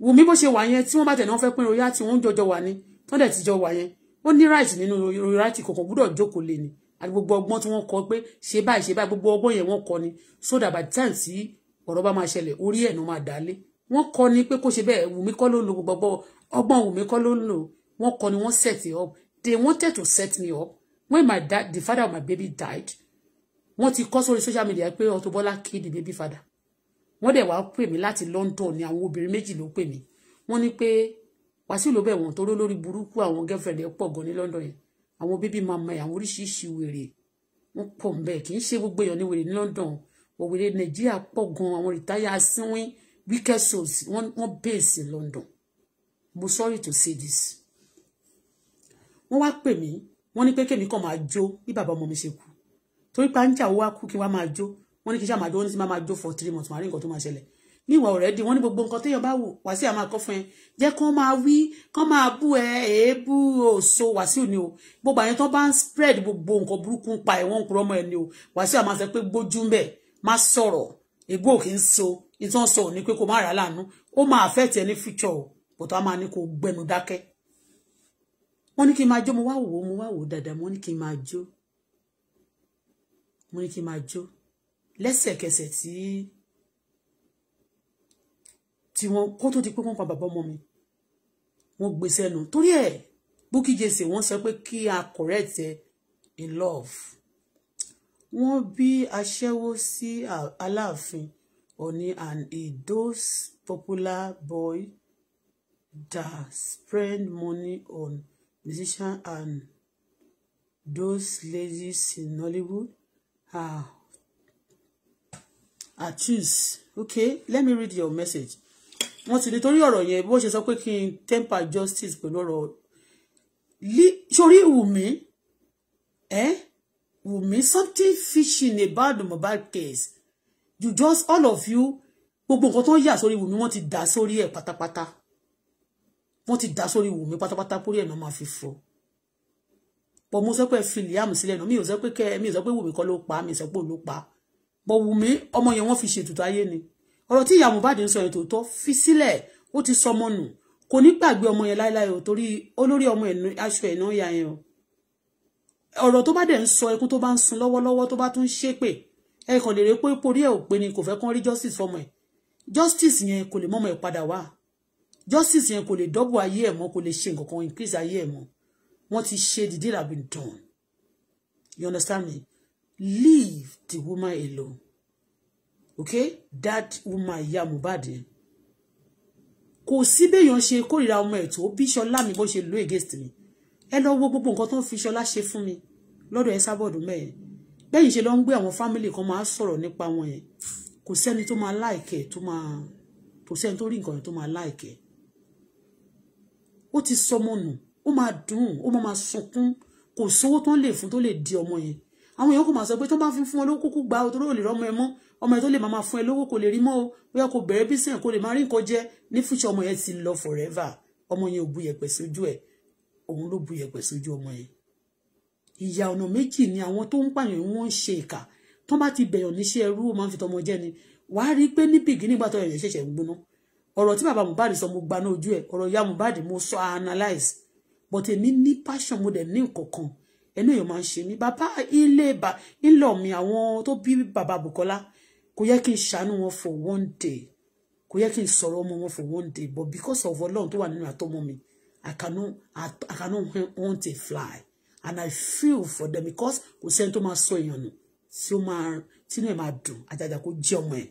wùmí bó ṣe wà yẹn tí wọ́n bá tẹ̀lé wọn fẹ́ pín royalty tí wọ́n jọjọ wà ní tó dẹ̀ ti jọ wà yẹn ó ní right nínú royalty kọ̀ọ̀kan gbúdọ̀ jókòó lé ni àti gbogbo ọgbọ́n tí wọ́n kọ pé ṣe báyìí ṣe báyìí gbogbo ọgbọ́n yẹn wọ́n kọ ni so that by the time tí ọ̀rọ̀ bá máa ṣẹlẹ̀ orí ẹ̀ ló máa dálé wọ́n kọ́ ni pé kó ṣe bẹ́ẹ̀ Wùmí kọ́ ló ń lo gbogbo ọgbọ́n Wùmí kọ́ ló ń lò wọ́n kọ́ ni wọ́n set me up they wanted to set me up when my dad the father of my baby died wọ́n ti kọ́ sórí social media pé Auto Bola kill the baby father wọ́n dẹ̀ wá pè mí láti London ni àwọn obìnrin méjì ló pè mí wọ́n ní pé Wàsíù ló bẹ̀ wọ́n tó lórí burúkú àwọn girlfriend ẹ̀ pọ̀ gan ní London yẹn àwọn bébí mama ẹ̀ àwọn oríṣiríṣi wèrè wọ́n pọ̀ ń bẹ̀ kì í ṣe gbogbo èèyàn ní wèrè ní London òwèrè Nàìjíríà pọ̀ gan àwọn rìtáyà sínwín wicked souls One, one base in London mo sorry to say this wọ́n wá pè mí wọ́n ní pé kémi kàn máa jó bí bàbá ọmọ mi ṣe kú torí pa ń jà ó wá kú kí wá máa jó wọ́n ní kí n ṣáà máa jó wọ́n ní tí máa máa jó for three months màá rí nǹkan tó máa ṣẹlẹ̀ ní ìwà ọ̀rẹ́dì wọ́n ní gbogbo nǹkan téèyàn bá wò wàsíù àmà kọ́ fún ẹ jẹ́ kó máa wí kó máa bú ẹ èébú òṣò wàsíù ni o gbogbo àyẹ̀tọ́ bá ń spread gbogbo nǹkan burúkú ń pa ẹ̀wọ̀n ń purọ́ mọ́ ẹ ni o wàsíù àmà sọ pé gbójú ń bẹ̀ má sọ̀rọ̀ ègbó òkè ń so ìtàn sọ ní pé kó má rà láàánú ó máa affect ẹ ní future o bòtá máa ní kó gbẹnu dákẹ́ wọ́n ní kí n máa jó mo wá wò ó mo wá wò ó dáadáa wọ́n ní kí n máa jó mo ní kí n máa jó lẹ́sẹ̀kẹsẹ̀ tí tí wọ́n kó tó di pé wọ́n pa bàbá ọmọ mi wọ́n gbé sẹ́nu torí ẹ̀ Bukky Jesse wọ́n sọ pé kí a correct ẹ in love wọ́n bí aṣẹ́wó sí aláàfin Oni and he those popular boy that spend money on musician and those ladies in Hollywood, are ah, are choose okay let me read your message wọ́n ti nítorí ọ̀rọ̀ yẹn bó ṣe sọ pé kí n temper justice pẹ̀lú ọ̀rọ̀ sórí Wùmí ẹ Wùmí something fishing about the mobile case you just all of you gbogbo nǹkan tó ń yà sórí Wùmí wọ́n ti dà sórí ẹ̀ pátápátá wọ́n ti dà sórí Wùmí pátápátá kórí ẹ̀ náà máa fi fọ́ bọ́ mo sọ pé filiam sílẹ̀ náà mi ò sọ pé kẹ́ mi ò sọ pé Wùmí kọ́ ló pa mi ò sọ pé òun ló pa bọ́ Wùmí ọmọ yẹn wọ́n fi ṣètùtù ayé ni ọ̀rọ̀ tí ìyá Mohbad ń sọ yẹn tòótọ́ fi sílẹ̀ ó ti sọmọ nù kò ní gbàgbé ọmọ yẹn láéláé o torí olórí ọmọ ẹ̀ aṣọ ẹ̀ náà yà o ọ̀rọ̀ tó bá dẹ̀ ń sọ ẹkún tó bá ń sun lọ́wọ́lọ́wọ́ tó bá tún ṣépè ẹ kàn lè rí pé porí ẹ ò pé ni kò fẹ́ kán rí justice fọmọ ẹ justice yẹn kò lè mọ́mọ ẹ padà wá justice yẹn kò lè dọ́bù ayé ẹ̀ mọ́ kò lè ṣe nǹkan kan increase ayé ẹ̀ mọ́ wọ́n ti ṣe the deal have been done you understand me leave the woman alone okay that woman ìyá Mohbad kò sí béèyàn ṣe kórìíra ọmọ ẹ̀ tó bí Ṣọlá mi bó ṣe lo against mi ẹ lọ wo gbogbo nǹkan tó ń fi Ṣọlá ṣe fún mi lọ́dọ̀ ẹ sábọ̀dù mẹ́yẹn bẹ́yìn ṣe lọ ń gbé àwọn fámìlì kan máa sọ̀rọ̀ nípa wọn yẹn kò sẹ́ni tó máa láìkẹ́ tó máa kò sẹ́ni tó rí nǹkan yẹn tó máa láìkẹ́ ó ti sọmọ nù ó máa dùn ó máa sunkún kò sówó tó ń lè fún tó lè di ọmọ yẹn àwọn èèyàn kò máa sọ pé tó bá fi fún ọ lówó kúkú gba ọ tó lè rọmọ ẹ mọ ọmọ ẹ tó lè máa fún ẹ lówó kò lè rí mọ o bóyá kò bẹ̀rẹ̀ bísẹ̀ kò lè máa rí nǹkan jẹ ní fúnṣẹ ọmọ yẹn ti lọ forever ọmọ yẹn ò bu yẹ̀pẹ̀ sójú ẹ òun ló bu yẹ̀pẹ̀ sójú ọmọ yẹn ìyà ọ̀nà méjì ni àwọn tó ń pààyàn wọ́n ń ṣe ìkà tó bá ti bẹ̀yàn níṣẹ́ ẹrú ó máa ń fi tọmọ jẹ́ ni wà á rí i pé ní bìgì nígbà tó ẹ̀yẹ̀ ṣẹ̀ṣẹ̀ ń gbóná ọ̀rọ̀ tí bàbá Mohbad sọ mo gbaná ojú ẹ̀ ọ̀rọ̀ ìyá Mohbad mo sọ analyse but èmi ní passion mo dẹ̀ ní nǹkankan ẹnu èèyàn máa ń ṣe mí bàbá ilé ńlọ mi àwọn tó bí bàbá Bukola kò yẹ kí n ṣàánú wọn for one day kò yẹ kí n sọ̀rọ̀ ọmọ wọn for one day but because of Ọlọ́run tó wà nínú àtọmọ mi I cannot I cannot want a fly and I feel for them because kò sent tó máa sọ èèyàn nù tí ó máa tínú ẹ̀ máa dùn àjàjà kó jẹ́ ọmọ ẹ̀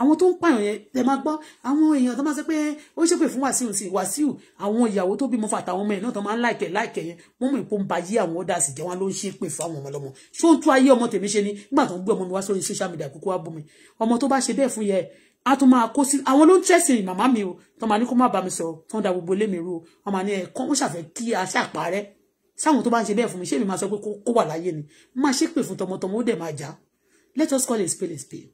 àwọn tó ń pààyàn yẹn lè máa gbọ́ àwọn èèyàn tó máa sọ pé ó ṣe pé fún wàsíù sí wàsíù àwọn ìyàwó tó bímọ fún àtàwọn ọmọ ẹ̀ náà tó máa ń láìkẹ̀ láìkẹ̀ yẹn wọ́n mú ìpò ń ba yí àwọn ọ̀dà sì jẹ́ wọn ló ń ṣe pé fún àwọn ọmọ lọ́mọ ṣé ó ń tú ayé ọmọ tèmi ṣe ni nígbà tó ń gbé ọmọ mi wá sórí social media kúkú wá bú mi ọmọ tó bá ṣe bẹ́ẹ̀ fún yẹ a tún máa kó sí àwọn ló ń tẹ̀sìn màmá mi o tó máa ní kó má bá mi sọ̀rọ̀ tó ń da gbogbo ilé mi rú o wọ́n máa ní ẹ̀ kọ́ wọ́n ṣàfẹ́ kí a ṣàparẹ́ sáwọn tó bá ń ṣe bẹ́ẹ̀ fún mi ṣé mi máa sọ pé kó wà láyé ni máa ṣe pè fún tọmọtọmọ ó dẹ̀ máa jà let us call a spade a spade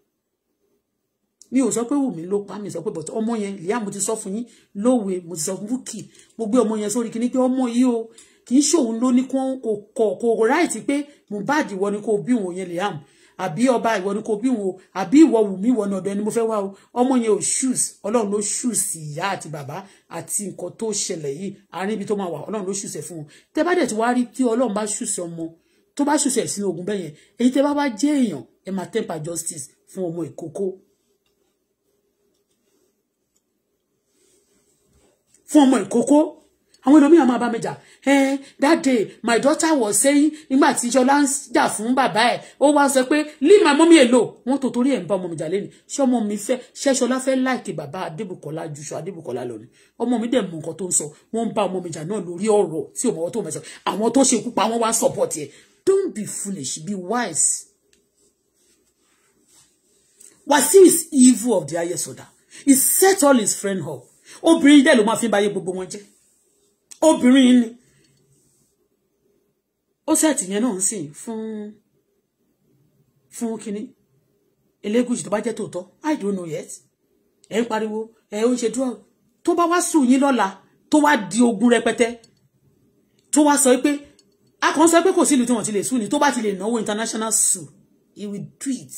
mi ò sọ pé Wùmí ló pa mi sọ pé but ọmọ yẹn lìyá mo ti sọ fún yín lówe mo ti sọ fún Bukky mo gbé ọmọ yẹn sórí kí ni pé ọmọ yìí o kì í ṣòun ló ní kó kó ráìtì pé Mohbad wọ ni kó bí òun yẹn lìyá mu àbí ọba ìwọ ni kò bí wo àbí ìwọ wù mí ìwọ nàdọ ẹni mo fẹ́ wá o ọmọ yẹn ò ṣùs ọlọ́run ló ṣùs ìyá àti bàbá àti nǹkan tó ṣẹlẹ̀ yìí àárín ibi tó máa wà ọlọ́run ló ṣùs ẹ̀ fún wọn tẹ́ bá dẹ̀ ti wá rí tí ọlọ́run bá ṣùs ọmọ tó bá ṣùs sínú ogun bẹ́yẹn èyí tẹ́ bá bá jẹ́ èèyàn ẹ máa temper justice fún ọmọ ìkókó fún ọmọ ìkókó àwọn ẹlòmíràn máa bá jà ẹ that day my daughter was saying nígbà tí ṣọlá ń jà fún bàbá ẹ ó wá sọ pé leave my mommy alone wọn tó torí ẹ ń bá ọmọ mi jà lẹni ṣé ọmọ mi fẹ́ ṣé ṣọlá fẹ́ láìkè bàbá adébùkọ́lá ju ṣọ adébùkọ́lá lọ ni ọmọ mi dẹ̀ mọ nǹkan tó ń sọ wọn ń bá ọmọ mi jà náà lórí ọ̀rọ̀ tí òmò tó mẹsàn àwọn tó ṣe kúpa wọn wá support ẹ don't be foolish be wise Wasiu is evil of the highest order he set all his friend up obìnrin dẹ̀ ló máa fi ń báyé gbogbo wọn jẹ́ obìnrin ni ó sẹ́ẹ̀tì yẹn náà ń sìn fún fún kínní Elégùṣì tó bá jẹ́ tòótọ́ I don't know yet ẹ̀ ń pariwo ẹ̀ ń ṣe drug tó bá wá sùn yín lọ́la tó wá di ogun rẹpẹtẹ tó wá sọ pé a kàn sọ pé kò sí ìlú tí wọ́n ti lè sùn ni tó bá ti lè náwó international sùn he will do it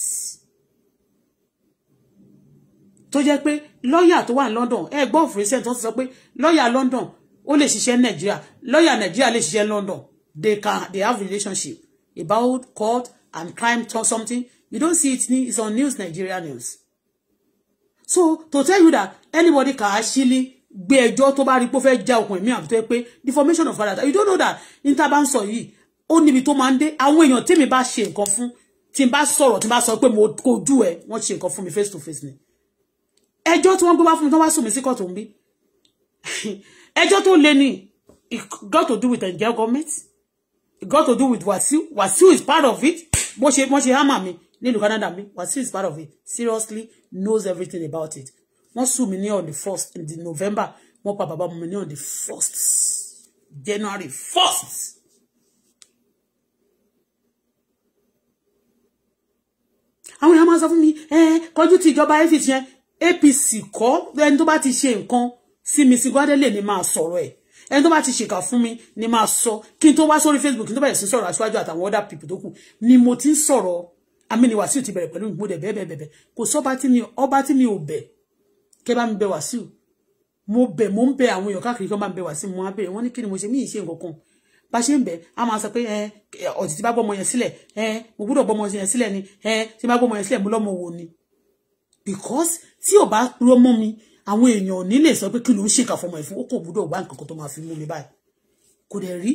tó jẹ́ pé lọ́ọ̀yà tó wà ní London ẹ gbọ́ òfurufú sẹ́ńtọ́ sọ pé lọ́ọ̀yà London ó lè ṣiṣẹ́ nàìjíríà lọ́ọ̀yà Nigeria, lè ṣiṣẹ́ london they can they have relationship about court and crime or something you don't see it Ni it's on news nigeria news so to tell you that anybody can actually gbé ẹjọ́ tó bá rí pé ó fẹ́ já okùn ẹ̀mí àbí tó yẹ pé deformation of father you don't know that níta bá ń sọ yìí ó níbi tó máa ń dé àwọn èèyàn tèmi bá ṣe nǹkan fún tí n bá sọ̀rọ̀ tí n mo kojú ẹ̀ wọ́n ṣe nǹkan fún mi face to face ni ẹjọ́ tí wọ́n gbé wá fún mi tó so sùn mí sí kọ̀tún bí ẹjọ́ tó ń lé it got to do with Nigeria government it got to do with Wasiu Wasiu is part of it bó ṣe bó ṣe hámà mi nílùú Canada mi Wasiu is part of it seriously knows everything about it wọ́n sùn mí ní on the first in the November wọ́n pa bàbá mi ní on the first January first. àwọn èèyàn máa sọ fún mi ẹ eh, kọjú ti ìjọba apc yẹn apc kọ́ ẹni tó bá ti ṣe nǹkan si mi sí gbádẹ́lẹ̀ ni ma soro e ẹni tó bá ti ṣèkà fún mi ni ma sọ kí n tó wá Facebook kí n tó bẹ̀rẹ̀ sí sọ̀rọ̀ aṣáájú àtàwọn other people tó kù ni mo ti ń sọ̀rọ̀ amíní Wàsíù ti bẹ̀rẹ̀ pẹ̀lú mo be be bẹ́ẹ̀ bẹ́ẹ̀ kò sọ́ba tí mi ọba tí mi ò bẹ̀ kẹ́ bá mi bẹ̀ Wàsíù mo bẹ̀ mo ń bẹ̀ àwọn èèyàn káàkiri kan bá mi bẹ̀ Wàsíù mo á bẹ̀ wọ́n ní kí ni mo ṣe mí ì ṣe nǹkan kan bá ṣe ń bẹ̀ á máa sọ pé ẹ ọ̀tí tí bá mo gbúdọ̀ gbọ́mọ yẹn sílẹ̀ ni ẹ tí ba gbọ́mọ yẹn sílẹ̀ mo lọ́mọ wo ni because tí ò bá rọ́mọ mi àwọn èèyàn ò ní lè sọ pé kí ló ń ṣèkà fọmọ ìfún ó kò gbúdọ̀ wá nǹkan kan tó máa fi mú mi báyìí kò dẹ̀ rí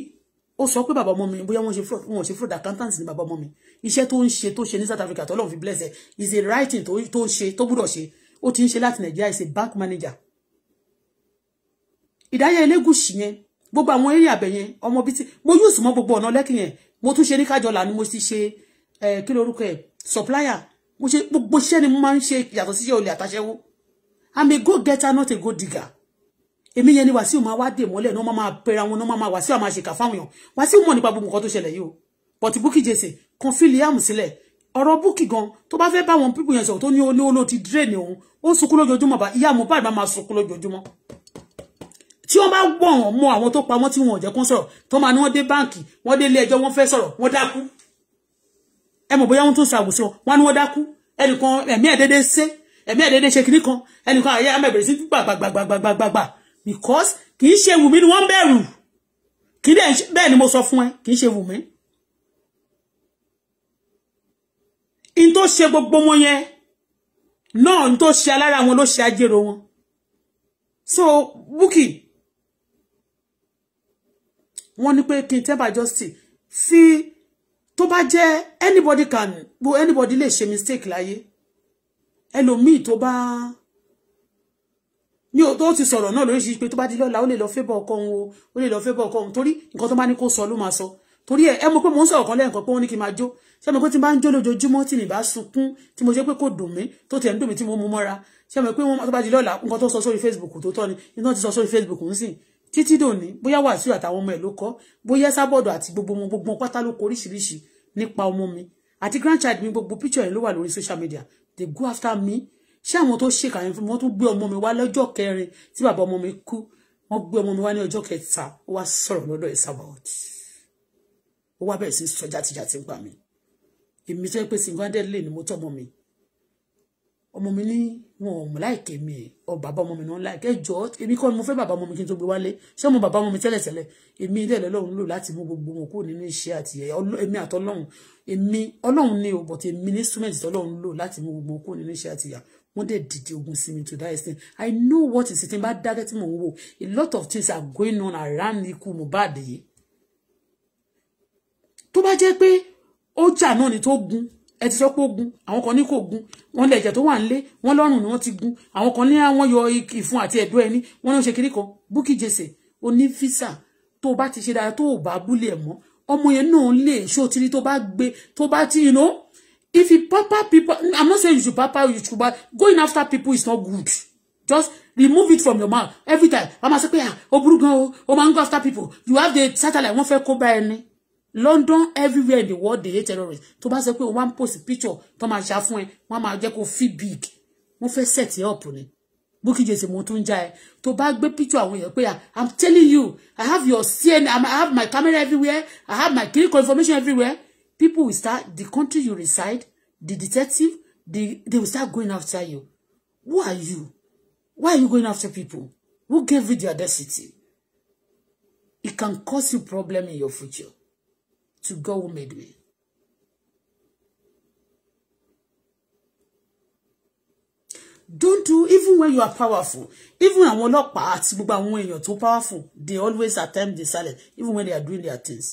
ó sọ pé bàbá ọmọ mi bóyá wọ́n ṣe fraud wọ́n ṣe fraud accountant ní bàbá ọmọ mi iṣẹ́ tó ń ṣe tó ṣe ní South Africa tó lọ́n fi bless ẹ̀ is a writing tó ń ṣe tó gbúdọ̀ ṣe ó ti ń ṣe láti Nàìjíríà is a bank manager ìdáyà Elégùṣì yẹn gbogbo àwọn eré àbẹ̀ yẹn ọmọ bíi ti mo yóò sùn mọ́ gbogbo ọ̀nà lẹ́kì yẹn mo tún ṣe ní kájọlà ni mo ti ṣe eh, kí lorúkọ ẹ̀ supplier mo ṣe gbogbo iṣẹ́ ni mo máa ń ṣe yàtọ̀ síṣẹ́ olè àtàṣẹ́wó I'm a go getter not a good digger èmi yẹn ni Wàsíù máa wá dè mọ́lẹ̀ náà máa pera wọn náà máa Wàsíù máa ṣèkà fáwọn èèyàn Wàsíù mọ̀ nípa gbogbo nǹkan tó ṣẹlẹ̀ yìí o but Bukky Jesse kan fi Liam sílẹ̀ ọ̀rọ̀ Bukky gan tó bá fẹ́ bá àwọn pípù yẹn sọ̀rọ̀ tó ní olówó ló ti drain òun o sukulo sunkún ba iya ìyá ba bá máa sunkún lójoojúmọ́ tí wọ́n bá gbọ́ wọn mọ àwọn tó pa wọ́n tí wọn ò jẹ́ kó sọ̀rọ̀ tó máa ní wọ́n dé báǹkì wọ́n dé ilé ẹjọ́ wọ́n fẹ́ sọ̀rọ̀ wọ́n dákú ẹ mọ̀ bóyá wọ́n tún ṣàwòsàn wọn ni wọ́n dákú ẹnìkan ẹ̀mí ẹ̀dẹ́dẹ́ ṣe ẹ̀mí ẹ̀dẹ́dẹ́ ṣe kìíní kan ẹnìkan àyè àmọ́ ìbẹ̀rẹ̀ sí gbàgbàgbàgbàgbàgbà because kì í ṣe wùmí ni wọ́n bẹ̀rù kì í dẹ̀ bẹ́ẹ̀ ni mo sọ fún ẹ kì í ṣe wùmí. in tó ṣe gbogbo wọn yẹn náà in tó ṣe alára wọn ló ṣe ajérò wọn so Bukky wọ́n ní pé kí n tẹ́bà justice sí tó bá jẹ́ anybody can anybody lè ṣe mistake láyé. Like ẹlòmíì tó bá ní o tó ti sọ̀rọ̀ náà lóríṣiríṣi pé tó bá di lọ́la ó lè lọ fébọ̀ ọkọ òun o ó lè lọ fébọ̀ ọkọ òun torí nǹkan tó bá ní kó sọ ló máa sọ torí ẹ ẹ mọ̀ pé mò ń sọ̀rọ̀ kan lẹ́yìn kan pé wọ́n ní kí n máa jó ṣé mo pé tí n bá ń jó lójoojúmọ́ tí n bá sunkún tí mo ṣe pé kò dùn mí tó tiẹ̀ ń dùn mí tí mo mú mọ́ra ṣé mo pé wọ́n tó bá di lọ́la nǹkan tó sọ sórí Facebook tó tọ́ ni iná ti sọ sórí Facebook ń sìn títí dòní bóyá Wàsíù àtàwọn ọmọ ẹ̀ ló kọ́ bóyá sábọ̀dọ̀ àti gbogbo ọmọ gbogbo pátá ló kọ oríṣiríṣi nípa ọmọ mi àti grandchild mi gbogbo picture ẹ̀ ló wà lórí social media they go after me ṣé àwọn tó ṣèkà yẹn fún mi wọ́n tún gbé ọmọ mi wá lọ́jọ́ kẹrin tí bàbá ọmọ mi kú wọ́n gbé ọmọ mi wá ní ọjọ́ kẹta ó wá sọ̀rọ̀ lọ́dọ̀ Esabod ó wá bẹ̀rẹ̀ sí sọ játijàti ń pa èmi tó yẹ pé single handedly ni mo tọ́ ọmọ mi ọmọ mi ní wọn ò láìkè mi ọ bàbá ọmọ mi náà láìkè jọ èmi kọ́ ni mo fẹ́ bàbá ọmọ mi kí n tó gbé wálé ṣé ọmọ bàbá ọmọ mi tẹ́lẹ̀tẹ́lẹ̀ èmi ilé ọlọ́run lò láti mú gbogbo wọn kúrò nínú iṣẹ́ àti èmi àtọlọ́run èmi ọlọ́run ní o but èmi ní instrument tọlọ́run lò láti mú gbogbo wọn kúrò nínú iṣẹ́ àti ìyà wọ́n dẹ̀ dìde ogun sí mi to that extent I know what is it bá dákẹ́ tí mò ń wò a lot of things are going on around ikú Mohbad yìí tó bá jẹ́ pé ó jà náà ni tó gun ẹ ti sọ pé ó gun àwọn kan ní kò gun wọn lè ẹ̀jẹ̀ tó wà ń lé wọn lọ́rùn ni wọ́n ti gun àwọn kan ní àwọn yọ ìfun àti ẹ̀dọ̀ ẹni wọn ló ṣe kiri kan Bukky Jesse oní físà tó o bá ti ṣe dáadáa tó o bá búlé ẹ̀ mọ́ ọmọ yẹn náà lè ṣòtiri tó bá gbé tó bá ti you know if you papa people i'm not saying you should papa you should but going after people is not good just remove it from your mouth every time wàá máa sọ pé ah o burú gan o o máa ń go after people you have the satellite wọn fẹ́ kó bá ẹni London everywhere in the world they hate terrorists tó bá sọ pé o wá ń post picture tó máa ṣá fún ẹ wọ́n máa jẹ́ kó feel big wọ́n fẹ́ set ẹ up ni Bukky Jesse mo tún já ẹ tó bá gbé picture àwọn èèyàn pé ah, i'm telling you i have your cn i have my camera everywhere i have my clinical information everywhere people will start the country you reside the detective the, they will start going after you who are you why are you going after people who gave you the audacity it can cause you problem in your future to go who made me. Don't do even when you are powerful. Even àwọn ọlọ́pàá àti gbogbo àwọn èèyàn too powerful they always attempt the silence even when they are doing their things.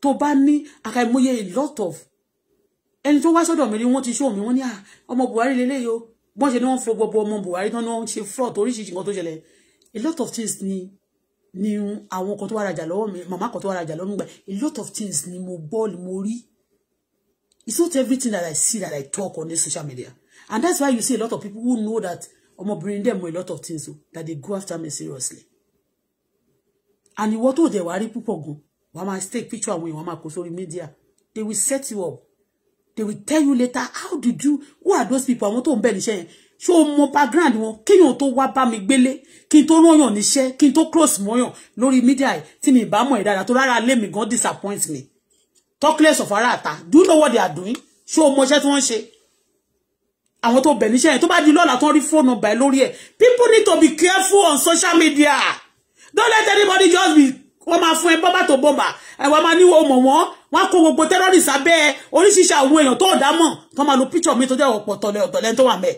Tó bá ní àkàìmọye a lot of ẹni tó wá sọ́dọ̀ mi want to show me mi wọ́n ní ọmọ Buhari lélẹ́yìí o bọ́n ṣe ni wọ́n fọ gbogbo ọmọ Buhari tán ni wọ́n ṣe fraud oríṣiríṣi nǹkan tó ṣẹlẹ̀ a lot of things ni ni àwọn kan tó wá rajà lọ́wọ́ mi màmá kan tó wá rajà lọ́wọ́ mi gbà a lot of things ni mo gbọ́ ni mo rí it's not everything that I see that I talk on this social media and that's why you see a lot of people who know that ọmọbìnrin dem a lot of things o that they go after me seriously and ìwọ tó dẹ̀ wá rí púpọ̀ gan wàá máa take picture àwọn èèyàn wàá máa kó sórí media they will set you up they will tell you later how did you who are those people àwọn tó ń bẹ̀ níṣẹ́ yẹn ṣó o mọ background wọn kéèyàn tó wá bá mi gbélé kí n tó ròyàn níṣẹ́ kí n tó close mọ́yàn lórí media yìí tí mi bá mọ̀ ẹ̀ tó rárá lé mi gan disappoint me talk of ara àta do you know what they are doing ṣó o mọ tí wọ́n ṣe àwọn tó bẹ̀ níṣẹ́ yẹn tó bá di lọ́la tó ń rí fóònù ọba ẹ̀ lórí ẹ̀ people need to be careful on social media don't let anybody just be wọ́n máa fún ẹ bọ́bà tó bọ́bà ẹ̀wọ̀n máa níwọ̀ mọ̀ wọ́n wọ́n á kó gbogbo terrorist abẹ́ oríṣiríṣi àwọn èèyàn tó ọ̀dá mọ̀ tó máa lo picture mi tó jẹ́ ọ̀pọ̀ tọ̀lẹ̀ ọ̀tọ̀lẹ̀ tó wà mẹ́ẹ̀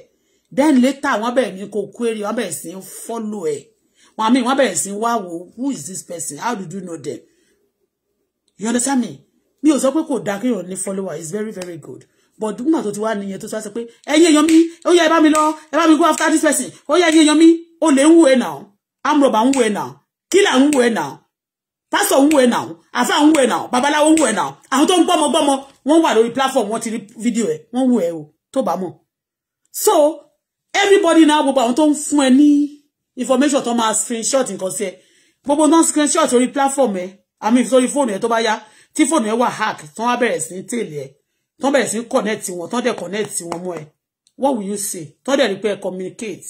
then later wọ́n bẹ̀rẹ̀ ní kò query wọ́n bẹ̀rẹ̀ sí follow ẹ̀ wọ́n àmì wọ́n bẹ̀rẹ̀ sí wá wo who is this person how do you know them you understand me mi ò sọ pé kò dáa kéèyàn ní follower is very very good but dùgbà tó ti wá nìyẹn tó sọ pé ẹ̀yin èèyàn mi ó yẹ ẹ bá mi lọ ẹ bá mi go after this person ó yẹ ẹ̀yin èèyàn mi ó lè ń wù Now. náà amúrọ̀bà ń wù Now. náà kílà ń wù ẹ náà pásọ̀ ń wù ẹ náà àfà ń wù ẹ náà babaláwo ń wù ẹ náà àwọn tó ń gbọ́mọgbọ́mọ platform wọ́n ti video. fídíò ẹ̀ wọ́n wù ẹ o tó bá mọ̀ so everybody now gbogbo àwọn tó ń fún information tó máa screenshot nǹkan sí ẹ gbogbo náà screenshot orí platform ẹ àmì sórí fóònù ẹ tó bá ya tí fóònù ẹ wà hack tó wá bẹ̀rẹ̀ sí tèlé ẹ tó bẹ̀rẹ̀ sí connect wọn tó de connect wọn mọ́ ẹ what will you say tó dẹ̀ rí communicate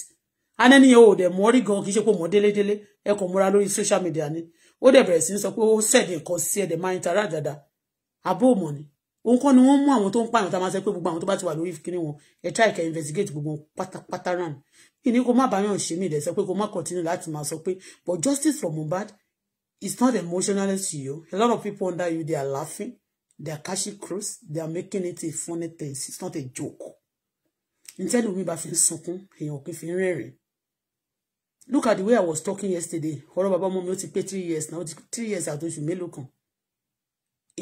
anẹ́ni yẹn ò dẹ̀ mọ́ rí gan kì í ṣe pé mọ́ délédélé ẹ kò múra lórí social media ni o de bẹ̀rẹ̀ sí sọ pé ó sẹ̀dẹ̀ nǹkan sí ẹ dẹ̀ máa interact dáadáa àbó òmò òun kọ́ ni wọ́n mú àwọn tó ń pààyàn tá a máa sọ pé gbogbo àwọn tó bá ti wà lórí kíní wọn ẹ try kẹ́ investigate gbogbo pátápátá ràn mí ní kó má bàyàn ṣe mí ìdẹ́sẹ̀ pé kó má continue láti máa sọ pé but justice for Mohbad is not emotional to you a lot of people under you they are laughing they are cashing cruise they are making it a funny thing it's not a joke ntẹ́lu mi bá fi ń sunkún èèyàn kì í fi ń rẹ́rìn look at the way I was talking yesterday ọ̀rọ̀ bàbá ọmọ mi ó ti pé three years now ó ti three years àti oṣù mélòó kan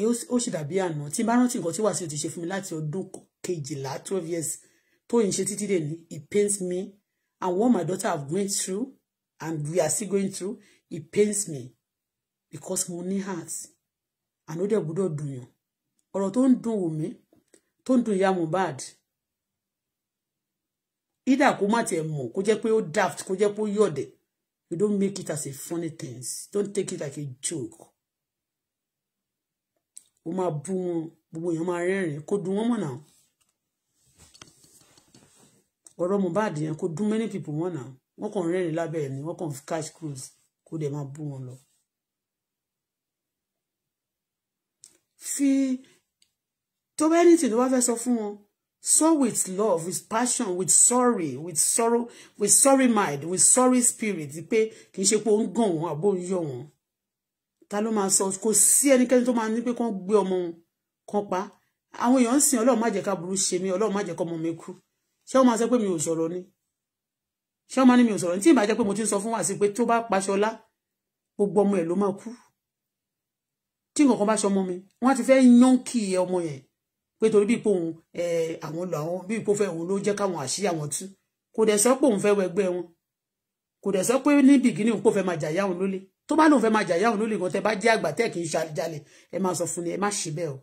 ó sì dàbí àná tí bá rántí nǹkan tí Wàsíù ti ṣe fún mi láti ọdún kejìlá twelve years tó ń ṣe títí dè ní it pains me and what my daughter have gone through and we are still going through it pains me because mo ní heart and ó dẹ̀ gbọ́dọ̀ dùn yàn ọ̀rọ̀ tó ń dùn wò mí tó ń dùn ìyá Mohbad either kó má tiẹ̀ mọ̀ kó jẹ́ pé ó daft kó jẹ́ pé ó yọ̀dẹ̀ you don't make it as a funny thing. don't take it like a joke ó máa bú wọn gbogbo èèyàn máa rẹ́rìn-ín kó dùn wọ́n mọ̀ náà ọ̀rọ̀ Mohbad yẹn kó dùn many people wọ́n náà wọ́n kàn rẹ́rìn-ín lábẹ́ ẹ̀ ni wọ́n kàn cash cruise kó dẹ̀ máa bú wọn lọ. fi tó bá anything tó bá fẹ́ sọ fún wọn so with love with passion with sorry with sorrow with sorry mind with sorry spirit pé kì í ṣe pé ó ń gàn wọn àbó ń yọ wọn ta ló máa sọ kò sí ẹnikẹ́ni tó máa ní pé kán gbé ọmọ kan pa àwọn èèyàn ń sìn ọlọ́run má jẹ́ ká burú ṣe mí ọlọ́run má jẹ́ kọ́mọ mi kú ṣé wọ́n máa sọ pé mi ò sọ̀rọ̀ ni ṣé wọ́n máa ní mi ò sọ̀rọ̀ ni tí ìbàjẹ́ pé mo ti ń sọ fún wa sí pé tó bá paṣọlá gbogbo ọmọ ẹ̀ ló máa kú tí nǹkan kan bá ṣọmọ mi wọ́n á ti fẹ́ yán kí ọmọ yẹn pé torí bí ipò òun àwọn lọ àwọn bí ipò fẹ́ òun ló jẹ́ káwọn àṣírí àwọn tú kò dẹ̀ sọ pé òun fẹ́ wẹgbẹ́ wọn kò dẹ̀ sọ pé ní bìgínì òun kò fẹ́ máa jàyà òun lólè tó bá lóun fẹ́ máa jàyà òun ló lè gan tẹ bá jẹ́ àgbà tẹ́ kì í ṣàjálẹ̀ ẹ máa sọ fún ni ẹ má ṣe bẹ́ẹ̀ o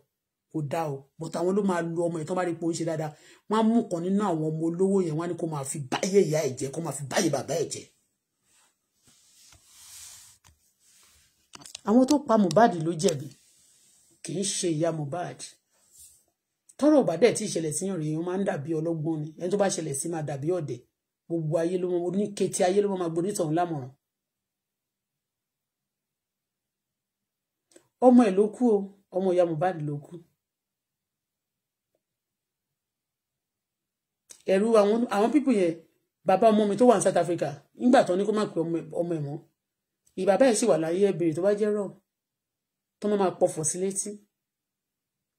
kò dá o but àwọn ló máa lu ọmọ ẹ̀ tó bá rí pé ó ń ṣe dáadáa wọ́n á mú kan nínú àwọn ọmọ olówó yẹn wọ́n á ní kó máa fi báyé ìyá ẹ̀ jẹ́ kó máa fi báyé bàbá ẹ̀ jẹ́. àwọn tó pa Mohbad ló jẹ̀bi kì í ṣe ìyá Mohbad tọ́rọ̀ bá dẹ̀ tí ìṣẹ̀lẹ̀ sí yàn rèé wọ́n máa ń dàbí ọlọ́gbọ́n ni ẹni tó bá ṣẹlẹ̀ sí máa dàbí ọ̀dẹ̀ gbogbo ayé ló mọ oníketí ayé ló mọ máa gbóní tọ̀hún lámọ̀ràn ọmọ ẹ̀ ló kú o ọmọ ìyá Mohbad ló kú ẹ̀rù àwọn àwọn pípù yẹn bàbá ọmọ mi tó wà ní South Africa nígbà tó ní kó má pe ọmọ ẹ̀ mọ́ ìbàbá ẹ̀ sì wà láyé ẹ̀ bèrè tó bá jẹ́ rọ̀ tó má máa pọ̀fọ̀ sí létí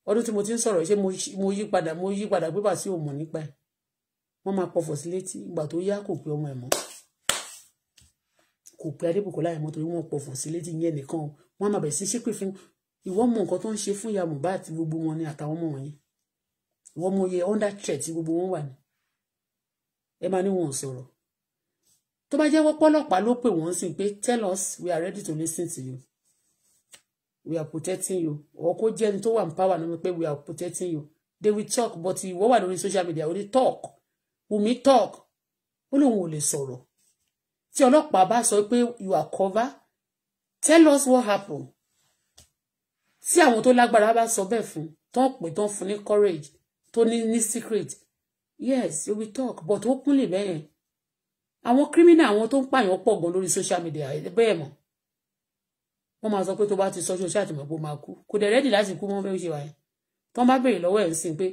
ọdún tí mo ti ń sọ̀rọ̀ ṣé mo yí padà mo yí padà pé bàtí ò mọ̀ nípa ẹ̀ wọ́n máa pọ̀fọ̀ sí létí ìgbà tó yá kò pe ọmọ ẹ̀ mọ́ kò pe Adébùkọ́lá ẹ̀ mọ́ torí wọ́n pọ̀fọ̀ sí létí yẹn nìkan wọ́n máa bẹ̀rẹ̀ sí ṣépè fún ìwọ mọ nǹkan tó ń ṣe fún ìyá Mohbad àti gbogbo wọn ni àtàwọn ọmọ wọ̀nyí ìwọ mọ iye under threat tí gbogbo wọn wà ní ẹ máa ní wọn sọ̀rọ̀ tó bá jẹ́ wọ́pọ̀ ló pè wọ́n sìn pé tell us we are ready to listen to you we are protecting you or kó jẹ́ tó wà ní power náà pé we are protecting you they will talk but ìwọ wà lórí social media Only talk Wùmí talk ó lóun ò lè sọ̀rọ̀ tí ọlọ́pàá bá sọ pé you are covered tell us what happened tí àwọn tó lágbára bá sọ bẹ́ẹ̀ fún tó ń pè tó ń courage tó ní ní secret yes you will talk but openly. kúnlẹ̀ bẹ́ẹ̀ yẹn criminal àwọn tó ń pààyàn pọ̀ gan lórí social media bẹ́ẹ̀ mọ̀ wọ́n máa sọ pé tó bá ti sọ́jọ́ ṣáà tìmọ̀ pé ó máa kú kò dẹ̀ rẹ́dì láti kú mọ́ bẹ́ẹ̀ ṣe wáyé tó ń bá béèrè lọ́wọ́ ẹ̀ ń sìn pé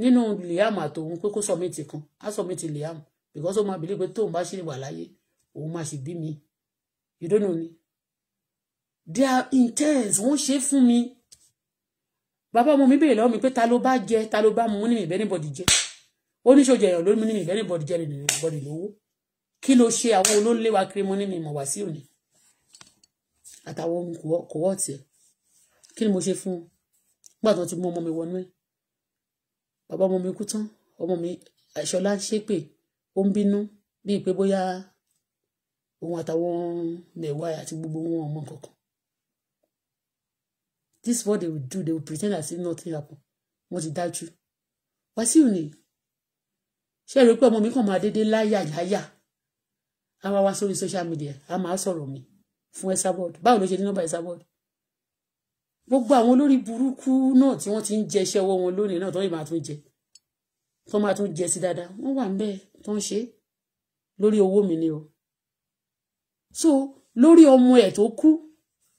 nínú liam àtòun pé kó submit kan á submit liam because ó máa bìlí To tóun bá ṣì wà láyé òun máa ṣì bí mi you don't know ni they are intense wọ́n ṣe fún mi bàbá ọmọ mi béèrè lọ́wọ́ mi pé ta ló bá jẹ ta ló bá mu ní mi bẹ́ẹ̀ níbọ̀dì jẹ ó ní ṣòjọ ẹ̀rọ ló mú ní mi bẹ́ẹ̀ níbọ̀dì jẹ nínú ìbọ̀dì lówó kí ló ṣe àwọn olóńlé wa kiri mu ní mi mọ̀ wá sí òní àtàwọn ohun kò wọ́ tiẹ̀ kí ni mo ṣe fún un nígbà tó ti mú ọmọ mi wọnú ẹ̀ bàbá ọmọ mi kú tán ọmọ mi àṣọlá ṣépè ó ń bínú bíi pé bóyá òun àtàwọn mẹ̀wá àti gbogbo wọn ọmọ kankan this is what they will do they will pretend as if nothing happened. wọ́n ti dájú you? What's your name? She pé ọmọ mi kàn máa They lie, láyà á I'm also sórí social media á máa sọ̀rọ̀ mi a support, but ló ṣe ní nọ́mbà Esabod gbogbo àwọn olórí burúkú náà tí wọ́n ti ń jẹ iṣẹ́ ọwọ́ wọn lónìí náà tó yìí máa tún jẹ tó máa tún jẹ sí dáadáa wọ́n wà níbẹ̀ tó ń ṣe lórí owó mi ni o so lórí ọmọ ẹ̀ tó kú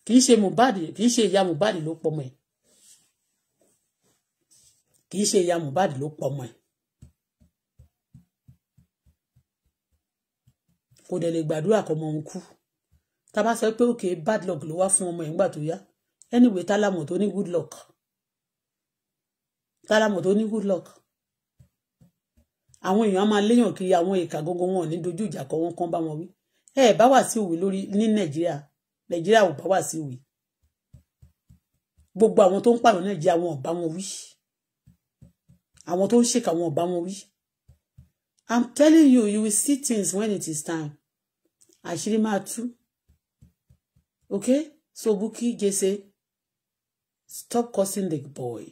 kì í ṣe Mohbad kì í ṣe ìyá Mohbad ló pọmọ ẹ̀ kì í ṣe ìyá Mohbad ló pọmọ ẹ̀ kò dẹ̀ lè gbàdúrà kọ́mọ òun kú tá bá sọ pé òkè bad luck ló wá fún ọmọ ẹ̀ ńgbà tó yá anyway tálámọ tó ní good luck tálámọ tó ní good luck àwọn èèyàn á máa léèyàn kiri àwọn ìka gógó wọn ò ní dojú ìjà kọ wọn kán bá wọn wí ẹ bá wà sí òwe lórí ní Nàìjíríà nàìjíríà ò bá wà sí gbogbo àwọn tó ń pààyàn nàìjíríà wọn ò bá wọn wí àwọn tó ń ṣèkà wọn ò i'm telling you you will see things when it is time àṣírí máa tú okay so Bukky Jesse stop cursing the boy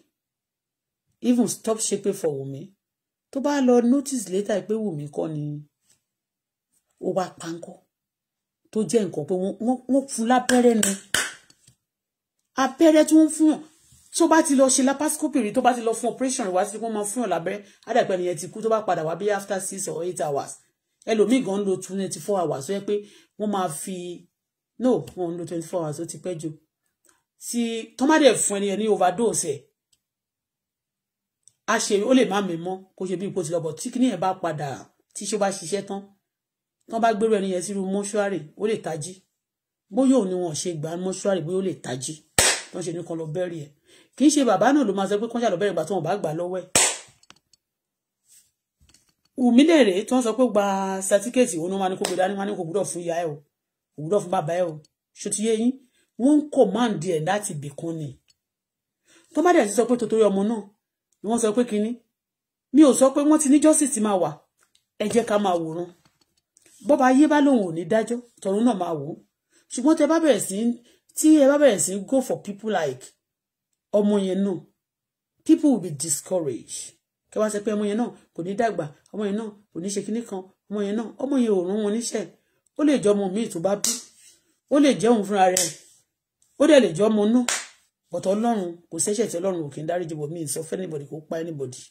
even stop shaping for Wunmi tó bá lọ notice later pé Wunmi kọ́ ni ó wá panko tó jẹ́ nǹkan pé wọ́n fún lábẹ́rẹ́ ni abẹ́rẹ́ tí wọ́n fún tó bá ti lọ ṣe laparoscopy rí tó bá ti lọ fún operation wá sí wọ́n máa fún yàn lábẹ́rẹ́ àdàpẹ́ nìyẹn ti kú tó bá padà wá bí after six or eight hours ẹlòmíì gan ń lo twenty four hours ó yẹ pé wọ́n máa fi no wọ́n ń lo twenty four hours ó ti pẹ́ jù tí tọ́mádé fún ẹni ní overdose ẹ̀ a ṣe ó lè má mi mọ́ kó ṣe bí ipò ti lọ bọ̀ tí kíní ẹ̀ bá padà tí ṣó bá ṣiṣẹ́ tán tán bá gbérò ẹni yẹn sírú mọ́ṣúárì ó lè tají bóyá òun ni wọn ṣe gbà mọ́ṣúárì bóyá ó lè tají tán ṣe nìkan lọ bẹ́rì ẹ̀ kì í ṣe bàbá náà ló máa sọ pé kọ́ńṣà lọ bẹ́rẹ̀ ìgbà tí wọn bá gbà lọ́wọ́ ẹ̀. Wùmí tí wọ́n sọ pé gba sátíkẹ́ẹ̀tì òun máa ní kó gbéra ní máa ní kó gbúdọ̀ fún ìyá ẹ̀ o kò gbúdọ̀ fún bàbá ẹ̀ o ṣòtúyé yín wọ́n ń kọ̀ máa ń di ẹ̀ láti ibìkan ni tó bá dẹ̀ ti sọ pé tòtórí ọmọ náà ni wọ́n sọ pé kinní mi ò sọ pé wọ́n ti ní justice máa wà ẹ jẹ́ ká máa wòran bọ́ba ayé bá lòun ò ní dájọ́ tọ̀run náà máa wò ó ṣùgbọ́n tẹ bá bẹ̀rẹ̀ sí tí ẹ bá bẹ̀rẹ̀ sí go for people like ọmọ yẹn náà people will be discouraged kẹ wá sọ pé ọmọ yẹn náà kò ní dàgbà ọmọ yẹn náà kò ní ṣe kinní kan ọmọ yẹn náà ọmọ yẹn ò rún wọn níṣẹ́ ó lè jẹ ọmọ míì tó bá bí ó lè jẹ òun fúnra rẹ̀ ó dẹ̀ lè jẹ ọmọ náà bọ̀tọ̀ ọlọ́run kò sẹ́ṣẹ̀ tí ọlọ́run ò kì í dáríjì bọ̀ sọ fẹ́ anybody kò pa anybody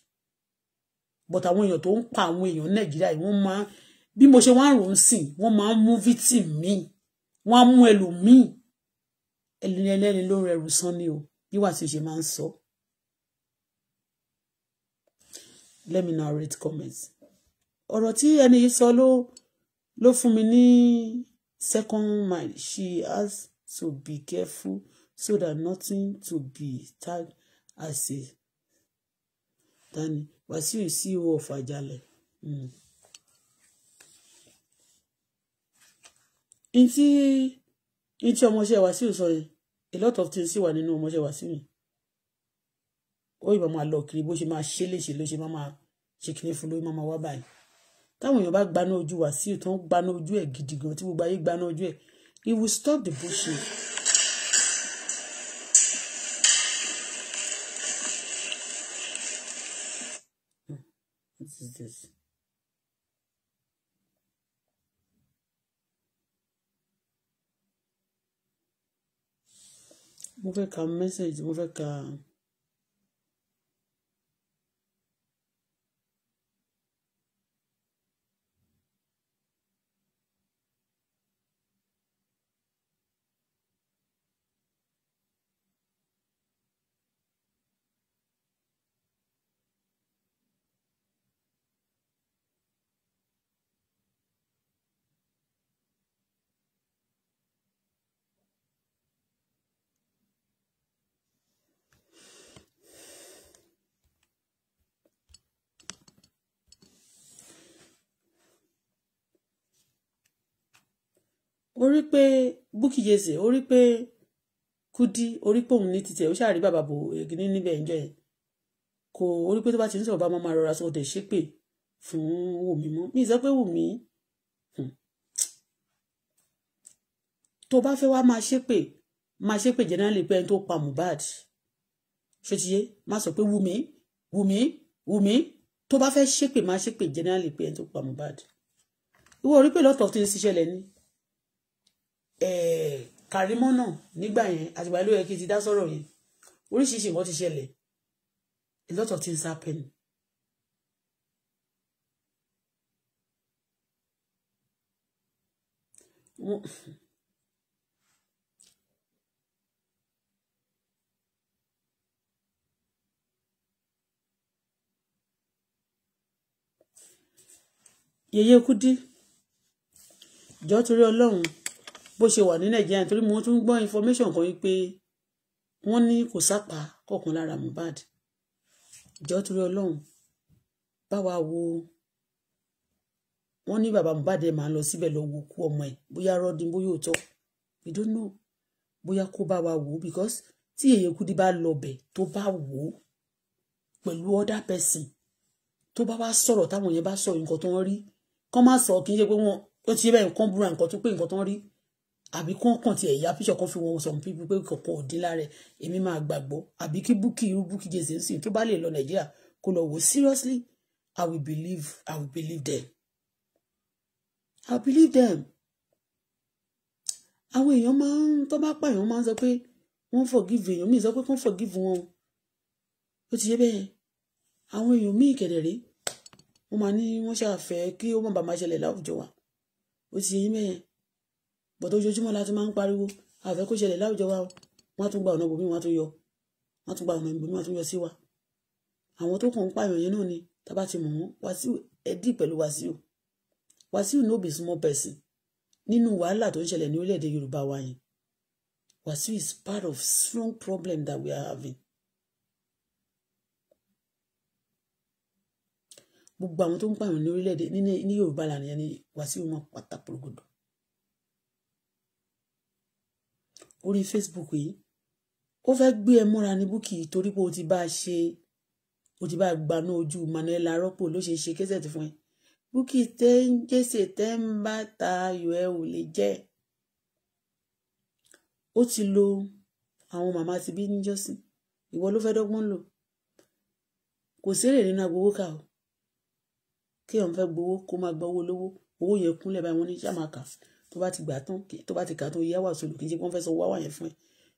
bọ̀tọ̀ àwọn èèyàn tó ń pa àwọn èèyàn nàìjíríà yìí wọ́n máa bí mo ṣe wá rò ó sìn wọ́n máa ń mú victim mi wọ́n á mú ẹlòmíì ẹlẹ́ni ẹlẹ́ni ló rẹrù sán ni o níwà tí o ṣe máa ń sọ. let me now read comments ọ̀rọ̀ tí ẹni yìí sọ ló ló fún mi ní second mind she has to be careful so that nothing to be tagged as a tani wàsíù ceo of Àjàlẹ̀. Mm. in tí in tí ọmọọṣẹ́ wá sí ìsọ yẹn a lot of things sì wà nínú ọmọọṣẹ́ wá sí mi ó ìbá máa lọ kiri bó ṣe máa ṣe léṣe ló ṣe máa máa ṣe kiri fún lórí máa máa wá báyìí táwọn èèyàn bá gbaná ojú wá sí ìtàn gbaná ojú ẹ̀ gidi gan tí gbogbo ayé gbaná ojú ẹ̀ it will stop the bullshit. Hmm, what is this? mo fẹ́ ka message mo fẹ́ ka ó rí pé Bukky Jesse ó rí pé Kudi ó rí pé òun ní títẹ̀ ó ṣáà rí bàbá bò ègìní níbẹ̀ ń jọ yẹn kò ó rí pé tó bá ti ń sọ̀rọ̀ bá máa rọra sọ ọdẹ ṣépè fún Wùmí mọ́ mi sọ pé Wùmí hmm, tó bá fẹ́ wá máa ṣépè máa ṣépè generally pé ẹni tó pa Mohbad ṣé ti yé má sọ pé Wùmí Wùmí Wùmí tó bá fẹ́ ṣépè máa ṣépè generally pé ẹni tó pa Mohbad ìwọ rí pé lot of things ṣẹlẹ̀ ni Eh, Karimọ́ náà nígbà yẹn àtìgbà ló yẹ kí n ti dá sọ̀rọ̀ yẹn oríṣiríṣi nǹkan ti ṣẹlẹ̀ a lot of things happen. Well, Yèyé Kúdí jọ torí Ọlọ́run bó ṣe wà ní nàìjíríà nítorí mo tún gbọ́ information kan wípé wọ́n ní kò sápá kọ̀ọ̀kan lára Mohbad ìjọ torí ọlọ́run bá wa wo wọ́n ní bàbá Mohbad ẹ̀ máa lọ síbẹ̀ lọ wo kú ọmọ ẹ̀ bóyá rọ́ọ̀dín bóyá òótọ́ we don't know bóyá kó bá wa wò ó because tí èyí kudi bá lọ bẹ̀ tó bá wò ó pẹ̀lú other person tó bá wá sọ̀rọ̀ táwọn yẹn bá sọ nǹkan tó ń rí kọ́ má sọ kì í ṣe pé wọ́n ó ti yẹ bẹ́ẹ̀ nǹkan búra nǹkan tó pé nǹkan tó ń rí àbí kí wọ́n kàn tiẹ̀ ya píṣọ̀ kan fi wọn some people pé kọ̀ọ̀kan ò dín lára èmi máa gbàgbọ́ àbí kí búkì irú búkì jèsè ń sìn tó bá lè lọ nàìjíríà kó lọ wò seriously i will believe i will believe them i will believe them àwọn èèyàn máa ń tó bá pààyàn máa ń sọ pé wọ́n forgive èèyàn míì sọ pé wọ́n forgive wọn ó ti yé bẹ́ẹ̀ àwọn èèyàn míì kẹ̀dẹ̀ rèé wọ́n máa ní wọ́n ṣàfẹ́ kí ó má bàa máa ṣẹlẹ̀ láwùjọ wa ó ti yé bẹ́ẹ̀ bọ̀dọ̀ ojoojúmọ́ la ti máa ń pariwo àfẹ́ kó ṣẹlẹ̀ láwùjọ wa wọ́n á tún gba ọ̀nà bòmí wọ́n á tún yọ wọ́n á tún gba ọ̀nà bòmí wọ́n á tún yọ sí wa àwọn tó kàn ń pààyàn yẹn náà ni tábà ti mọ̀ wọ́n Wàsíù ẹ̀dí pẹ̀lú Wàsíù Wàsíù no be small person nínú wàhálà tó ń ṣẹlẹ̀ ní orílẹ̀-èdè Yorùbá wa yẹn Wàsíù is part of strong problem that we are having. gbogbo àwọn tó ń pààyàn ní orílẹ̀-èdè ní Yorùbá lànà yẹn ni Wàsíù wọn pátá pòlògòdò orí Facebook yìí ó fẹ́ gbé ẹ mọ́ra ní Bukky torí pé o ti bá a ṣe o ti bá a gbaná ojú Manuel arọ́pò ló ṣe ṣe késẹ̀ tó fún ẹ Bukky tẹ́ ń jẹ́sẹ̀ tẹ́ ń bá ta ayò ẹ ò lè jẹ́ ó ti lo àwọn màmá ti bí níjọ́sìn ìwọ ló fẹ́ dọ́gbọ́n lò kò sérè nínú agbowó kà ó kí òun fẹ́ gbowó kó máa gbọ́ lówó owó yẹn kúnlẹ̀ báyìí wọ́n ní sàmàkà tó bá ti gbà tán tó bá ti kà tán yá wà sólù kí n ṣe pé wọ́n fẹ́ sọ wá yẹn fún ẹ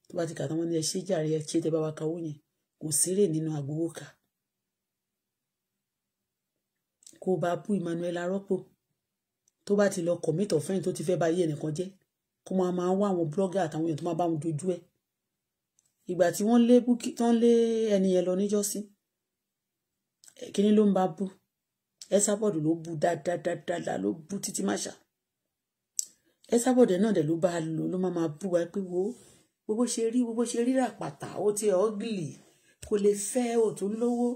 tó bá ti kà tán wọ́n ní ẹ ṣé jàre ẹ ṣé tẹ bá wa kawó yẹn kò sírè nínú agbowó ka, kó o bá bú Emmanuel arọ́pò tó bá ti lọ commit offence tó ti fẹ́ bá yé ẹnìkan jẹ́ kó máa máa wá àwọn blogger àtàwọn èèyàn tó máa bá wọn dojú ẹ̀ ìgbà tí wọ́n lé búkí tán lé ẹni yẹn lọ níjọ́sí kíní ló ń bá bú ẹ́sàbọ̀dù ló bú dáadáadáa ló bú títí máṣá Ẹsábọ̀dé náà dẹ̀ ló bá a lò ló máa bú wa pé wo gbogbo ṣe rí gbogbo ṣe rí ràpàtà ó ti ọ́gìlì kò lè fẹ́ òtún lówó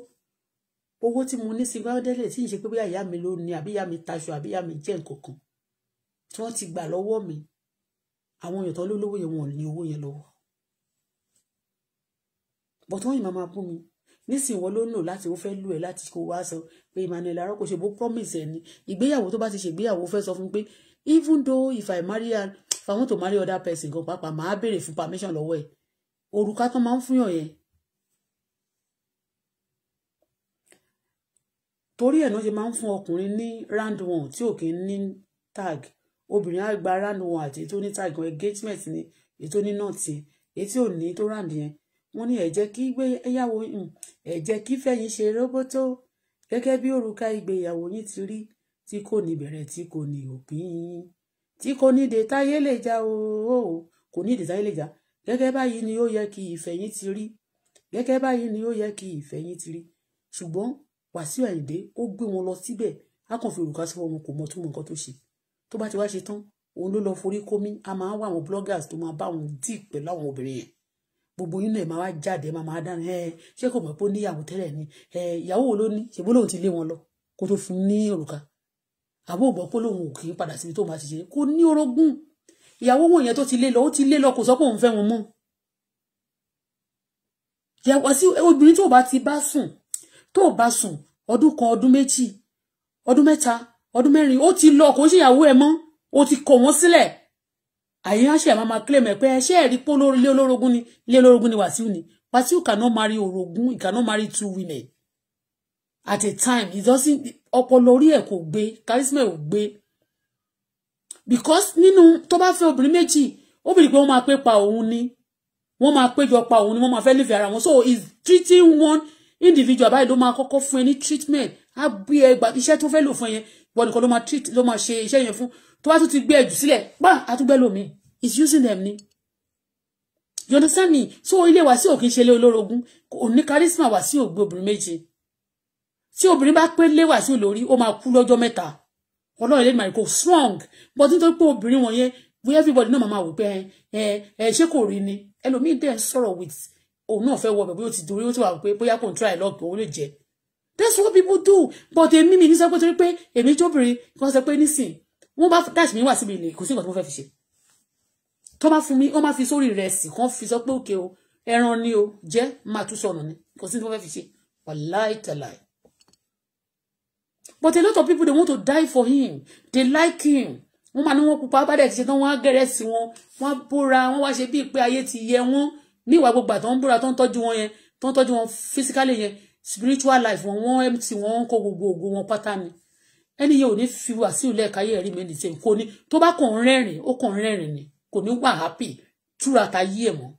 owó tí mo ní sí gbáwọ́dẹ́lẹ̀ tí ń ṣe pé bí àyà mi ló ní àbí ìyá mi taṣọ àbí ìyá mi jẹ́ nǹkan kan tí wọ́n ti gbà lọ́wọ́ mi àwọn èèyàn tó lólówó yẹn wọn ò ní owó yẹn lọ́wọ́ bọ̀tọ́ yìí máa bú mi nísìnyí wọn ló ń lò láti ó fẹ́ lù ẹ́ láti kó wá sọ pé Emmanuel arọ́kọ̀ bó promise ẹ̀ ni ìgbéyàwó tó bá ti ṣègbéyàwó fẹ́ sọ fún pé even though if i marry and if i want to marry other person gan pàápàá màá béèrè fún permission lọ́wọ́ ẹ̀ òrùka tó máa ń fún yàn yẹn torí ẹ̀ náà ṣe máa ń fún round one tí ò kí ń tag obìnrin á gba round one àti èyí tó tag engagement ni èyí ni ní náà ti èyí tí ò ní tó round yẹn wọ́n ní ẹ jẹ́ kí gbé ẹyàwó hm, ẹ jẹ́ kí fẹ̀yìn ṣe róbótó gẹ́gẹ́ bí òrùka ìgbéyàwó ti rí tí kò ní bẹ̀rẹ̀ tí kò ní òpin tí kò ní de táyé lè já ooo kò ní de lè já gẹ́gẹ́ báyìí ni ó yẹ kí ìfẹ̀yìn ti rí gẹ́gẹ́ báyìí ni ó yẹ kí ìfẹ̀yìn ti rí ṣùgbọ́n Wàsíù Àyìndé ó gbé wọn lọ síbẹ̀ á kàn fi òrùka sọ́wọ́ wọn kò mọ túmọ̀ nǹkan tó ṣe tó bá ti wá ṣe tán òun ló lọ forí kómi a máa ń wá àwọn bloggers tó máa bá wọn dì pẹ̀lú àwọn obìnrin yẹn gbogbo yín náà máa wá jáde máa máa dáná ẹ ṣé kò mọ̀ pé ó níyàwó tẹ́lẹ̀ ni ìyàwó wo ló ní ṣèbó lòun ti lé wọn lọ kó tó fún ní òrùka àbó gbọ́ pé lòun ò kì í padà síbi tó máa ti ṣe kò ní orogún ìyàwó wọn yẹn tó ti lé lọ ó ti lé lọ kò sọ pé òun fẹ́ wọn mọ́ yàwó sí obìnrin tó bá ti bá sùn tó bá sùn ọdún kan ọdún méjì ọdún mẹ́ta ọdún mẹ́rin ó ti lọ kò ń ṣe ìyàwó ẹ̀ mọ́ ó ti kọ̀ wọ́n sílẹ̀ àyìn àṣẹ àmọ́ máa kílẹ̀ mẹ́ pé ẹ ṣe é rí olórogún ni ilé olórogún ni wàsíù ni wàsíù cannot marry orogún he cannot marry two women at a time he doesn't ọpọlọ orí ẹ̀ kò gbé charisma ẹ̀ ò gbé because nínú tó bá fẹ́ obìnrin méjì ó bìrì pé wọ́n máa pé pa òun ni wọ́n máa péjọ pa òun ni wọ́n máa fẹ́ nífẹ̀ẹ́ ara wọn so is treating one individual báyìí ló máa kọ́kọ́ fún ẹ ní treatment á gbé ẹ gba iṣẹ́ tó fẹ́ lò fún ẹ yẹn ìwọ nìkan ló máa treat ló máa ṣe iṣẹ́ yẹn fún tó bá tún ti gbé ẹ jù sílẹ̀ pa àtúgbẹ́ lómi is using them ni you understand me so ilé Wàsíù kì í ṣe ilé olórogún òní charisma Wàsíù gbé obìnrin méjì tí obìnrin bá pé léwà sí olórí ó máa kú lọ́jọ́ mẹ́ta ọlọ́run ilé ìmàlẹ́ kò strong but nítorí pé obìnrin wọn yẹn we everybody náà máa wò pé ẹ ẹ ṣé kò rí ni ẹlòmíì dẹ̀ sọ̀rọ̀ with òun náà fẹ́ wọ bẹ̀ bóyá ó ti dorí ó ti wà pé bóyá kò ń try luck òun lè jẹ́ that's what people do but èmi mi ní sọ pé torí pé èmi jóbìnrin kan sọ pé nísìn wọ́n bá dash mi wà síbi ilé kò sí nǹkan tí mo fẹ́ fi ṣe tó bá fún mi ó máa fi sórí ìrẹsì kan fi sọ pé òkè o ẹran ni o jẹ́ máa tún sọnù ni kò sí ní wọ́n fẹ́ fi ṣe wàláì tàláì but a lot of people they want to die for him they like him wọ́n máa ní wọ́n pupa bá dẹ̀ ti ṣe tán wọ́n á gẹ̀rẹ́ sí wọn wọ́n á bóra wọ́n wá ṣe bíi pé ayé ti yẹ wọ́n níwà gbogbo àtọ́ ń bóra tó ń tọ́jú wọn yẹn tó ń tọ́jú wọn physically yẹn spiritual life wọn wọ́n empty wọn ń kó gbogbo ògo wọn pátá ni ẹni yẹn ò ní fi wà sí ilé ẹ̀ka yẹ̀rí mi nìṣe kò ní tó bá kàn ń rẹ́rìn ó kàn ń rẹ́rìn ni kò ní wà happy túra ta yí ẹ̀ mọ́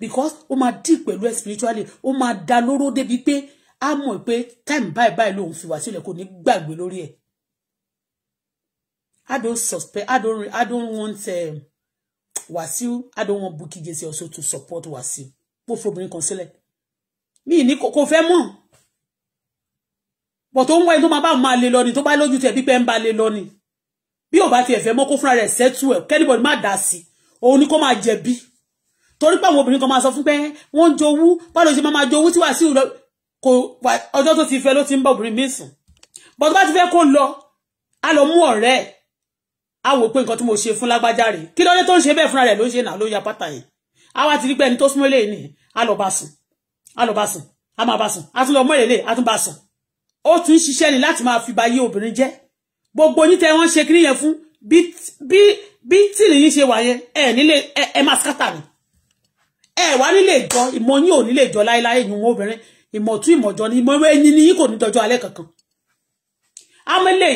because ó máa dì pẹ̀lú ẹ̀ spiritually ó máa da lóró débi pé á mọ̀ pé time báyìí báyìí lòun fi wá sílẹ̀ kò ní gbàgbé lórí ẹ̀ I don't suspect I don't I don't want um, Wasiu I don't want Bukky Jesse also to support Wasiu mo fobìnrin kan sílẹ̀ mi ní kò fẹ́ mọ̀ bọ̀ tó ń wáyé tó máa bá máa lè lọ ni tó bá lójú tẹ̀ pípẹ́ ń bá lè lọ ni bí ò bá tiẹ̀ fẹ́ mọ́ kó fúnra rẹ̀ sẹ́tù ẹ̀ kẹ́nìbọ̀dì má dà sí òun ni kó máa jẹ̀bi torí pé àwọn obìnrin kan máa sọ fún pé wọ́n jowú báwo ṣe máa jowú tí Wàsíù lọ kò ọjọ́ tó ti fẹ́ ló ti ń bá obìnrin mi sùn bó tó bá ti fẹ́ kó lọ á lọ mú ọ̀rẹ́ ẹ̀ á wò pé nǹkan tí mo ṣe fún lágbájá rè kí lóde tó ń ṣe bẹ́ẹ̀ fúnra rẹ̀ ló ń ṣe náà ló ya pátá yẹn á wá ti rí pé ẹni tó súnmọ́ eléyìí nìyí á lọ bá sùn á lọ bá sùn á máa bá sùn á tún lọ mọ́ èlé á tún bá sùn ó tún ṣiṣẹ́ ni láti máa fi ba yé obìnrin jẹ́ gbogbo yín tẹ wọ́n ṣe kí nìyẹn fún bí bí bí tìlì yín ṣe wà yẹn ẹ nílé ẹ ẹ máa skátà ni ẹ wà nílé ìjọ ìmọ̀ yín ò nílé ìjọ láéláé ìyún obìnrin ìmọ̀tún ìmọ̀jọ ni ìmọ̀ ẹyin ni yín kò ní dọjọ́ alẹ́ kankan amẹ́lẹ̀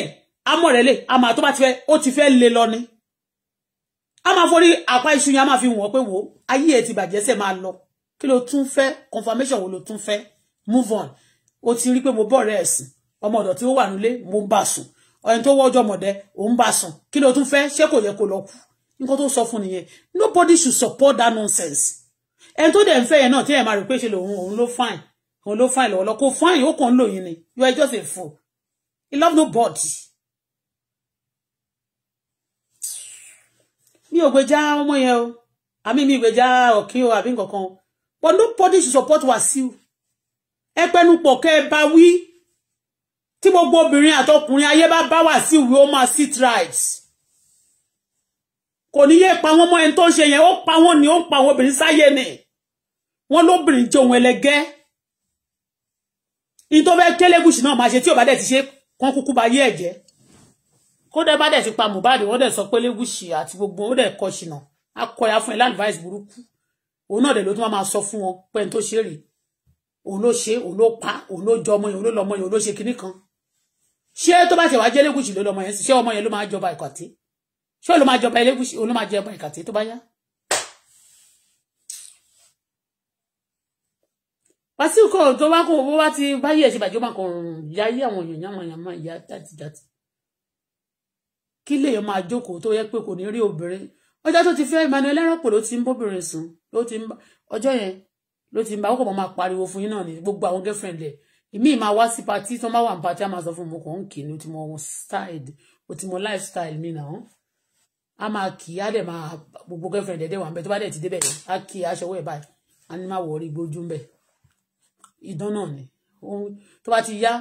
amọ̀rẹ́lẹ̀ àmà tó bá ti fẹ́ ó ti fẹ́ lé lọ ni a máa forí àpá iṣu yẹn a máa fi wọ̀n pé wò ayé ẹ ti bàjẹ́ sẹ́ máa lọ kí ló tún fẹ́ confirmation wo ló tún fẹ́ move on o ti rí pé mo bọ̀ rẹ̀ ẹ̀sìn ọmọ ọ̀dọ̀ tí ó wà nílé mo ń bà sùn ọ̀yìn tó wọ́jọ́ mọ̀dẹ́ ò ń bà sùn kí ló tún fẹ́ ṣé kò yẹ kó lọ kú nǹkan tó sọ fún nìyẹn nobody should support that nonsense ẹni tó dẹ̀ ń fẹ́ yẹn náà tí ẹ̀ máa rí pé ṣe lòun òun ló fine òun ló fáìn lọ́wọ́lọ́ kò fáìn ó kàn ń ni you are just a fool You love nobody. mi ò gbèjà ọmọ yẹn o àmì mi gbèjà ọ̀kín o àbí nǹkan kan but nobody should support Wasiu ẹ pẹnu pọ̀ kẹ́ ẹ bá wí tí gbogbo obìnrin àtọkùnrin ayé bá bá Wasiu wí ó máa sit right kò ní yé pa wọ́n mọ́ ẹni tó ń ṣe yẹn ó pa wọ́n ni ó pa obìnrin sáyé ni wọ́n lóbìnrin jẹ òun ẹlẹgẹ́ in tó fẹ́ kélégùsì náà máa ṣe tí ò bá dẹ̀ ti ṣe kán kúkú ba yé ẹ̀jẹ̀ kó dẹ̀ bá dẹ̀ ti pa Mohbad wọ́n dẹ̀ sọ pé légùsì àti gbogbo ó dẹ̀ kọ ṣìnà a kọra fún ẹ láǹfààní burúkú òun náà dẹ̀ ló tún máa máa sọ fún wọn pé n tó ṣe rèé òun ló ṣe òun ló pa o ló jọ ọmọ yẹn òun ló lọmọ yẹn òun ló ṣe kinní kan ṣé tó bá ṣe wá jẹ́ légùsì ló lọmọ yẹn ṣé ọmọ yẹn ló máa jọba ìkàtí ṣé òun ló máa jọba légùsì òun ló máa jọba ìkàtí tó bá yá wàsíù kò tó bá kò bó bá ti báyé ẹ̀ ṣe bàjẹ́ máa kàn yáyé àwọn èèyàn yàmọ̀ yàmọ̀ ìyá dátidátì kí lè máa jókòó tó yẹ pé kò ní rí obìnrin ọjọ́ tó ti fẹ́ Emmanuel ẹlẹ́rọ̀pọ̀ ló ti ń bóbìnrin sùn ló ti ń ọjọ́ yẹn ló ti ń bá kókò máa pariwo fún yín náà ní gbogbo àwọn girlfriend rẹ̀ ìmí máa wá sí patí tó máa wà ní patí á máa sọ fún mi kò ń kì o ti mọ wọn style o ti mọ lifestyle mi na á máa kì í á dẹ̀ máa gbogbo girlfriend rẹ̀ dẹ̀ wà ń bẹ tó bá dẹ̀ ti débẹ̀ á kì í aṣọ wẹ̀ báyìí á ní má wọ̀ rí gbójú ń ìdán náà ni tó bá ti yá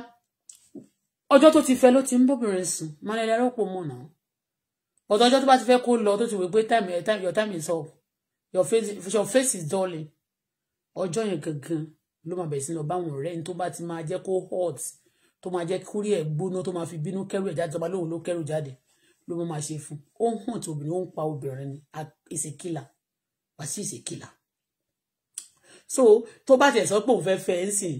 ọjọ́ tó ti fẹ́ ló ti ń bóbìnrin sùn mọ́lẹ́lẹ́ rọ́pò mọ̀ náà ọ̀dọ̀ ọjọ́ tó bá ti fẹ́ kó lọ tó ti wò pé time your eh, time your time is up your face your face is dulling ọjọ́ yẹn gangan ló máa bẹ̀rẹ̀ sí lọ báwọn ọ̀rẹ́ ní tó bá ti máa jẹ́ kó hot tó máa jẹ́ kúrí ẹ̀ gbóná tó máa fi bínú kẹ́rù ẹ̀ jáde tó bá lóun ló kẹ́rù jáde ló máa ṣe fún ó ń hàn tí obìnrin ó ń pa obìnrin ni ìsèkìlà wàásù ìsèkìlà so tó bá tiẹ̀ sọ pé òun fẹ́ fẹ́ ẹ́ sìn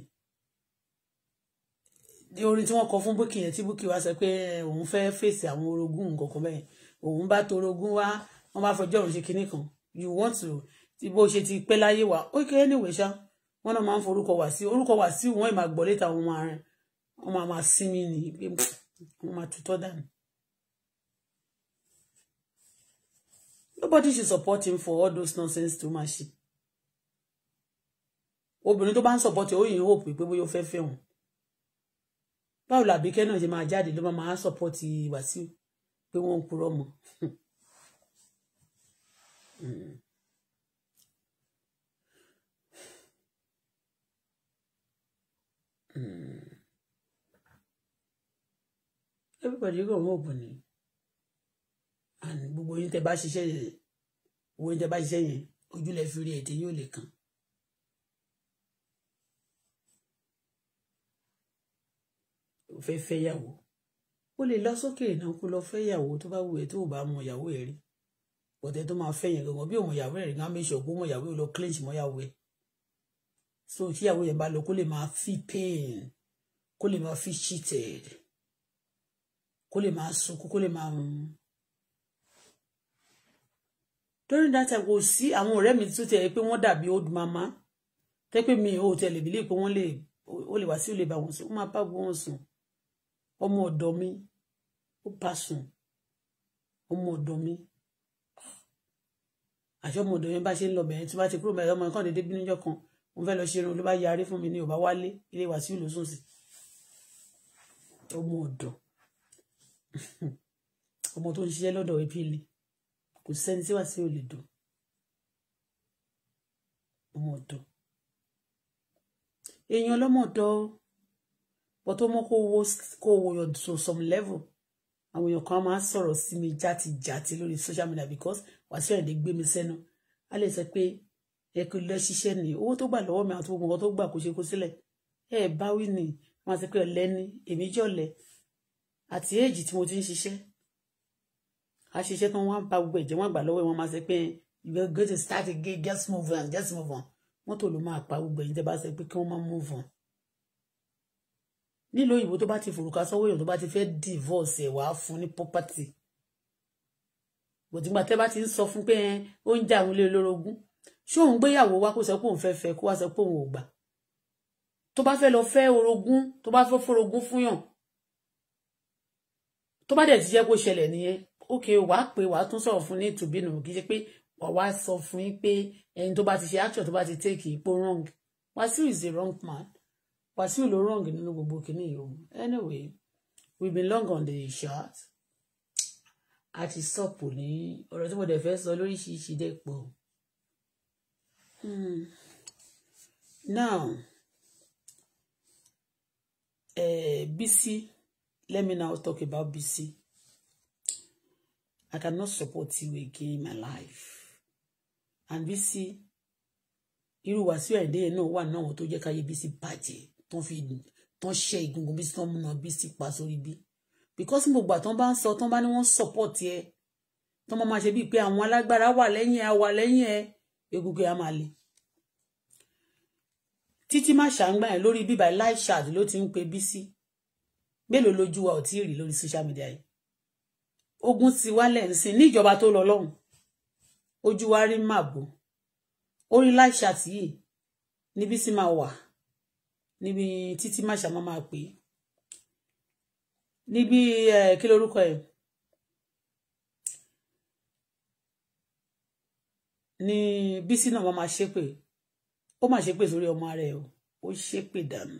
orin tí wọ́n kọ fún Bukky yẹn tí Bukky wá sọ pé eh, òun fẹ́ fèsì àwọn orogún nǹkan kan bẹ́ẹ̀ òun bá torogún wá wọ́n bá fọjọ́ òun ṣe kinní kan you want to ti bó ṣe ti pẹ́ láyé wa ó kéré níwèé ṣá wọn náà máa ń forúkọ wá sí orúkọ wá sí wọn ìmà gbọ́ létà wọn máa rìn wọn máa máa sinmi ní pé wọn máa tutọ́ dànù. nobody should support him for all those nonsense tó máa ṣe obìnrin tó bá ń support ẹ ó yìn hope pé bóyá ó fẹ́ fẹ́ wọn báwo làbí kẹ́nà ṣe máa jáde ló máa máa support Wàsíù pé wọ́n ń purọ́ mọ́ everybody go wọ́n ògùn ni and gbogbo yín tẹ́ bá ṣiṣẹ́ yẹn gbogbo yín tẹ́ bá ṣiṣẹ́ yẹn ojúlẹ̀ fi rí ẹ̀ tí yóò lè kàn. tó fẹ́ fẹ́ yàwó ó lè lọ sókè náà kó lọ fẹ́ yàwó tó bá wù ẹ́ tó bá mọ ìyàwó ẹ̀ rí bọ̀tẹ́ tó máa fẹ́ yẹn gangan bí òun ìyàwó ẹ̀ rí gan méṣọ̀ kó mọ ìyàwó ẹ̀ lọ clench mọ́ ìyàwó ẹ̀ so tí ìyàwó yẹn bá lọ kó lè máa fi pain kó lè máa fi cheated kó lè máa sunkún kó lè máa during that time kò sí àwọn ọ̀rẹ́ mi tó tẹ̀ pé wọ́n dàbí old mama tẹ́ pé mi ò tẹ̀lé bílẹ̀ pé wọ́n lè ó lè wá sí ó lè bá wọn sùn ó máa bá wọn sùn ọmọ ọ̀dọ̀ mi ó bá sùn ọmọ ọ̀dọ̀ mi ah, àṣọ ọmọ ọ̀dọ̀ yẹn bá ṣe ń lọ bẹ̀rẹ̀ tí bá ti kúrò bẹ̀rẹ̀ ọmọ nǹkan dédé bí níjọ́ kan mo fẹ́ lọ ṣe irun ló bá yarí fún mi ní ò bá wálé ilé Wàsíù ló sùn sí ọmọ ọ̀dọ̀ ọmọ tó ń ṣiṣẹ́ lọ́dọ̀ ẹbí ni kò sẹ́ni tí Wàsíù ò lè dùn ọmọ ọ̀dọ̀ èèyàn ọlọ́mọ ọ̀dọ̀ but ó mọ kó wo ko wo yọ to some level àwọn èèyàn kan máa ń sọ̀rọ̀ sí mi játijàti lórí social media because Wàsíù Àyìndé gbé mi sẹ́nu a lè sọ pé ẹ kò lọ ṣiṣẹ́ ni owó tó gbà lọ́wọ́ mi àti gbogbo nǹkan tó gbà kó ṣe kó sílẹ̀ ẹ báwí ni wọn ti pé ọ̀lẹ ni èmi jẹ́ ọ̀lẹ àti èjì tí mo ti ń ṣiṣẹ́ àṣiṣẹ́ kan wọ́n bá gbogbo ẹ̀jẹ̀ wọn gbà lọ́wọ́ wọn máa sọ pé you go to start again just move on just move on mọ́tò ló máa pa gbogbo ẹ̀yìn tẹ́ bá sọ pé kí wọ́n move on nílò òyìnbó tó bá ti fòrùka sọ́wọ́ èèyàn tó bá ti fẹ́ divorce ẹ̀ wàá fún ní property bòtígbà tẹ́ bá ti ń sọ fún pé ó ń jà òun lé olórogún ṣé òun gbéyàwó wá kó sọ pé òun fẹ́ fẹ́ kó wá sọ pé òun ò gbà tó bá fẹ́ lọ fẹ́ orogún tó bá fẹ́ forogún fúnyàn tó bá dẹ̀ ti jẹ́ kó ṣẹlẹ̀ nìyẹn ókè wàá pé wàá tún sọ̀rọ̀ fún ní tùbínú kì í ṣe pé wàá wá sọ fún yín pé ẹni tó bá ti ṣe action tó bá ti take ipò wrong Wasiu is the wrong man Wàsíù ló wrong nínú gbogbo kìíní yìí o anyway we been long on the chat a ti sọ̀pù ní ọ̀rọ̀ tí mo dẹ̀ fẹ́ sọ lóríṣiríṣi dẹ́pọ̀ hmm. now uh, eh, Bisi let me now talk about Bisi I cannot support you again in my life and Bisi irú Wàsíù Àyìndé yẹn náà wà náà tó jẹ́ káyé Bisi bàjẹ́ tán fi tán ṣe ìgungun bí tán múná bí sì pa sórí bí because gbogbo àtàn bá ń sọ tán bá ní wọ́n support ẹ tán máa ṣe bíi pé àwọn alágbára wà lẹ́yìn ẹ wà lẹ́yìn ẹ egungun ẹ máa le títí má ṣàǹgbà yẹn lórí bíbá live chat ló ti ń pe Bísí mélòó lójú wa ò tí ì rí lórí social media yìí ogun ti wálẹ̀ ń sìn níjọba tó lọ lọ́hùn ojú wa rí màbò orí live chat yìí ni Bísí máa wà níbi títí máṣà máa máa pè é níbi kí lorúkọ ẹ̀ ní bísí náà máa máa ṣépè ó máa ṣépè sórí ọmọ rẹ̀ o ó ṣépè dànù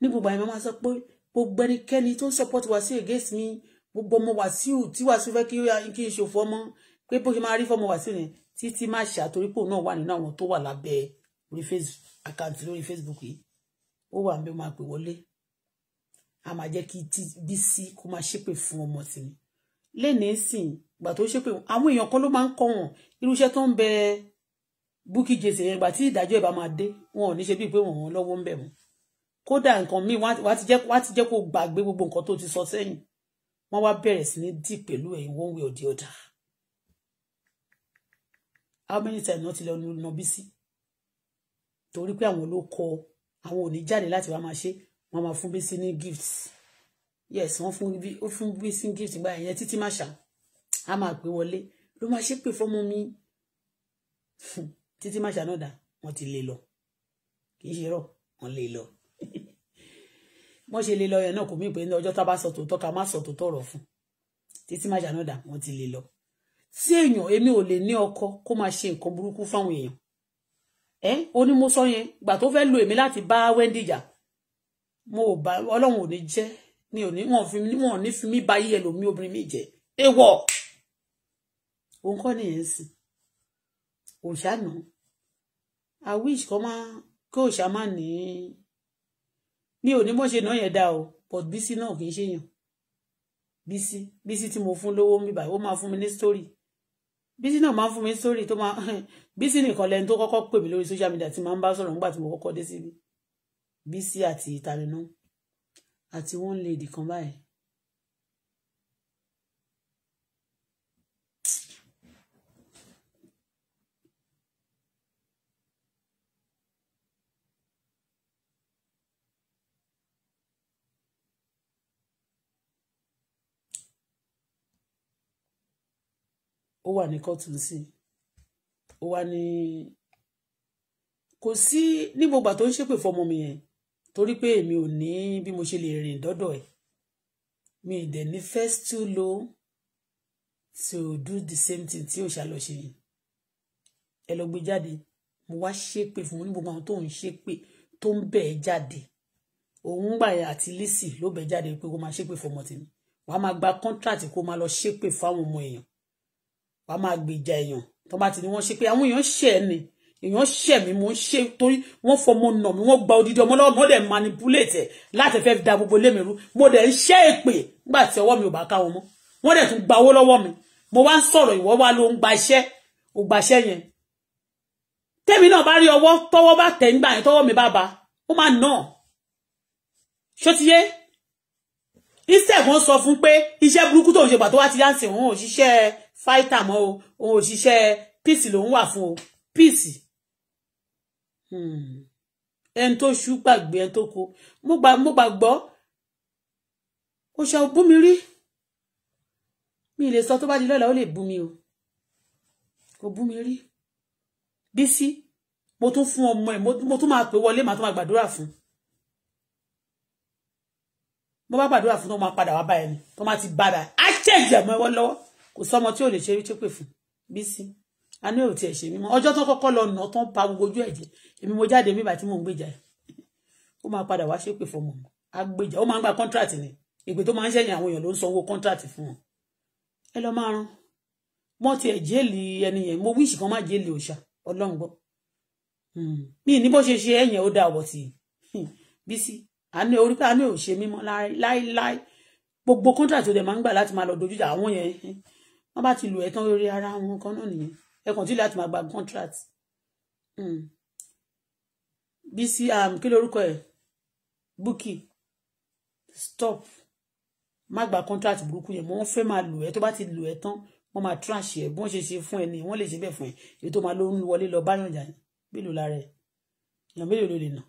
ní gbogbo àyè máa sọ pé gbogbo ẹnikẹ́ni tó ń support Wasiu against me gbogbo ọmọ Wasiu tí Wasiu fẹ́ kí n ṣòfò ọmọ pé bó ṣe máa rí fọmọ Wasiu ni títí máa ṣàtòrípò náà wà nínú àwọn tó wà lábẹ́ orí Facebook àkáǹtì lórí Facebook yìí ó wà níbi ó máa pè wọlé a máa jẹ́ kí Bísí kó máa ṣépè fún ọmọ sí ni lẹ́nìí sìn gbà tó ṣépè àwọn èèyàn kan ló máa ń kọ́ wọn irúṣẹ́ tó ń bẹ Bukky Jesse yẹn gbà tí ìdájọ́ ẹ̀ bá máa dé wọn ò ní ṣe bíi pé wọ́n lọ́wọ́ ń bẹ̀ mọ́ kódà nǹkan míì wá ti jẹ́ kó gbàgbé gbogbo nǹkan tó ti sọ sẹ́yìn wọ́n wá bẹ̀rẹ̀ sí ní dì pẹ̀lú ẹ̀yin one way or the how many times wọ́n ti lọ nà Bísí torí pé àwọn ló kọ àwọn ò ní jáde láti wá máa ṣe wọn máa fún Bísí ní gifts yes wọn fún ó fún Bísí ní gifts gba ẹ̀yẹ títí má ṣá a máa gbé wọlé ló máa ṣe pè fọ́mọ mi hmm, títí má ṣá náà dá wọn ti lè lọ kì í ṣe rọ wọn lè lọ wọn ṣe lè lọ yẹn náà kò mí pé ní ọjọ́ tá sọ tòótọ́ ká má sọ tòótọ́ ọ̀rọ̀ fún títí má ṣá náà dá wọn ti lè lọ tí èèyàn èmi ò lè ní ọkọ kó máa ṣe nǹkan burúkú fáwọn èèyàn ẹ ó ní mo sọ yẹn ìgbà tó fẹ́ lo èmi láti bá Wendy jà mo ò bá ọlọ́run ò ní jẹ́ mi ò ní wọn fi wọn ò ní fi mí báyé ẹlòmíì obìnrin mi jẹ ewọ òun kọ́ nìyẹn sìn òòṣà nù i wish kọ́ máa kí òòṣà má ní mi ò ní mọ̀ ṣe náà yẹn dá o but Bísí náà kì í ṣèyàn Bísí Bísí tí mo fún lówó mi báyìí ó máa fún mi ní story bísí náà máa ń fún mi sórí tó máa bísí nìkan lẹni tó kọ́kọ́ pè mí lórí social media tí máa ń bá sọ̀rọ̀ nígbà tí mo kọ́kọ́ dé síbi bísí àti ìtàlẹ́nú àti one lady kan báyìí ó wà ní kóòtù sí ó wà ní kò sí ní gbogbo àtọ́ ń ṣépè fọmọ mi yẹn torí pé èmi ò ní bí mo ṣe lè rìn dọ́dọ̀ ẹ̀ mi ì dẹ̀ ní first too low to do the same thing tí ò ṣàlọ́ ṣe yìí ẹ lọ gbé jáde mo wá ṣépè fún ní gbogbo àwọn tó ń ṣépè tó ń bẹ̀ ẹ́ jáde òun gbà àti lisi ló bẹ̀ jáde pé kó máa ṣépè fọmọ tèmi wàá máa gba contract kó máa lọ ṣépè fáwọn ọmọ èèyàn wàá máa gbèjà èèyàn tó bá ti ní wọ́n ṣe pé àwọn èèyàn ṣẹ̀ ni èèyàn ṣẹ̀ mi mo ń ṣe torí wọ́n fọmọ nà mí wọ́n gba odidi ọmọ lọ́wọ́ mo dẹ̀ manipulate ẹ̀ láti da gbogbo lémi rú mo dẹ̀ ń ṣẹ́ èpè nígbà tí ọwọ́ mi ò bá ká wọn mọ́ wọ́n dẹ̀ tún gba owó lọ́wọ́ mi mo wá ń sọ̀rọ̀ ìwọ wá ló ń gbaṣẹ́ ò gbaṣẹ́ yẹn tẹ́mi náà bá rí ọwọ́ tọ́wọ́ bá tẹ̀ nígbà yẹn tọ́wọ́ mi baba. ba ó máa nà ṣó ti yé instead wọ́n sọ fún pé iṣẹ́ burúkú tó ń ṣe gbà tó ti yá ń sìn òun òṣìṣẹ́ fighter mọ́ o òun òṣìṣẹ́ peace lòun wà fún o peace hmm. ẹni tó ṣú gbàgbé ẹni tó kú mo gbàgbọ́ ó ṣe bú mi rí mi lè sọ tó bá di lọ́la ó lè bú mi o kò bú mi rí Bísí mo tún fún ọmọ ẹ mo tún ma pè wọlé màá tún máa gbàdúrà fún mo bá gbàdúrà fún tó máa padà wá báyìí tó máa ti bára á ṣèjì ẹ̀mọ́ ẹwọ́ lọ́wọ́ kò sọmọ tí ò lè ṣe rí ṣépè fún Bísí a ní òtí ẹ̀ ṣe mímọ́ ọjọ́ tó kọ́kọ́ lọ nà tán pa gbogbo ojú ẹ̀jẹ̀ èmi mo jáde mi bàtí mò ń gbèjà ó máa padà wá ṣépè fún ọmọ agbèjà ó máa ń gba contract ni ìpè tó máa ń ṣẹ̀yìn àwọn èèyàn ló ń sanwó contract fún wọn ẹ lọ máa rán wọ́n ti ẹ̀ jẹ́ẹ̀lì ẹni yẹn mo wíṣì kan má jẹ́ẹ̀lì òòṣà ọlọ́run gbọ́ hmm. mi ní bó ṣe ṣe ẹ̀yìn ó dá ọ̀bọ̀ tì í Bísí àní orí pé àní ò ṣe mímọ́ láéláé gbogbo contract ó dẹ̀ máa ń gbà láti máa lọ dojú àwọn yẹn wọ́n bá ti lò ẹ̀ tán lórí ara wọn kan náà nìyẹn ẹ continue láti máa gba contract hmm. bísí um, kí lórúkọ ẹ̀ búkì stop má gba contract burúkú yẹn wọ́n fẹ́ máa lò ẹ́ tó bá ti lò ẹ́ tán wọ́n máa trash ẹ̀ bí wọ́n ṣe ṣe fún ẹ ni wọ́n lè ṣe bẹ́ẹ̀ fún ẹ èyí tó máa ló ń wọlé lọ báyọ̀ jà mélòó lára ẹ̀ èèyàn mélòó ló lè nà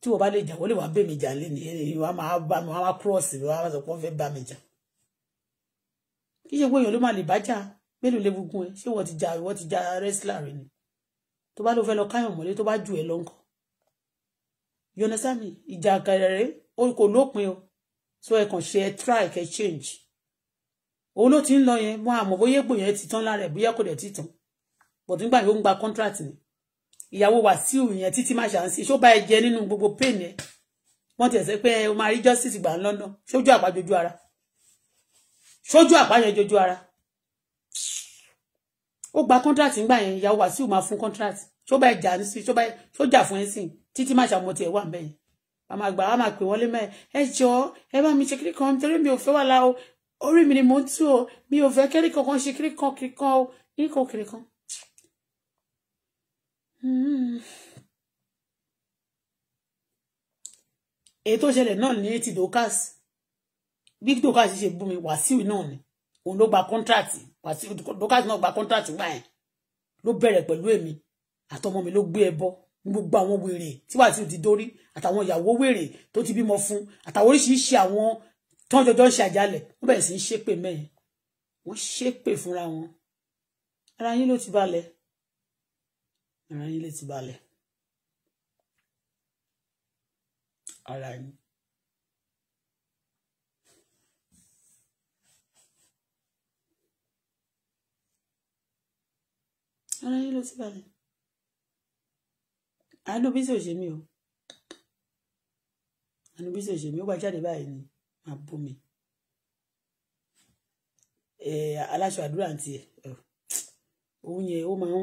tí wọ́n bá lè jà wọ́n lè wá bẹ́ẹ̀ mi jà lé ní ẹ̀yìn wọ́n máa bá mi wọ́n máa cross mi wọ́n á máa sọ pé wọ́n fẹ́ bá mi jà kí ṣe pé èèyàn ló máa lè bá jà mélòó lè gbogbo ẹ ṣé wọ́n ti jà wọ́n ti jà rẹ́sílà rẹ ni tó bá ló fẹ́ lọ káyọ̀ mọ́lé tó bá jù ẹ lọ́nkọ́ yọnẹsàmì ìjà kẹrẹrẹ ó kò lópin o so ẹ kàn ṣe ẹ try kẹ change òun ló ti ń lọ yẹn mo àmọ́ bóyá ègbò yẹn ti tán lára ẹ bóyá kò dẹ̀ ti tán bọ̀dún nígbà yóò ń gba contract ni ìyàwó Wàsíù yẹn títí má ṣàǹsí ṣó bá ẹ jẹ nínú gbogbo pain ẹ wọ́n ti pé o máa rí justice gbà ń lọ́nà ṣójú àpájojú ara sójú àpáyẹn jojú ara ó gba contract ńgbà yẹn ìyàwó Wàsíù máa fún contract tó bá jà ń sí tó bá tó jà fún ẹ sí títí má ṣàmọ tiẹ wà mẹyìn a máa gbà á máa pè wọlé mẹ ẹ jọ ẹ bá mi ṣe kiri kan torí mi ò fẹ́ wà lá o orí mi ni mo ń tú o mi ò fẹ́ kẹ́rí kankan ṣe kiri kan kiri kan o kiri kan kiri kan. Hmm. èyí tó ṣẹlẹ̀ náà ní ti Dorcas big dokas ṣe bú mi wàsíù náà ni òun ló gba kọ́ńtàtì wàsíù dokas náà gba contract. gbà yẹn ló bẹ̀rẹ̀ pẹ̀lú èmi àtọmọ mi ló gbé ẹbọ ní gbogbo àwọn wèrè tí wàsíù ti dórí àtàwọn ìyàwó wèrè tó ti bímọ fún àtàwọn oríṣiríṣi àwọn tán jọjọ ń ṣe àjálẹ̀ wọ́n bẹ̀rẹ̀ sí í ṣépè mẹ́yìn wọ́n ṣépè fúnra wọn ara yín ló ti balẹ̀ ara yín ló ti balẹ̀ ara yín. ara yín ló ti balẹ̀ àánú bí sì ò ṣe mí o àánú bí sì ò ó gbà jáde báyìí ni máa bú mi aláṣọ àdúrà àǹtí ẹ òun yẹn ó máa ń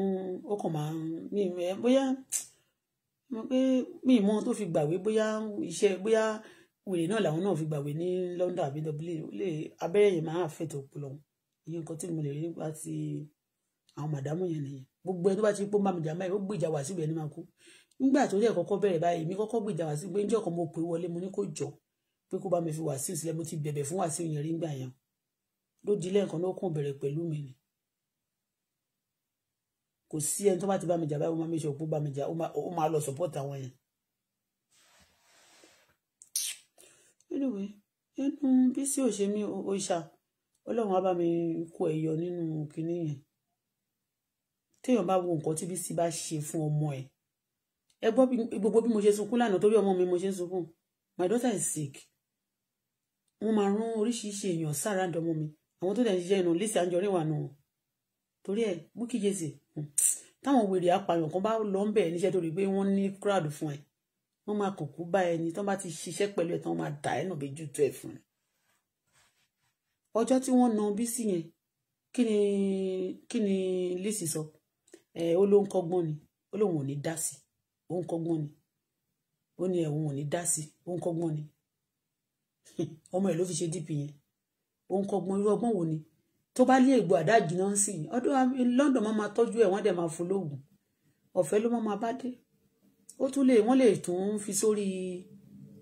ó kàn máa ń mi ẹ bóyá mo pé mi ìmọ̀ tó fi gbàwé bóyá iṣẹ́ bóyá wèrè náà làwọn náà fi gbàwé ní London àbí Dublin ó lè abẹ́rẹ́ yẹn máa fètò ọpọlọ ìyẹn nǹkan tí mo lè rí nípa ti àwọn màdámù yẹn nìyẹn gbogbo ẹni tó bá ti pọ́ mami jàmbá yìí ó gbèjà wá síbi ẹni máa kú nígbà tó dẹ̀ kọ́kọ́ bẹ̀rẹ̀ báyìí mi kọ́kọ́ gbèjà wá sí pé ń jọ́kọ̀ mo pè wọlé mo ní kó jọ pé kó bá mi fi wá sí ìsìlẹ̀ mo ti bẹ̀bẹ̀ fún wá sí ìyẹn rí gbà yẹn ló di lẹ́ẹ̀kan ló kàn bẹ̀rẹ̀ pẹ̀lú mi ni kò sí ẹni tó bá ti bá báyìí ó máa mi sọ pé ó ó máa lọ support àwọn yẹn. anyway ẹnu bí sí òṣèmí òṣà ọlọ́run á bá mi kó ẹ̀yọ nínú kinní yẹn téèyàn bá wo nǹkan tí Bísí bá ṣe fún ọmọ ẹ̀ ẹ gbọ́ gbogbo bí mo ṣe sunkún lánàá torí ọmọ mi mo ṣe sunkún my daughter is sick wọ́n máa rán oríṣiríṣi èèyàn sára àdọ́mọ mi àwọn tó dẹ̀ ń ṣiṣẹ́ inú Lizzy Anjorin wà nù torí ẹ̀ Bukky Jesse táwọn wèrè apààyàn kan bá lọ ń bẹ̀ níṣẹ́ torí pé wọ́n ní crowd fún ẹ̀ wọ́n máa kàn kú bá ẹni tó bá ti ṣiṣẹ́ pẹ̀lú ẹ̀ tán máa dà ẹ́ nà bí tó ẹ̀ fún ẹ̀ ọjọ́ tí wọ́n na Bísí yẹn kí ni kí ni Lizzy sọ ẹ ó ló ń kọ́gbọ́n ni ó lóun ò ní dá sí ó ń kọ́gbọ́n ni ó ní ẹ̀wọ̀n ò ní dá sí ó ń kọ́gbọ́n ni ọmọ ẹ̀ ló fi ṣe dp yẹn ó ń kọ́gbọ́n irú ọgbọ́n wo ni tó bá lé ègbò àdáàjì náà ń ọdún London máa máa tọ́jú ẹ̀ wọ́n dẹ̀ máa fún lóògùn ọ̀fẹ́ ló máa máa bá dé ó tún lè wọ́n lè tún fi sórí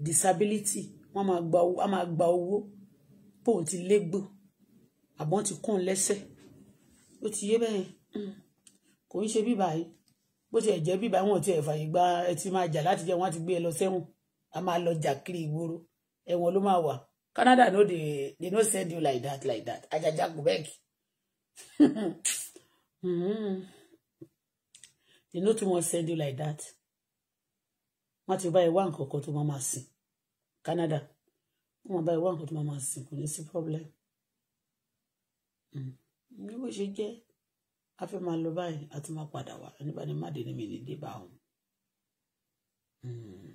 disability wọ́n á máa gba owó bóun ti légbò àbọ̀n ti kún un lẹ́sẹ̀ ó ti yé bẹ́ẹ̀ kò ń ṣe bíbà yìí bó ti ẹ̀ jẹ́ bíbà wọn ti ẹ̀ fàyè gba ẹ ti máa jà láti jẹ́ wọn ti gbé ẹ e lọ sẹ́wọ̀n a máa lọ jà kiri ìgboro ẹ̀wọ̀n ló máa wà Canada no dey they no send you like that like that ajaja Quebec hmm. they no too much send you like that wọ́n ti bá ẹ wá nǹkan kan tó máa máa sìn Canada wọ́n bá ẹ wá nǹkan tó máa máa sìn kò ní sí problem ní hmm. bó ṣe jẹ́ a fẹ́ máa lọ báyìí a ti máa padà wá nípa ni má dèní mi ní débà òun. Hmm.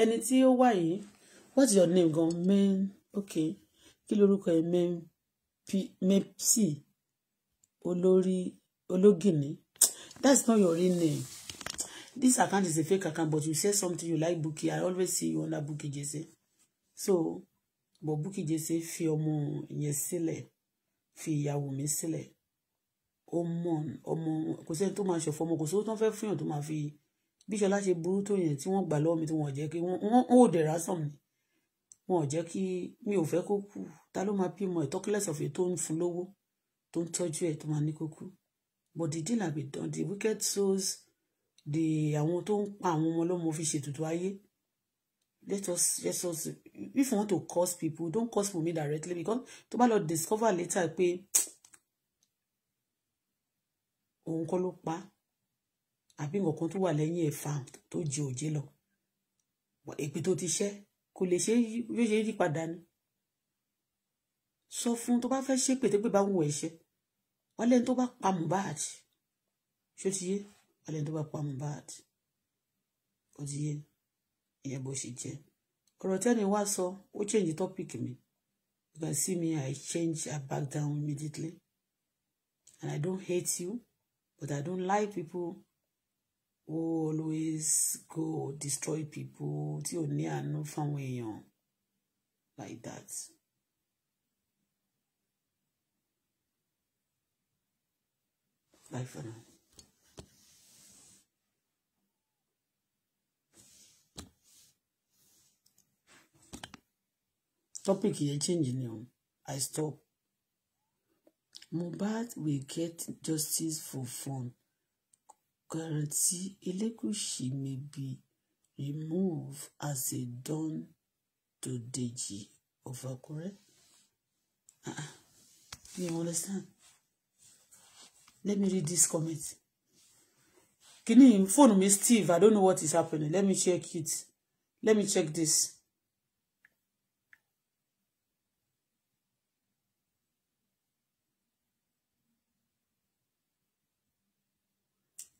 ẹni tí ó wà yìí what's your name gan main okay kí lorúkọ ẹ main P. olórí ológìní that's not your real name this account is a fake account but you say something you like Bukky I always see you under Bukky Jesse so but Bukky Jesse fi ọmọ yẹn sílẹ̀ fi ìyàwó mi sílẹ̀ ọmọ ọmọ kò because tó máa ṣọ̀fọ̀ ọmọ kò sówó tó ń fẹ́ fún yàn tó máa fi bí Ṣọlá ṣe burú tó yẹn tí wọ́n gbà lọ́wọ́ mi tí wọ́n jẹ́ kí wọ́n ò dẹ̀ rásán mi wọn ò jẹ́ kí mi ò fẹ́ kó kú ta ló máa bímọ ẹ̀ tọ́kílẹ̀sọ̀fẹ̀ tó ń fún lówó tó ń tọ́jú ẹ̀ tó máa ní kó but the deal have been done the wicked souls the àwọn tó ń pa àwọn ọmọ ọlọ́mọ fi ṣètùtù ayé let us let us if you want to curse people don't curse for me directly because tó bá lọ discover later pé òun kọ́ ló pa àbí nǹkan tó wà lẹ́yìn ẹ̀fà tó jẹ òjé lọ èpè tó ti ṣẹ́ kò lè ṣe yóò ṣe yí padà ni sọ fún tó bá fẹ́ ṣépè tó gbé bá ń wọ ẹ̀ṣẹ́ wọ́n lẹ́ni tó bá pa Mohbad ṣó ti yé alẹ́ tó bá pa Mohbad ó ti yé ìyẹn bó ṣe jẹ́ ọ̀rọ̀ tẹ́ni wá sọ ó change topic mi you can see me I change I back down immediately and I don't hate you but I don't like people who always go destroy people tí ò ní àánú fáwọn èèyàn like that. Bye for now. topic yẹn change ni o i stop Mohbad will get justice for fun guarantee Elekushi may be removed as a don to Deji of Akure ah you understand let me read this comment kini phone mi Steve i don't know what is happening let me check it let me check this.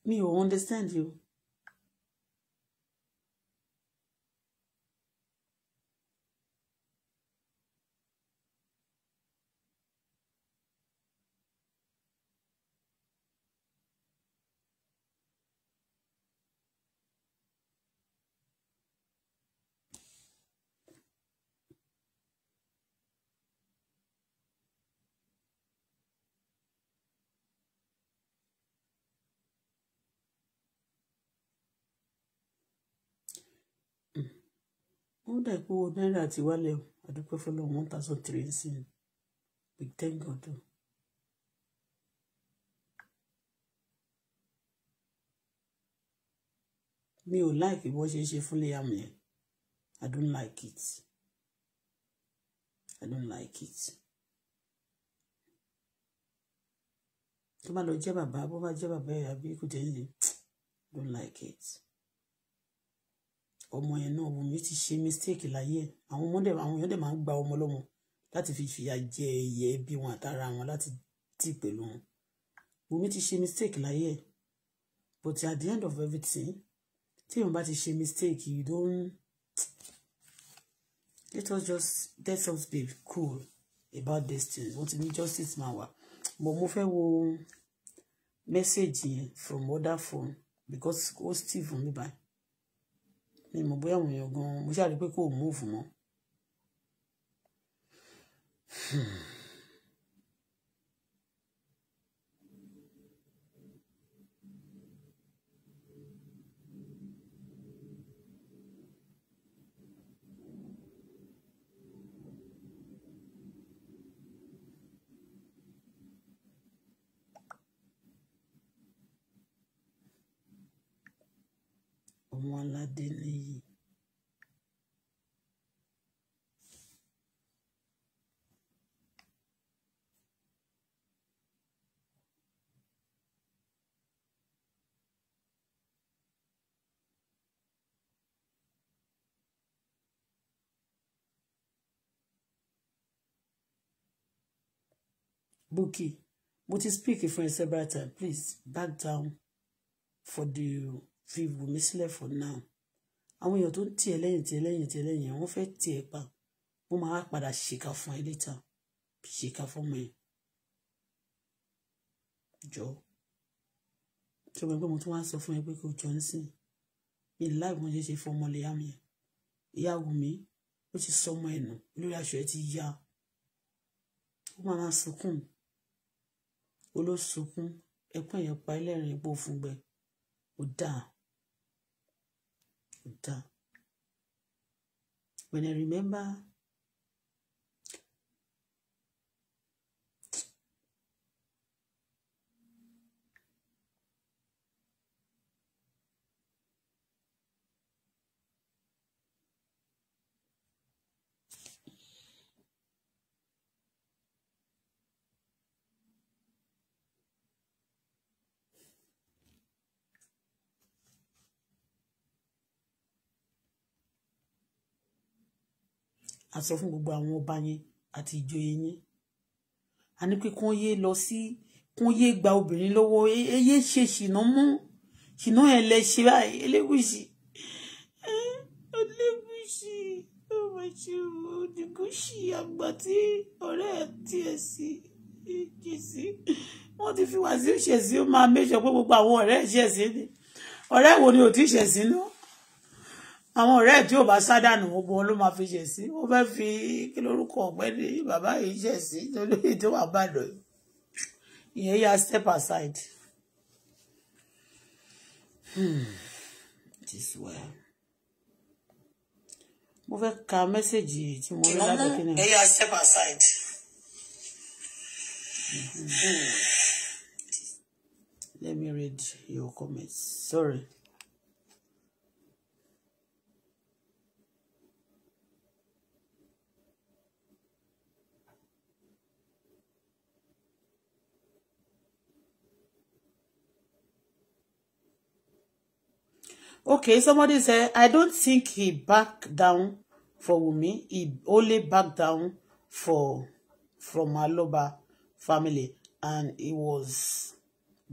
me ò understand you wọ́n dà pé owó náírà ti wálẹ̀ o àdúpẹ́ fọlọ́run one thousand three sí Big we thank God o. mi ò láìkí bó ṣe ń ṣe fún Liam yẹn I don't like it I don't like it. tó bá lọ jẹ́ bàbá bó bá jẹ́ bàbá ẹ̀ àbí kò jẹ́ yìí I don't like it ọmọ yẹn náà Wùmí ti ṣe mistake láyé àwọn ọmọdé àwọn èèyàn dẹ̀ máa ń gba ọmọ lọ́mọ láti fi fìyà jẹ ẹyẹ bí wọn àtàrà wọn láti tì pẹ̀lú wọn Wùmí ti ṣe mistake láyé but at the end of everything tí èèyàn bá ti ṣe mistake you don't let us just let us be cool about these things wọ́n ti ní justice máa wà but mo fẹ́ wo message yẹn from other phone because ó still fún mi báyìí mi mọ̀ bóyá àwọn èèyàn gan mo ṣáà rí pé kò move mọ́. Hmm. Ọládélẹ́yìn. Bukky, mo ti speak fún ẹ several times please back down for the fi wù mí sílẹ̀ for now àwọn èèyàn tó ń tì ẹ́ lẹ́yìn tì ẹ́ lẹ́yìn tì ẹ́ lẹ́yìn wọ́n fẹ́ tì ẹ́ pa wọ́n máa padà ṣèkà fún ẹ létà ṣèkà fún mi jọ tí ọmọ ẹgbẹ́ mo tún wá sọ fún ẹ pé kò jọ ń sìn mi láì mo ṣe ṣe fún ọmọ lẹ́yà mi ìyá wù mí ó ti sọ ọmọ ẹ̀ nù lórí aṣọ ẹ̀ ti yá ó máa máa sunkún olóṣùnkún ẹkún ẹ̀yẹ pa ẹlẹ́rìn epo fún gbẹ ó dáa done. When I remember a sọ fún gbogbo àwọn ọba yẹn àti ìjòyè yẹn a ní pé kán yé lọ sí kán yé gba obìnrin lọ́wọ́ eye ṣe ṣìnà mọ́ ṣìnà ẹ̀ lẹ ṣe báyìí Elégùṣì Elégùṣì ọmọ ìṣirò Òdìgúnṣì àgbà tí ọ̀rẹ́ ẹ̀ tiẹ̀ sí jèsì ti fi wá sí ìṣẹ̀sí ó máa méṣọ pé gbogbo àwọn ọ̀rẹ́ ìṣẹ̀sí ni ọ̀rẹ́ wo ni ò ti ṣẹ̀sí náà àwọn ọ̀rẹ́ tí ò bá sádànù gbogbo wọn ló máa fi ṣẹ̀ sí ó fẹ́ fi kí lórúkọ ọ̀gbẹ́ni bàbá yìí ṣẹ̀ sí lórí tó wà bàdàn ìyẹn yà step aside. Hmm. This way. mo fẹ́ ka mẹ́sẹ̀gì tí mo rí lábẹ́ kí ni. ẹ step aside. Hmm, hmm Let me read your comments. Sorry. Okay, somebody said, I don't think he backed down for Wunmi. He only backed down for from Aloba family and he was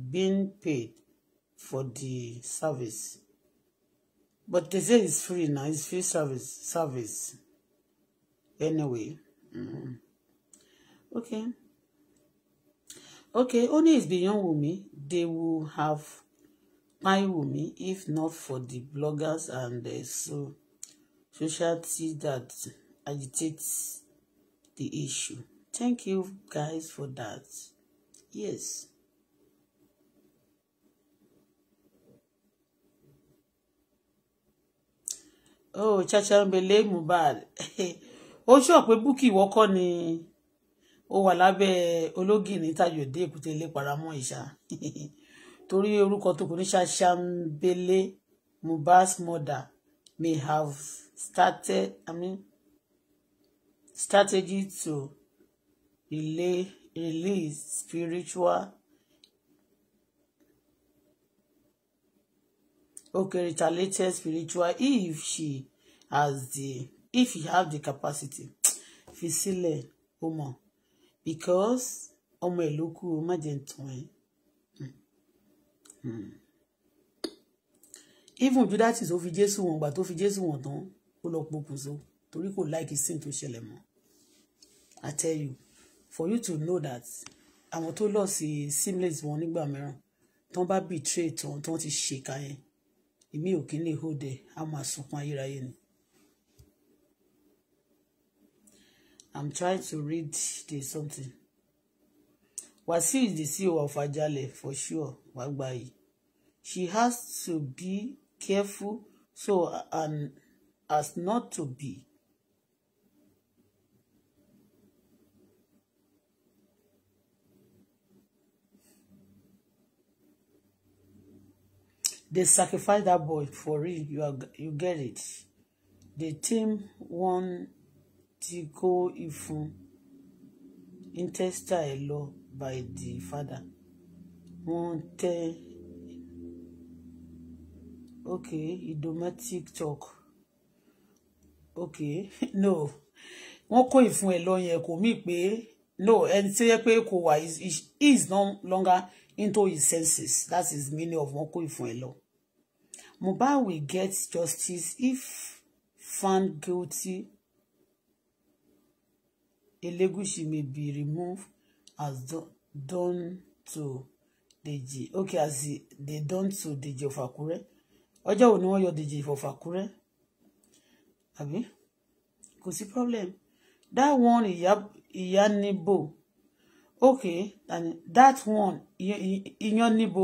being paid for the service. But they say it's free now, it's free service service. Anyway. Mm-hmm. Okay. Okay, only is beyond Wunmi. They will have Maiwumi, if not for the bloggers and the so, society that agitates the issue. Thank you guys for that. Yes. Oh, Chachambele Mohbad. Ó sọ pé Bukky ìwọ kọ́ ni ó wà lábẹ́ ológìní Tajòdé Èkúté ilé paramọ́ ìṣá. torí orúkọ tó kù ní ṣàṣàmbélé Mohbad's mother may have started I mean, strategy to relay, release spiritual okay retaliated spiritual if she has the if she have the capacity fi sílẹ̀ o because ọmọ ẹ̀ ló kú o jẹ́ ń tàn Hmm. even Judas tó fi Jésù wọn gbà tó fi Jésù wọn tán ó lọ pokùnso torí kò láìkí sin tó ṣẹlẹ̀ mọ́ I tell you for you to know that àwọn tó lọ sí simlet wọn nígbà mìíràn tán bá betray tán tán ti ṣèkà yẹn èmi ò kí ń lè hold ẹ á máa sunkún ayérayé ni. I'm trying to read the something. Wasiu is the CEO of Ajale for sure wàá she has to be careful so and as not to be. they sacrifice that boy for real you are you get it the team won go Ifun intestine law by the father Monte. Okay, Idoma TikTok. Okay, no. Wọ́n kó ìfun ẹ̀ lọ yẹn kò mí pé no And tí ó yẹ pé kò is no longer into his senses that is meaning of wọ́n kó ìfun ẹ̀ lọ. Mohbad will get justice if found guilty Elegushi may be removed as do done to Dèjì okay as they done to Dèjì of Àkúrẹ́ ọjọ́ wo ni wọ́n yọ Dèjì of Àkúrẹ́ àbí kò sí problem that one ìyá ìyá níbo okay and that one iyán níbo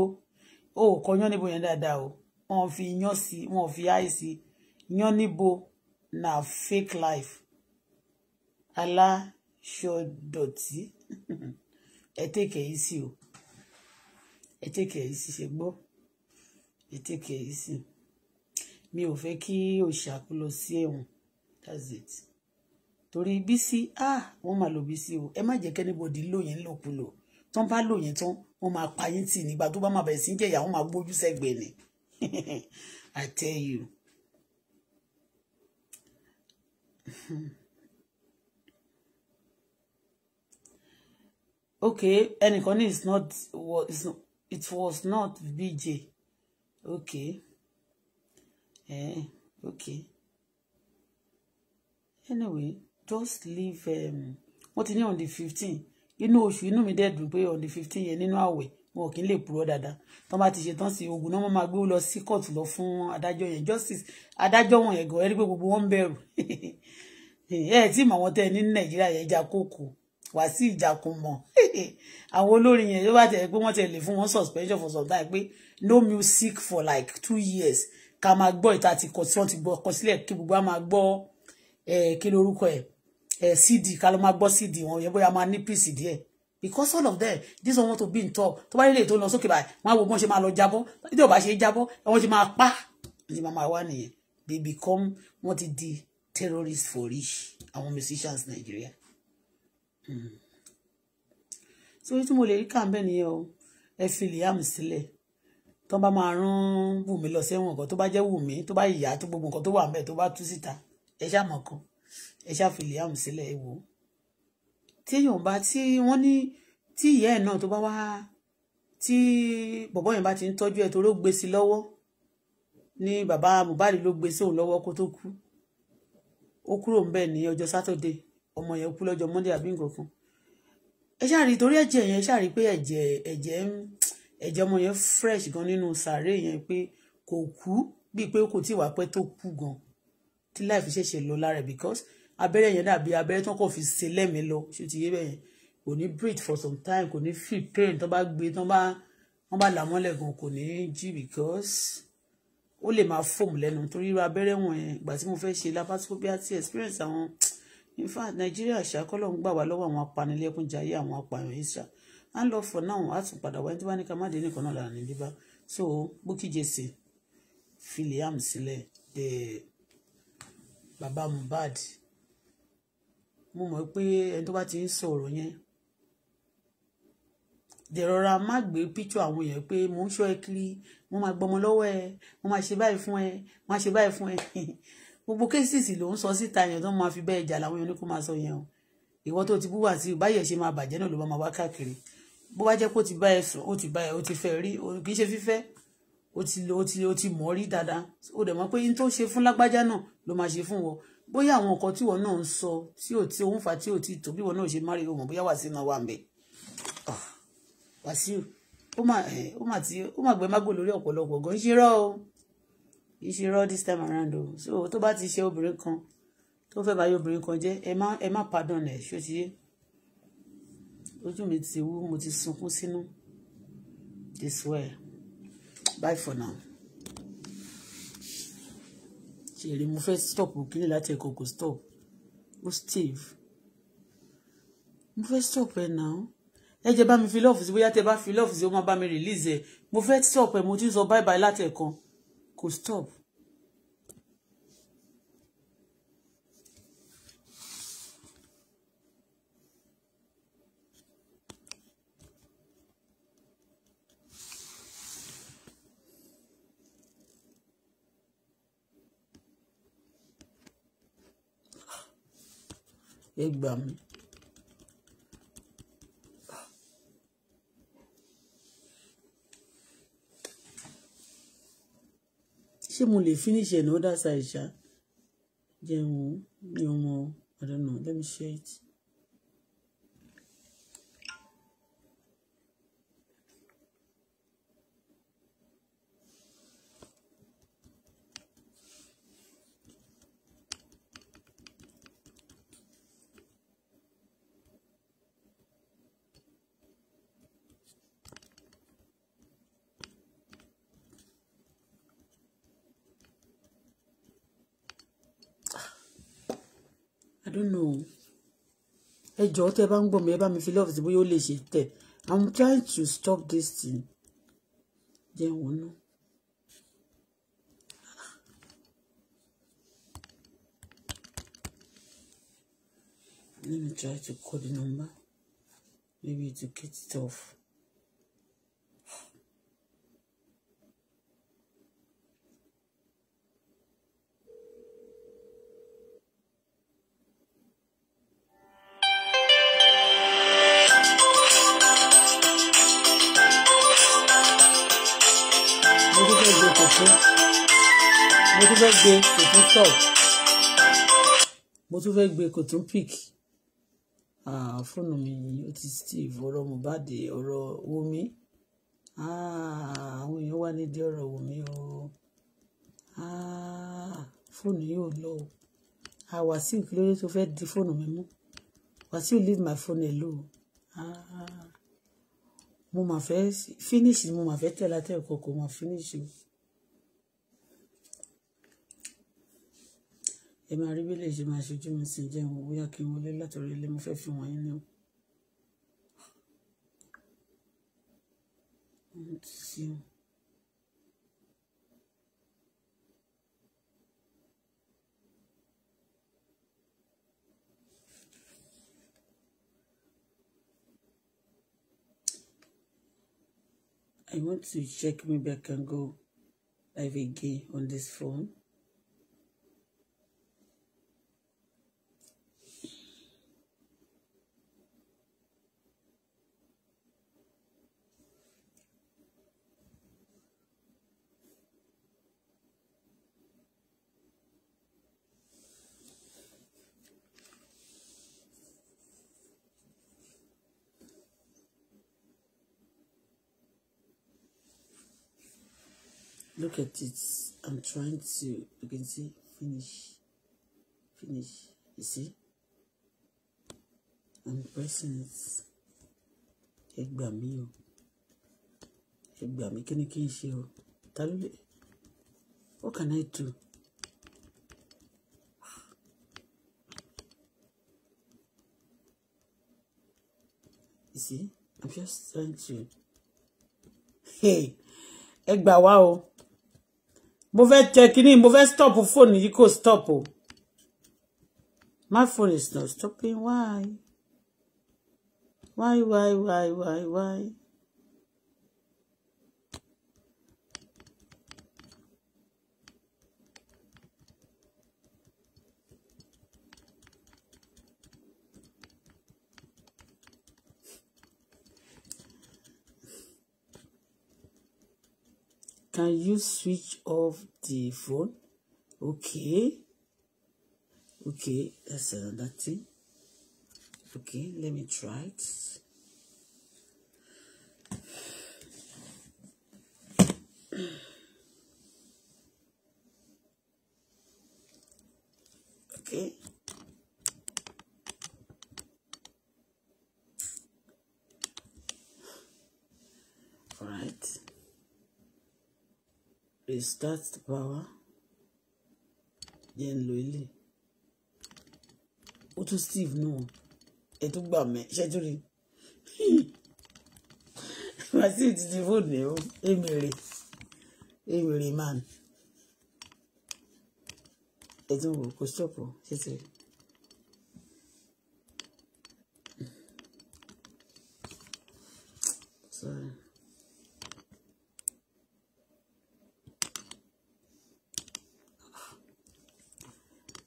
o oh, kọ iyán níbo yẹn dáadáa o wọ́n fi iyán sí wọ́n fi áì sí iyán níbo na fake life aláṣọdọ̀tí ẹ take easy o ẹ tẹ́kẹ̀ yìí sì ṣe gbọ́ ẹ tẹ́kẹ̀ yìí sì mi ò fẹ́ kí òṣà lọ sí ẹ̀wọ̀n that's it torí Bísí ah wọ́n máa lo Bísí o ẹ má jẹ́ kẹ́nìbọ̀dì lóyìn lòkulò tán bá lóyìn tán wọ́n máa pa yín tì nígbà tó bá máa bẹ̀rẹ̀ sí ń jẹ̀yà wọ́n máa gbójú sẹ́gbẹ̀ẹ́ ni I tell you. okay ẹnìkan ní it's not what it's not it was not BJ okay eh okay anyway just leave um, wọ́n ti ní on the fifteen inú you know me dead. dùn pé on the fifteen you know àwẹ̀ wọn ò kí n lè purọ́ dáadáa tán bá ti ṣe tán sí ogun náà wọ́n máa gbé lọ sí kóòtù lọ fún adájọ́ yẹn justice adájọ́ wọn yẹn gan ẹ rí pé gbogbo wọn ń bẹ̀rù eh, ẹ tí màwọn tẹ ní nàìjíríà yẹn já kókò wàsí ìjàkùn mọ̀ àwọn olórin yẹn ló bá tẹ̀ pé wọ́n tẹ̀ lè fún wọn suspension for some time pé no music for like two years ká máa gbọ́ ìta ti kọ tí wọ́n ti gbọ́ kọ sílẹ̀ kí gbogbo á máa gbọ́ eh, kí lorúkọ ẹ̀ eh, cd ká ló máa gbọ́ cd wọn yẹn bóyá máa ní píìsì díẹ̀ because all of them this one want to be in top tó bá nílé tó lọ sókè báyìí wọn á wo bọ́n ṣe máa lọ jábọ́ tí ò bá ṣe jábọ́ wọ́n ṣe máa pa ṣe máa wá nìyẹn they become wọ́n ti di terrorist for rich àwọn musicians Nigeria. Mm. sórí tí mo lè rí kàńbẹ́ nìyẹn o ẹ fi Liam sílẹ̀ tó bá máa rán Wùmí lọ sẹ́wọ̀n kan tó bá jẹ́ Wùmí tó bá yìyà tó gbogbo nǹkan tó wà mẹ́ẹ̀ tó bá tú síta ẹ ṣàmọ̀ kan ẹ ṣá fi Liam sílẹ̀ ẹ wò ó tí èèyàn bá tí wọ́n ní tí ìyá ẹ̀ náà tó bá wá tí bọ̀bọ́ yẹn bá ti ń tọ́jú ẹ̀ torí ó gbé sí lọ́wọ́ ní bàbá Mohbad ló gbé sóun lọ́wọ́ kó tó kú ó kúrò ń bẹ̀ ní ọjọ́ sátọ̀dẹ̀ẹ́ ọmọ yẹn kú lọ́jọ́ monday àbí nǹkan kan ẹ ṣáà rí torí ẹ̀jẹ̀ yẹn ṣáà rí pé ẹ̀jẹ̀ ẹ̀jẹ̀ ẹ̀jẹ̀ ọmọ yẹn fresh gan nínú sàárè yẹn pé kò kú bíi pé kò tí wà pẹ́ tó kú gan tí láìfi ṣẹ̀ṣẹ̀ lọ lára because abẹ́rẹ́ yẹn dàbí abẹ́rẹ́ tó kàn fi ṣe lẹ́mìí lọ ṣé ti yé bẹ́yẹn kò ní breathe for some time kò ní feel pain tó bá gbé tó bá wọ́n bá là mọ́lẹ̀ gan kò ní jí because ó lè máa fòmù lẹ́nu torí irú abẹ́rẹ́ wọ̀nyẹn ìgbà tí mo fẹ́ ṣe laparoscopy àti experience àwọn in fact Nigeria ṣàkọlọ̀ ń gbà wá lọ́wọ́ àwọn apanilẹ́kúnjayé àwọn apààyàn ìṣà à ń lọ fọ̀ náà á tún padà wáyé tí wọ́n ní ká má dé nìkan náà lára ní bíbá so Bukky Jesse filiam sílẹ̀ de baba Mohbad mo mọ̀ pé ẹni tó bá ti ń sọ̀rọ̀ yẹn dẹ̀rọra má gbé píchọ àwọn èèyàn pé mò ń ṣọ́ ẹ kiri mo máa gbọmọ lọ́wọ́ ẹ mo máa ṣe báyìí fún ẹ mo máa ṣe báyìí fún ẹ gbogbo kéésìsì ló ń sọ síta yẹn tó máa fi bẹ́ẹ̀ jà làwọn yẹn ní kó máa sọ yẹn o ìwọ tó ti búwà sí báyẹ̀ ṣe máa bàjẹ́ náà ló máa wá káàkiri bó bá jẹ́ pé ó ti bá ẹ sùn ó ti bá ẹ ó ti fẹ́ rí kì í ṣe fífẹ́ ó ti lo ó ti ó ti mọ̀ rí dáadáa ó dẹ̀ mọ̀ pé yín tó ṣe fún lágbájá náà ló máa ṣe fún wọn bóyá àwọn nǹkan tí wọn náà ń sọ tí ò tí òun fà tí ò tí tó bí wọn náà ṣe má ìṣirọ́ this time around o so tó bá ti ṣe obìnrin kan tó fẹ́ báyìí obìnrin kan jẹ́ ẹ má ẹ má pardon ẹ̀ ṣó ti yé ojú mi ti wú mo ti sunkún sínú this way bye for now ṣèrè mo fẹ́ stop òkèlè láti ẹ̀kọ́ kò stop ó steve mo fẹ́ stop ẹ̀ náà ẹ jẹ́ bá mi fi love sí bóyá tẹ́ bá fi love sí ó máa bá mi release ẹ̀ mo fẹ́ stop ẹ̀ mo ti sọ bye bye láti ẹ̀kan kò stop ẹ gbà ṣé mo lè finish ẹ̀ ní other side ṣá jẹun mi ò I don't know let me share it. I don't know ẹ jọ̀ọ́ tẹ́ bá ń gbọ́ mi ẹ bá mi fi love sí bóyá ó lè ṣe tẹ̀ I'm trying to stop this thing jẹ́ wọn náà. Let me try to call the number. Maybe to get it off. fún mo tún fẹ́ gbé kò tún stop mo tún fẹ́ gbé kò tún pick fóònù mi ó ti steve ọ̀rọ̀ Mohbad ọ̀rọ̀ Wumi àwọn èèyàn wá nídìí ọ̀rọ̀ Wumi o fóònù yóò lọ o ah Wàsíù kí ló dé tó fẹ́ di fóònù mi mú Wàsíù leave my phone alone mo mà fẹ́ finish mo mà fẹ́ tẹ̀ látẹ̀ kọ̀ọ̀kan mà finish o. ẹ máa rí bílẹ̀ ṣe máa ṣojú mi sí jẹun bóyá kí n wọlé látọ̀rọ̀ ilé mo fẹ́ fi wọ́n yín lẹ́wọ̀n. Sim. I want to check maybe I can go live again on this phone. Look at it. I'm trying to, you can see, finish. Finish. You see? I'm pressing it. Ẹ gbà mí o. Ẹ gbà mí kí n ṣe o. Ta What can I do? You see? I'm just trying to. Hey! egba gbà o mo fẹ́ tẹ kínní mo fẹ́ stop fóònù yìí kò stop o my phone is not stopping why why why why why why. can you switch off the phone okay okay that's another thing okay let me try it okay all right restart power Then ń lo ilé ó tún steve náà ẹ tún gbà mẹ́ ṣẹ́jú rí wàsíù ti ti fóònù ẹ̀ ó émèrè émèrè man ẹ tún wò kó ṣọ́pù ṣẹ́jú rí.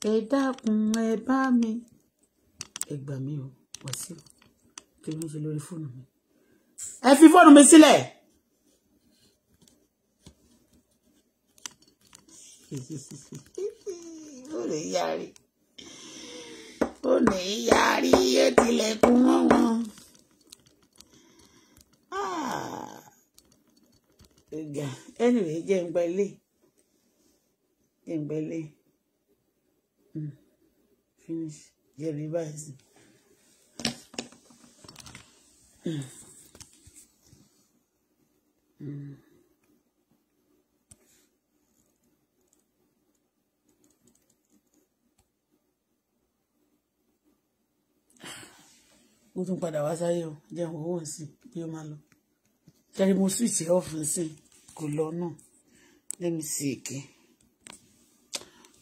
ẹ dákun ẹ bá mi ẹ gbà mí o Wàsíù kí ló ń ṣe lórí fóònù mi ẹ fi fóònù mi sílẹ̀. Ah! ó lè yarí ó lè yarí ó tilẹ̀kùn wọ́n wọ́n. ẹnìwé jẹ́ ń gbẹ́lé jẹ́ ń gbẹ́lé. Mm. Finish. Yeah, revise. Mm. Mm. ó tún padà wá sáyé o jẹ́ owó ǹsìn bí ó máa lọ ṣe ni mo switch off ǹsìn kò lọ náà let me see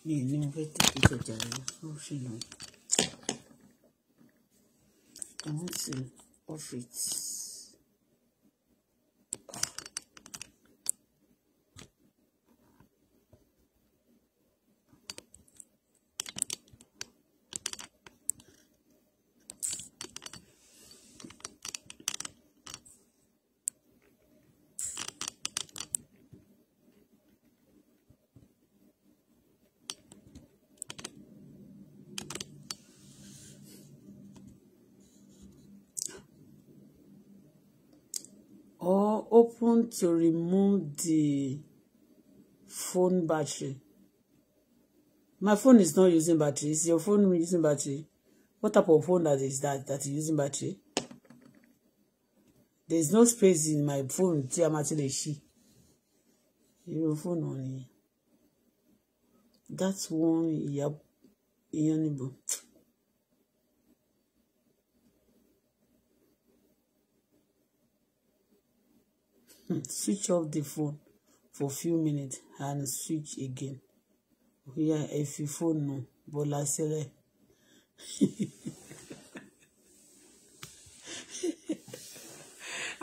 mi ní mo fẹ́ tètè jẹjà rẹ ó ṣì nà I want to to remove the phone battery. My phone is not using battery. Is your phone using battery? What type of phone that is that that is using battery? There is no space in my phone tí a máa ti lè ṣí. Irú fóònù nìyẹn. That one ìyá ìyá Hmm, switch off the phone for few minutes and switch again bóyá ẹ fi fóònù Bọ́lá sílẹ̀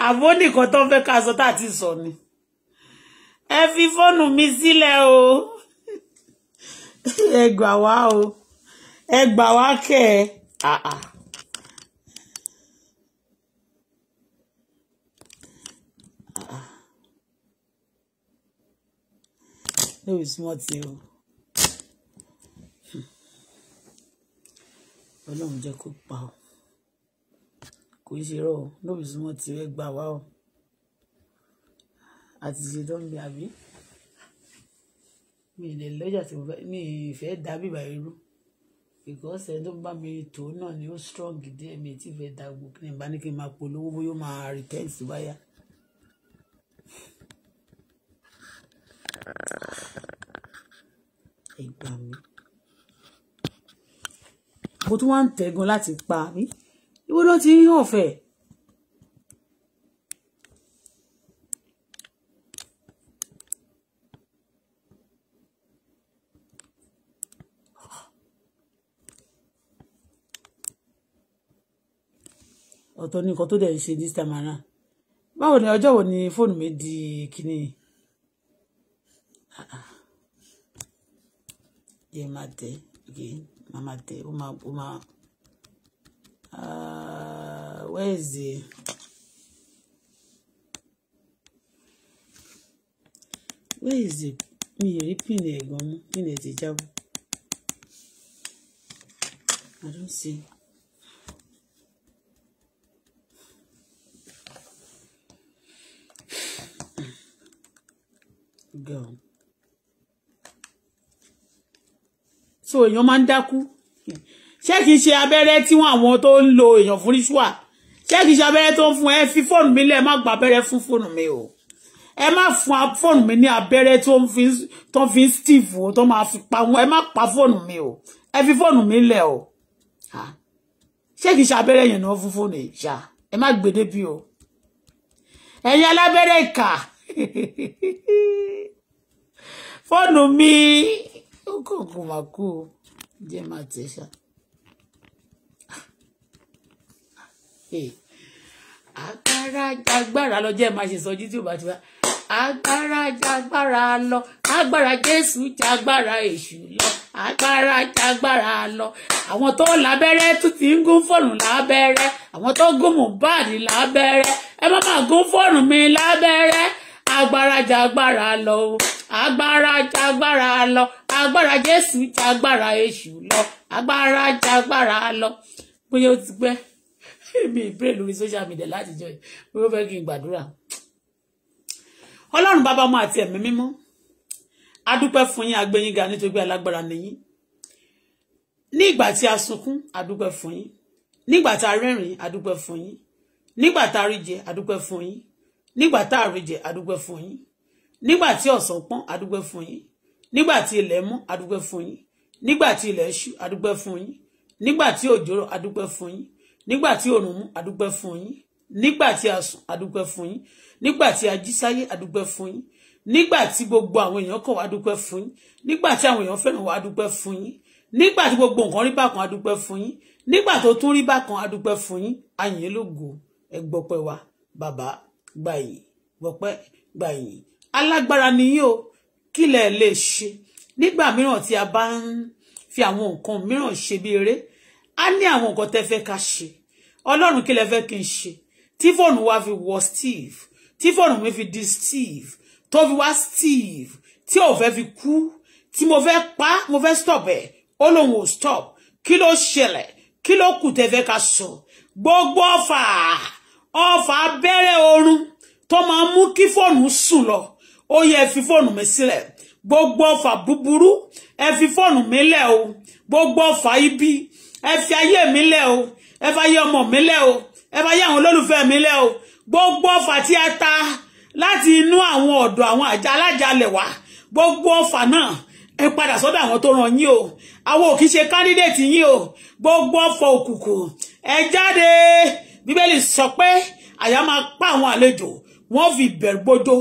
àbó nìkan tó ń fẹ́ ká sọ tá a ti sọ ni ẹ fi fóònù mi sílẹ̀ o ẹ gbà wá o ẹ gbà wá kẹ́ ẹ. Ah, ah. no be small thing o hmm. ọlọ́run jẹ́ kó pa ọ́ kò ń ṣe rọ́ ọ́ no be small thing ẹ gbà wá ọ́ àti ṣe dọ́ńbì àbí mi lè lọ́jà tí mo fẹ́ mi ìfẹ́ dá bíbá irú because ẹni tó bá mi tò náà ni ó strong díẹ̀ mi ti fẹ́ dá gbogbo kí ni bá ní kí n máa polówó bóyá ó máa repent báyà. ẹ gbà mí mo tún wá ń tẹ̀gàn láti pa mí ibo ló ti ń hàn fẹ́ ọ̀tọ̀ ni nǹkan tó dẹ̀ ń ṣe this time around báwo ni ọjọ́ wo ni fóònù mi di kínní yìí yẹ máa tẹ again máa máa tẹ ó máa ó máa ah, where is the where is the mi ì rí pin ẹ̀gbọ́n mú pin ẹ̀ ti jábọ̀ I don't see. Go. so èèyàn máa ń dákú ṣé kìí ṣe abẹ́rẹ́ tí wọ́n àwọn tó ń lo èèyàn fún ritual ṣé kìí ṣe abẹ́rẹ́ tó ń fún ẹ fi fóònù mi lẹ́ẹ̀ má gba abẹ́rẹ́ fún fóònù mi o ẹ má fún fóònù mi ní abẹ́rẹ́ tó ń fi ń steve o tó máa fi pa wọn ẹ má pa fóònù mi o ẹ fi fóònù mi lẹ̀ o ṣé kìí ṣe abẹ́rẹ́ yẹn náà fún fóònù ìjà ẹ má gbèdé bí o ẹ̀yin alábẹ́rẹ́ ìkà fóònù mi kọ̀ọ̀kan máa kú o jẹ́ máa tẹ̀ ṣá. agbára agbára lọ jẹ́ máa ṣe sọjú tí ò bá ti wá agbára jagbára lọ agbára jésù jagbára èṣù lọ agbára jagbára lọ àwọn tó lábẹ́rẹ́ tún ti ń gún fọ́ọ̀nù lábẹ́rẹ́ àwọn tó gún Mohbad lábẹ́rẹ́ ẹ má máa gún fọ́ọ̀nù mi lábẹ́rẹ́ agbára jagbára lọ agbára jagbára lọ agbára jésù jagbára èṣù lọ agbára jagbára lọ bóyá ó ti gbẹ èmi ìbéèrè lórí social media láti jọ yìí bóyá ó fẹ́ kí n gbàdúrà ọlọ́run bàbá ọmọ àti ẹ̀mí mímọ́ a dúpẹ́ fún yín agbẹ́yìn ga nítorí pé alágbára nìyí ní ìgbà tí a sunkún a dúpẹ́ fún yín nígbà tá a rẹ́rìn a fún yín nígbà tá a rí jẹ a fún yín nígbà tá a rí jẹ a fún yín nígbà tí ọ̀sán pọ́n a fún yín nígbà tí ilẹ̀ mú adúpẹ́ fún yín nígbà tí ilẹ̀ ṣú adúpẹ́ fún yín nígbà tí òjò rọ̀ adúpẹ́ fún yín nígbà tí òrùn mú adúpẹ́ fún yín nígbà tí a sùn adúpẹ́ fún yín nígbà tí a jí sáyé adúpẹ́ fún yín nígbà tí gbogbo àwọn èèyàn kọ̀ wá dúpẹ́ fún yín nígbà tí àwọn èèyàn fẹ́ràn wá dúpẹ́ fún yín nígbà gbogbo nǹkan rí bákan adúpẹ́ fún yín nígbà tó tún rí bákan adúpẹ́ fún yín ayìn lógo ẹ gbọpẹ́ wa bàbá gbà yìí gbọpẹ́ alágbára nìyí o kílẹ̀ lè ṣe nígbà mìíràn tí a bá ń fi àwọn nǹkan mìíràn ṣe bí eré a ní àwọn nǹkan tẹ́ fẹ́ ká ṣe ọlọ́run kí lẹ fẹ́ kí n ṣe tí fóònù wa fi wọ steve tí fóònù mi fi di steve tó fi wá steve tí ò fẹ́ fi kú tí mo fẹ́ pa mo fẹ́ stop ẹ̀ ó lóun ò stop kí ló ṣẹlẹ̀ kí ló kù tẹ́ fẹ́ ká sọ gbogbo ọfà ọfà abẹ́rẹ́ oorun tó máa mú kí fóònù sùn lọ ó yẹ ẹ fi fóònù mi sílẹ̀ gbogbo ọfà búburú ẹ fi fóònù mi lẹ̀ o gbogbo ọfà ibi ẹ fi ayé mi lẹ̀ o ẹ fi ayé ọmọ mi lẹ̀ o ẹ fi ayé àwọn olólùfẹ́ mi lẹ̀ o gbogbo ọfà tí a ta láti inú àwọn ọ̀dọ̀ àwọn àjà alájàlẹ̀ wá gbogbo ọfà náà ẹ padà sọ́dọ̀ àwọn tó ràn yín o àwọn òkì ṣe candidate yín o gbogbo ọfà òkùnkùn ẹ jáde bíbélì sọ pé àyà máa pa àwọn àlejò wọ́n fi bẹ̀rù gbódó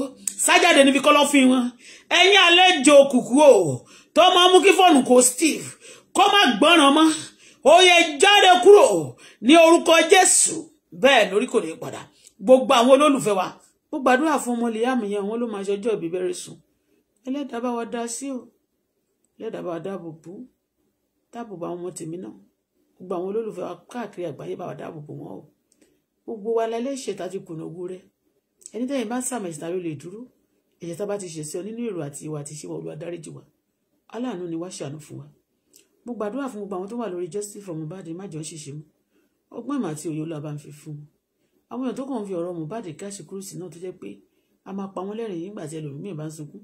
sájáde níbi kọ́lọ́fín wọn ẹ̀yin àlejò òkùnkùn o tó máa mú kí fóònù kò steve kó má gbọ́ràn mọ́ ó yẹ jáde kúrò ní orúkọ jésù bẹ́ẹ̀ lórí kò ní padà gbogbo àwọn olólùfẹ́ wa ó gbàdúrà fún ọmọ lìyàmù yẹn àwọn ló máa ṣọjọ́ ìbí bẹ̀rẹ̀ sùn ẹlẹ́dàá bá wa dá sí o ẹlẹ́dàá bá wa dáàbò bò dáàbò bò àwọn ọmọ tèmi náà gbogbo àwọn olólùfẹ́ wa káàkiri àgbáyé bá wa dáàbò bò wọ́n o gbogbo wa lẹ́lẹ́ṣẹ̀ tá ti kùnà ogun rẹ ẹni tẹ́yìn bá sàmẹ̀sì tá ló dúró ẹ̀ṣẹ̀ tá a bá ti ṣe sí ọ nínú èrò àti ìwà àti ìṣe wa Olúwa dáríjì wa aláàánú ni wá ṣàánú fún wa mo gbàdúrà fún gbogbo àwọn tó wà lórí justice for Mohbad májọ ṣìṣe mu ọgbọ́n ìmọ̀ àti òye Olúwa bá ń fi fún wọn àwọn èèyàn tó kàn ń fi ọ̀rọ̀ Mohbad káṣí kúrúsì náà tó jẹ́ pé a máa pa wọ́n lẹ́rìn nígbà tí ẹlòmíì bá ń sunkún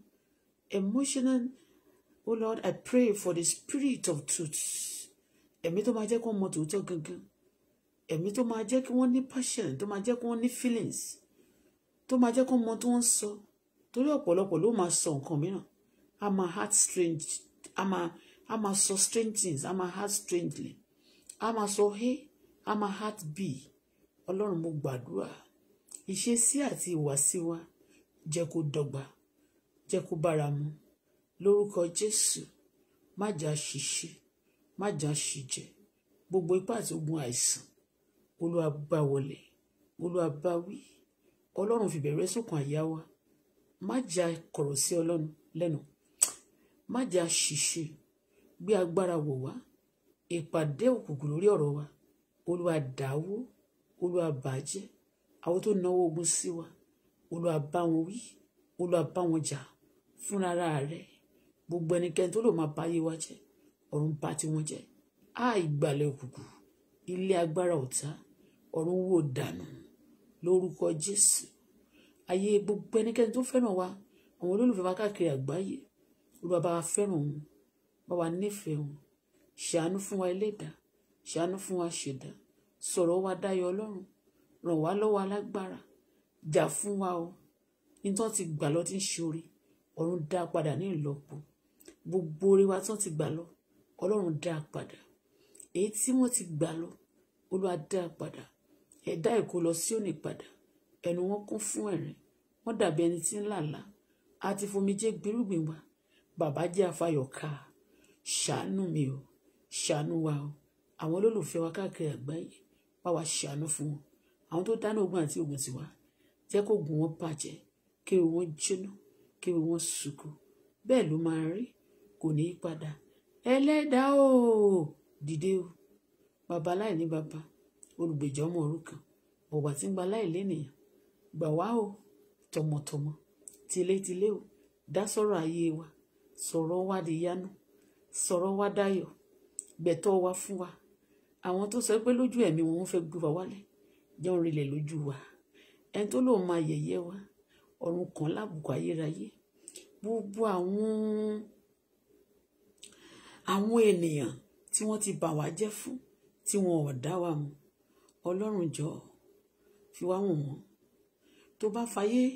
emotional oh Lord I pray for the spirit of truth ẹ̀mí tó máa jẹ́ kó mọ tòótọ́ gangan ẹ̀mí tó máa jẹ́ kí wọ́n ní passion tó máa jẹ́ kí wọ́n ní feelings tó máa jẹ́ kó mọ tó ń sọ torí ọ̀pọ̀lọpọ̀ ló máa sọ nǹkan mìíràn a máa heart strange a máa a máa sọ strange things a máa heart strangely a máa sọ a a máa heart be, ọlọ́run mo gbàdúrà ìṣesí àti ìwàsí wa jẹ́ kó dọ́gba jẹ́ kó bára mu lórúkọ jésù má jà ṣìṣe má jà ṣìjẹ gbogbo ipá àti ogun àìsàn olúwa bá wọlé olúwa bá wí ọlọ́run fìbẹ̀rẹ̀ sókàn àyà wa má jà kọ̀rọ̀ sí ọlọ́run lẹ́nu má jà ṣìṣe gbé agbára wò wá ìpàdé òkùnkùn lórí ọ̀rọ̀ wa olúwa dáwó olúwa bàjẹ́ àwọn tó náwó ogun sí wa olúwa bá wọn wí olúwa bá wọn jà fúnra rẹ̀ gbogbo ẹnikẹ́ni tó lò máa bá yé wa jẹ́ ọ̀run bá tiwọn jẹ́ á òkùnkùn ilé agbára ọ̀tá ọ̀run wò dànù lórúkọ jésù ayé gbogbo ẹnikẹ́ni tó fẹ́ràn wa àwọn olólùfẹ́ wa káàkiri àgbáyé olúwa bá wa fẹ́ràn wọn bá wa nífẹ̀ẹ́ wọn ṣàánú fún wa ẹlẹ́dàá ṣàánú fún wa ṣẹ̀dá sọ̀rọ̀ wa dáyọ̀ ọlọ́run ràn wá lọ́wọ́ alágbára jà fún wa o nítorí wọn ti gbà lọ tí ń ṣoore ọ̀run dá padà ní ìlọ́po gbogbo orí wa tí wọn ti gbà lọ ọlọ́run dá padà èyí tí wọ́n ti gbà lọ olúwa dá padà ẹ̀dá èkó lọ sí òní padà ẹnu wọn kún fún ẹ̀rín wọ́n dàbí ẹni tí ń làlá àti fomijé gbérùgbìn wa bàbá jẹ́ afayọ̀ká ṣàánú mi o ṣàánú wa o àwọn olólùfẹ́ wa káàkiri àgbáyé bá wa ṣàánú fún wọn àwọn tó dáná ogun àti ogun tiwa jẹ́ kó gùn wọn bàjẹ́ kéwì wọn jóná kéwì wọn ṣùkú bẹ́ẹ̀ ló máa rí kò ní í padà ẹlẹ́dàá o dìde o bàbá ní bàbá olùgbèjà ọmọ òrukàn ọ̀wà tí ń gba láì lénìyàn gbà wá o tọmọtọmọ tilétilé o dá sọ̀rọ̀ ayé wa sọ̀rọ̀ wa di yánú sọ̀rọ̀ wa dayọ̀ gbẹ̀tọ́ wa fún wa àwọn tó sọ pé lójú ẹ̀mí wọn fẹ́ gbé wa wálẹ̀ jẹun rilẹ̀ lójú wa ẹni tó lóun máa yẹ̀yẹ́ wa ọ̀run kan lábùkù ayérayé gbogbo àwọn àwọn ènìyàn tí wọ́n ti bà wá jẹ́ fún tí wọn ò dá wa mọ̀ ọlọ́run jọ̀ọ́ fi wá wọ̀n tó bá fayé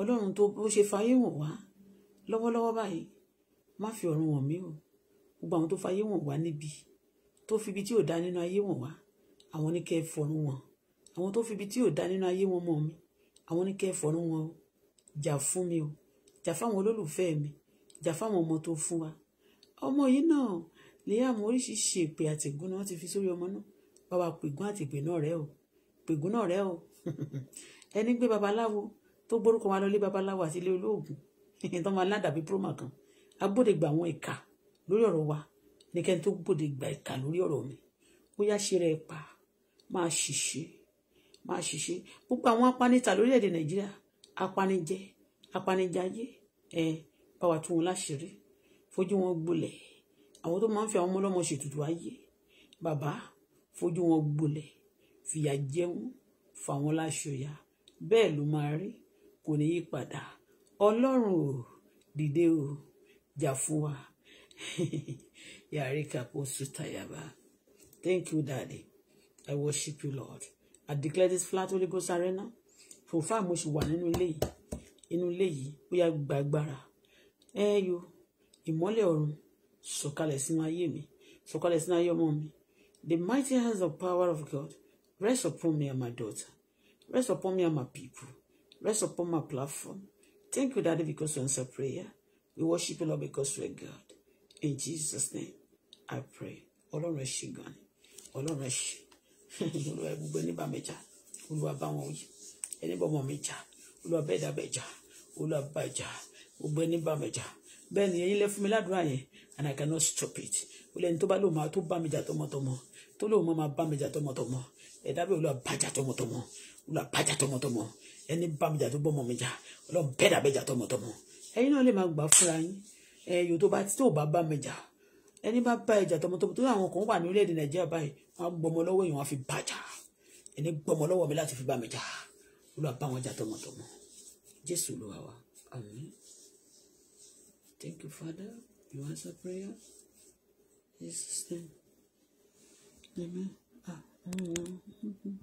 ọlọ́run tó bó ṣe fayé wọ̀n wá lọ́wọ́lọ́wọ́ báyìí má fi ọ̀run wọ̀n mí o gbogbo àwọn tó fayé wọ̀n wá níbi tó fi ibi tí ò dá nínú ayé wọ̀n wá àwọn ní kẹ́ ẹ fọ̀run wọn àwọn tó fi ibi tí ò dá nínú ayé wọn mọ̀ mi àwọn ní kẹ́ ẹ fọ̀run wọn o jà fún mi o jà fáwọn olólùfẹ́ mi jà fáwọn ọmọ tó fún wa ọmọ yìí náà Liam oríṣiríṣi èpè àtìgún ni wọ́n ti fi sórí ọmọ náà bàbá pègún àtìpè náà rẹ o pègún náà rẹ o ẹni gbé babaláwo tó gbórúkọ wa lọ lé babaláwo àti ilé olóògùn tó máa ládàbí promo kan agbódegbà àwọn ìka lórí ọ̀rọ̀ wa nìkẹ́ni tó gbódegbà ìka lórí ọ̀rọ̀ mi bóyá ṣe rẹ̀ pa máa ṣìṣe máa ṣìṣe gbogbo àwọn apanita lórílẹ̀‐èdè nàìjíríà apanijẹ apanijayé ẹ báwa tú wọn láṣìírí fojú wọn gbolẹ̀ àwọn tó máa ń fi àwọn ọmọlọ́mọ ṣètùtù ayé bàbá fojú wọn gbolẹ̀ fìyà jẹ fà wọ́n láṣọ ya bẹ́ẹ̀ ló máa rí kò ní yí padà ọlọ́run ò dìde ò jà fún wa yàrá ìkàpọ̀ sùtàyàbá thank you daddy i worship you lord i declare this flat holy ghost arena for far mo sì wà nínú ilé yìí inú ilé yìí bóyá gbàgbára ẹ yo ìmọ́lẹ̀ ọ̀run sọ̀kalẹ̀ sínú ayé mi sọ̀kalẹ̀ sínú ayé ọmọ mi the mighty hands of power of god rest upon me and my daughter Rest upon me and my people. Rest upon my platform. Thank you, Daddy, because you answer prayer. We worship you, Lord, because you are God. In Jesus' name, I pray. Ọlọ́run ẹ ṣé gan ni. Ọlọ́run ẹ ṣé. Olúwa gbogbo ẹni bá mi jà. Olúwa bá wọn wí. Ẹni bá ọmọ mi jà. Olúwa bẹ́ẹ̀ dá bẹ́ẹ̀ jà. Olúwa bá jà. Gbogbo ẹni bá Bẹ́ẹ̀ ni ẹ̀yin lẹ fún mi ládùúrà yẹn and I cannot stop it. Olú ẹni tó bá lóun máa tó bá mi jà tọmọtọmọ. Tó lóun máa bá mi jà tọmọtọmọ. Ẹ̀dá bẹ́ẹ̀ Olúwa bá jà tọmọtọmọ olú àbájá tọmọtọmọ ẹni bá mi jà tó bọ́mọ mi jà ọlọ́run bẹ́ẹ̀dà bẹ́ẹ̀ jà tọmọtọmọ ẹ̀yin náà lè máa gbà fúnra yín ẹ̀yọ́ tó bá tí tó bá bá mi jà ẹni bá bá ìjà tọmọtọmọ tó àwọn kan wà ní orílẹ̀-èdè nàìjíríà báyìí wọ́n gbọmọ lọ́wọ́ èèyàn á fi bàjà ẹni gbọmọ lọ́wọ́ mi láti fi bá jà olú àbá jà tọmọtọmọ jésù olúwa wa àmín thank you father you answer prayer jesus name amen ah. Mm-hmm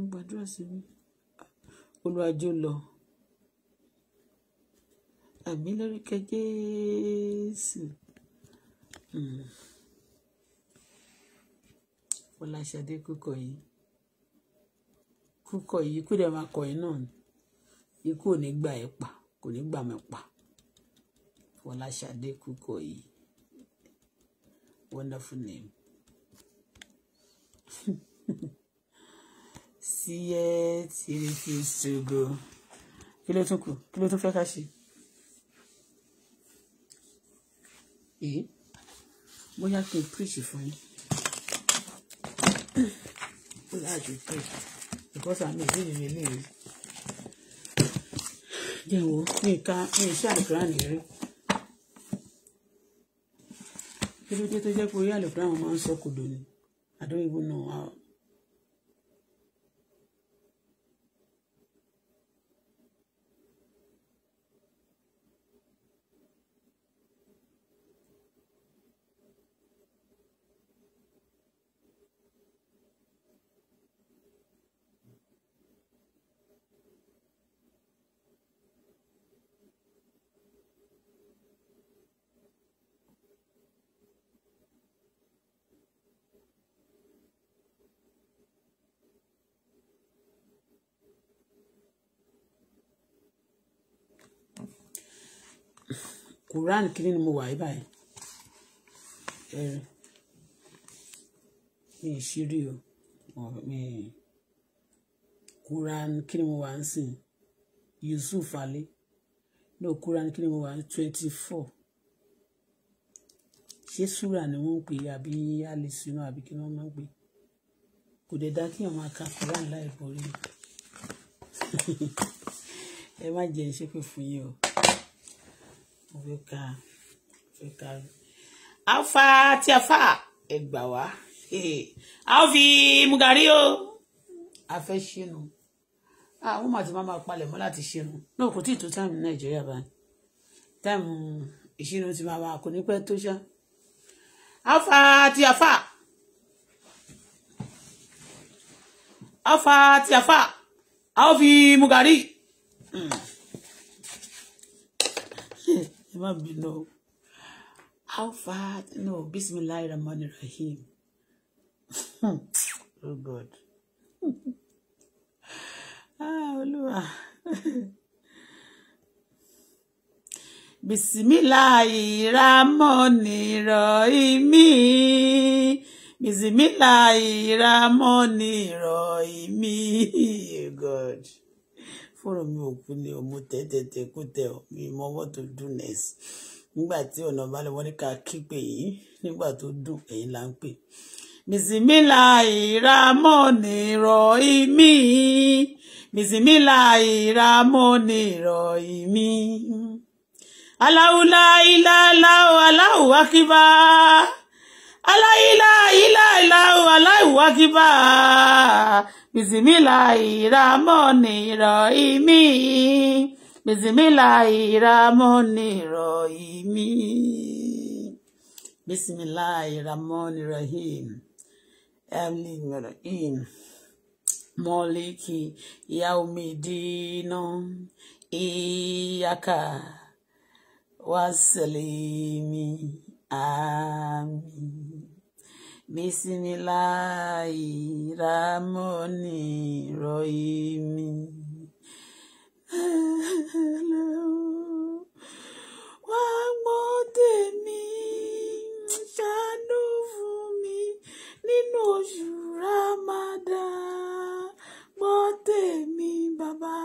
mo gbàdúrà síbi olùwàjò lọ àmì lórúkọ Jésù hmm. Fọláṣadé kúkọ yìí kúkọ yìí kúdẹ máa kọ yìí náà ni ikú ò ní gbà ẹ́ pa kò ní gbà mí pa Fọláṣadé kúkọ yìí wonderful name. yet he refused to go. kí ló tún kù kí ló tún fẹ́ ká ṣe. èyí bóyá kí n preach fún yín bóyá àjò preach because àmì ìdílé mi lè rí. jẹ́ wo mi ká mi ṣe àìkúránì rí. kí ló dé tó jẹ́ pé orí àlùkò àwọn máa ń sọ kò lónìí I don't even know how. Quran kini ni mo wà yìí báyìí mi ì o mi Quran kini mo wà ń Yusuf Ali no Quran kini mo wà ń twenty four ṣé súrà ni wọ́n ń pè àbí alẹ́ sínú àbí kí wọ́n máa ń pè kò dẹ̀ dá kí wọ́n máa ka Quran láì borí ẹ má jẹ ìṣépè fún yín o mo fẹ́ ka fẹ́ ka alfa tí a fà wá a mugari o a fẹ́ ṣínú àwọn màtí máa máa palẹ̀ mọ́ láti ṣínú náà kò tí ì tó táìmù nàìjíríà báyìí táìmù ìṣínú ti máa máa kò ní pẹ́ tó ṣá alfa tí a alfa tí a a ó fi mu gàrí. ẹ má bínú how far no bisimilahi rahman rahim oh god ah olúwa. bisimilahi rahman rahim bisimila ìramọ́ni ìrọ̀ ìmí god fóònù mi ò kú ni ọmọ tẹ́tẹ́tẹ́ kú tẹ mi mọ what to do next nígbà tí ọ̀nà balẹ̀ wọ́n ní ká kígbe yìí nígbà tó dùn ẹ̀yìn là ń pè bisimila ìramọ́ni ìrọ̀ ìmí bisimila ìramọ́ni ìrọ̀ ìmí aláwùlá ilá aláwọ̀ aláwọ̀ wákìbá aláìláìláìláò aláìwákíbá bìsímìláìràmọ́nìrọ̀ìmí bìsímìláìràmọ́nìrọ̀ìmí bìsímìláìràmọ́nìrọ̀ìmí ẹ̀mìnìrọ̀ìm mọ́líkì yaumidina iyaka wasalimi. Àmín. Bismillahi Rahmani Rahimi. Hello. Wá gbọ́ tèmi, ṣàánú fún mi nínú oṣù Ramadan. Gbọ́ tèmi, bàbá,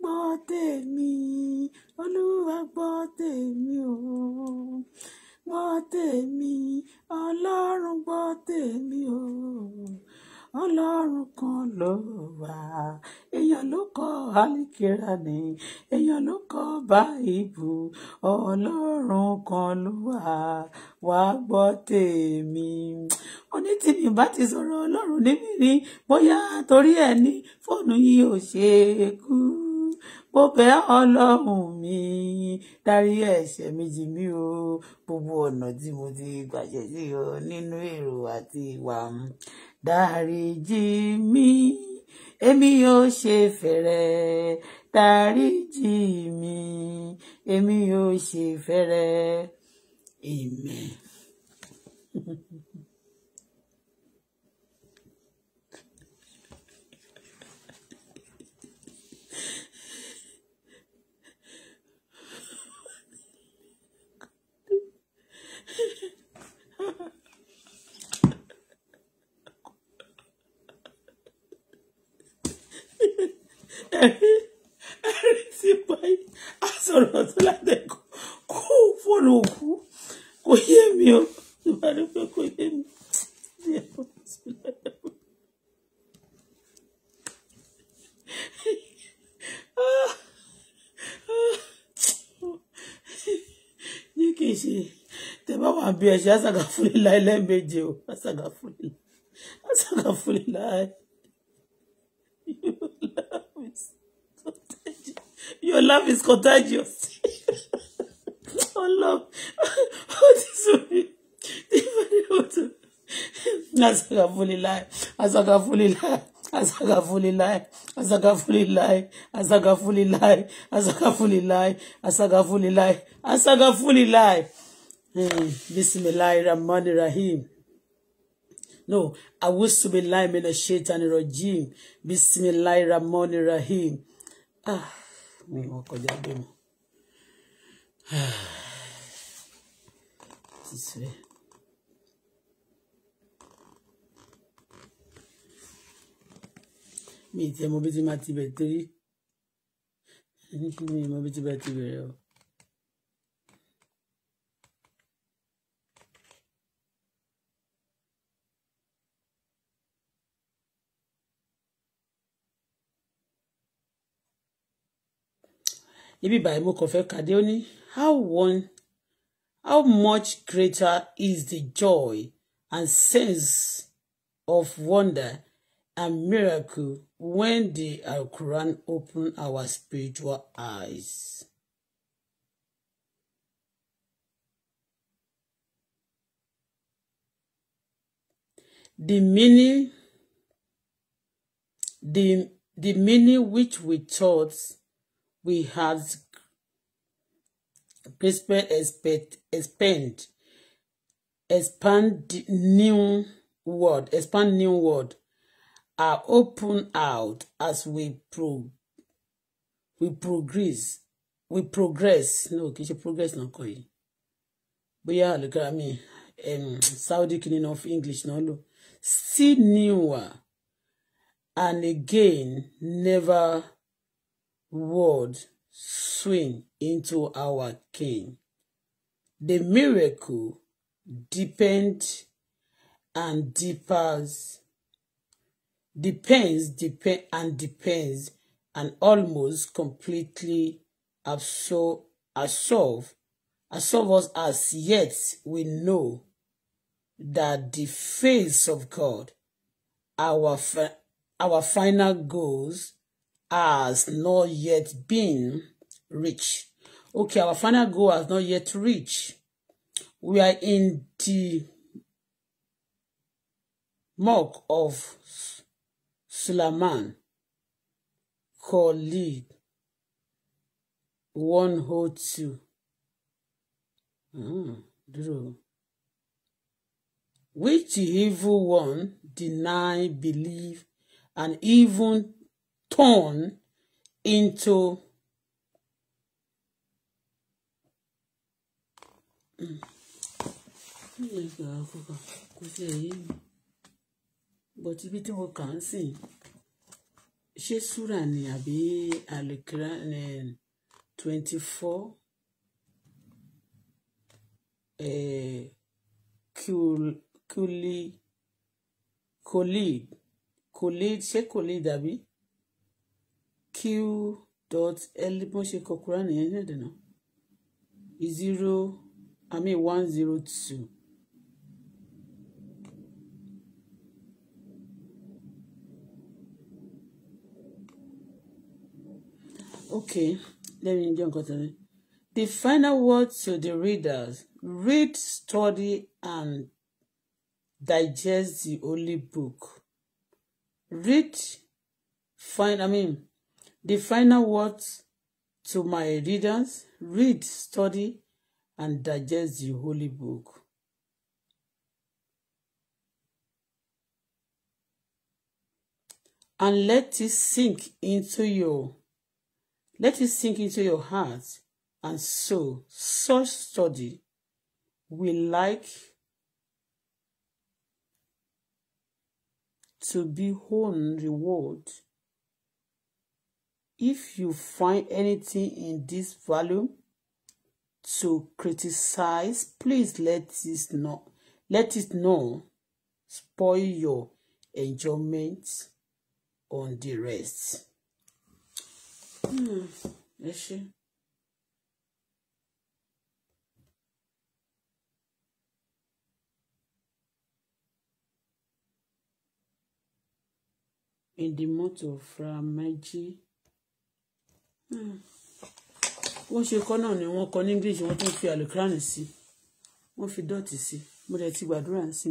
gbọ́ tèmi, Olúwa gbọ́ tèmi o gbọ́ tèmi ọlọ́run gbọ́ tèmi o ọlọ́run kan ló wà èèyàn ló kọ alikira ni èèyàn ló kọ báìbù ọlọ́run kan ló wà wà gbọ́ tèmi oní tí mi bá ti sọ̀rọ̀ ọlọ́run níbi ni bóyá torí ẹ̀ ní fóònù yìí ò ṣe é kú mo bẹ̀ ọlọ́run mi dárí ẹ̀ṣẹ̀ mi jì mí o gbogbo ọ̀nà tí mo ti gbàṣẹ̀ sí o nínú èrò àti ìwà dárí jì mí èmi yóò ṣe fẹ̀rẹ̀ dárí jì mí èmi yóò ṣe fẹ̀rẹ̀ amen. ẹ̀rí ti báyìí a sọ̀rọ̀ tó ládẹ́kọ̀ọ́ kó fọ́ọ̀nù òkú kò yé mi o ìbàdàn pé kò yé mi ní kì í ṣe tẹ bá wà bí ẹ ṣe àṣàgàfúnilá ẹlẹ́ẹ̀mejì o àṣàgàfúnilá àṣàgàfúnilá ẹ yóò is contagious. Your love is contagious. oh, love. What is it? Asagafulilai, asagafulilai, asagafulilai, asagafulilai, asagafulilai, asagafulilai, asagafulilai, asagafulilai. Bismillahirrahmanirrahim. No, I wish to be lie mina shaitan rojim. Bismillah Ramon Rahim. Ah, mi ò kọjá dé ah, mi. Sísè. Mi ì tẹ́ mo bí ti máa ti bẹ̀ torí. Ẹni kí mi ì mo bí ti bá ti bẹ̀rẹ̀ o. ibi báyìí mo kàn fẹ́ kàdé ó ní how one how much greater is the joy and sense of wonder and miracle when the Al-Quran open our spiritual eyes. The meaning, the, the meaning which we thought we have expect, expand expand the new world expand new world are open out as we pro we progress we progress no kì í ṣe progress náà kọ yìí bóyá àlùkàrà mi um, Saudi Kingdom of English no lò See newer and again never word swing into our king. The miracle depends and deepens, depends, depend and depends, and almost completely absolve, absolve us as yet we know that the face of God, our, our final goals has not yet been reached. Okay, our final goal has not yet reached. We are in the mark of Suleiman Khalid 102. Mm, true. Which evil one deny, believe, and even Torn into but ibi tí mo kàn ń sìn ṣé súrà ni àbí àlèkìrá twenty four kòlíì kòlíì ṣé kòlíì dàbí q dot l bó ṣe kọ kúrò nìyẹn ní ẹ̀dẹ̀nà zero i mean one zero two. okay let me jẹ́ nǹkan tẹ̀lé. The final word to the readers read study and digest the holy book read find I mean The final words to my readers, read, study, and digest the holy book. And let it sink into your let it sink into your heart and so Such study will like to be own reward if you find anything in this volume to criticize, please let this know. Let it know. Spoil your enjoyment on the rest. Hmm. Issue. In the month of Ramadan. Hmm. wọ́n ṣe kọ́ náà ni wọ́n kọ́ ní english wọ́n tún fi àlùkùránì sí wọ́n fi dọ́ọ̀tì sí mo dẹ̀ ti gbàdúrà sí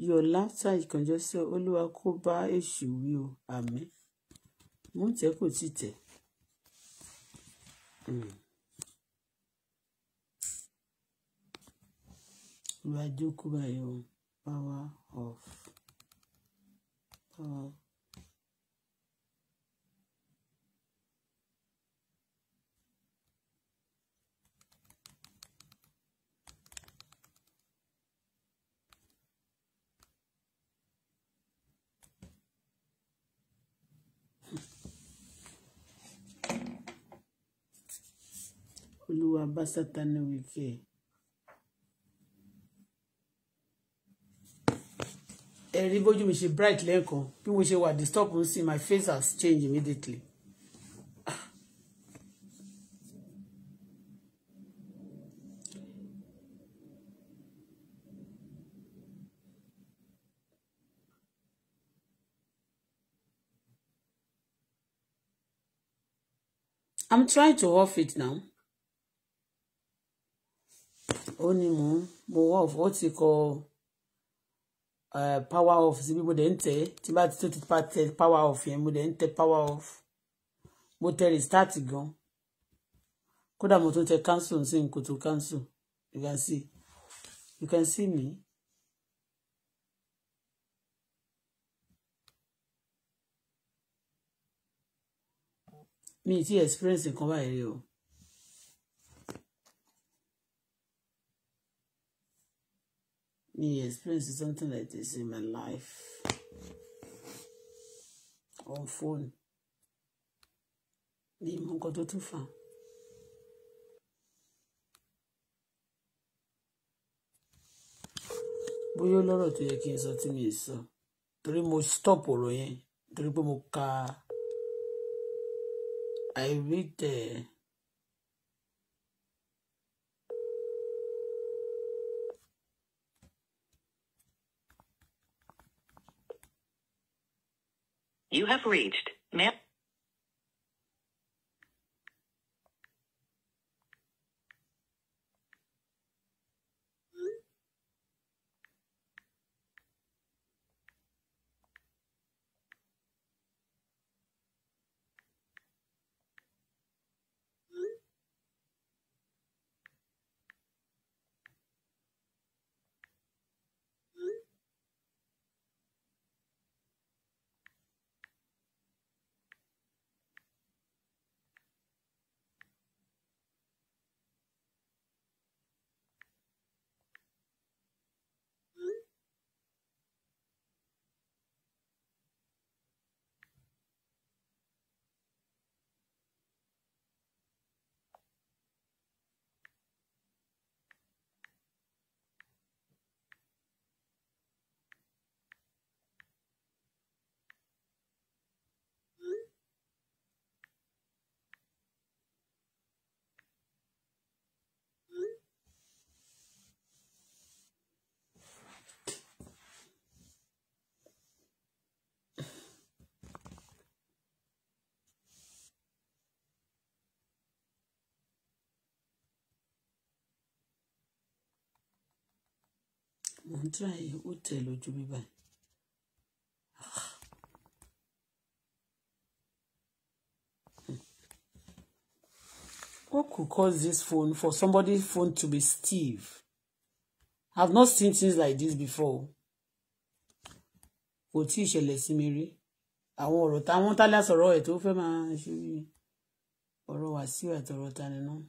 i your laughter ìkànjọ́sọ olúwa kó bá èṣù wí o àmín mò ń tẹ́ kò tí tẹ́ hmm. olùwàjókòó báyìí o power of power of. olúwa bá sátánì wí kẹ́ bójú mi ṣe bright lẹ́ẹ̀kan bí mo ṣe wà disturb ń sìn my face has changed immediately. I'm trying to off it now ó ní mò ń mo off ó ti kọ eh, power off síbi mo dẹ̀ ń tẹ̀ tí bá ti tó ti tẹ power off yẹn mo dẹ̀ ń tẹ power off mo tẹ restart gan kódà mo tún tẹ cancel sí n kò tó cancel you can see you can see me. mi ti experience nǹkan báyìí rí o. me experience something like this in my life on phone ní mọ nǹkan tó tún fà bóyá lọ́rọ̀ tó yẹ kí n sọ tí mi sọ torí mo stop ọ̀rọ̀ yẹn torí pé mo ka I read there. You have reached ma'am. mo ń tíra yìí ó tẹ̀ lójú mi báyìí. What could cause this phone for somebody's phone to be Steve? I've not seen things like this before. Kò tí ì ṣẹlẹ̀ sí mi rí. Àwọn ọ̀rọ̀ táwọn tálá sọ̀rọ̀ ẹ̀ tó fẹ́ máa ṣe bí ọ̀rọ̀ wàsíù àtọ̀rọ̀ tani náà.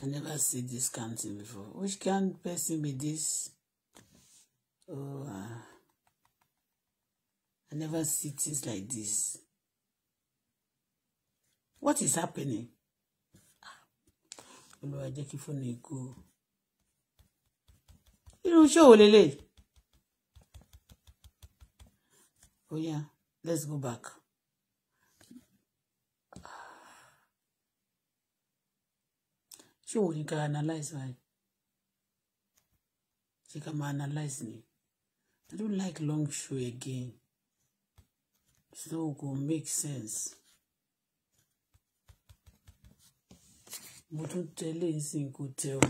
I never see this kind of thing before. Which kind of person be this? Oh, uh, I never see things like this. What is happening? Ah. Olúwa jẹ́ kí fóònù ikú. Irú iṣẹ́ wo lélẹ̀? Oh yeah, let's go back. So òun can analyze báyìí ṣé ká máa analyze me. I don't like long show again so it will make sense. mo tún tẹ lẹ́yìn sí kò tẹ o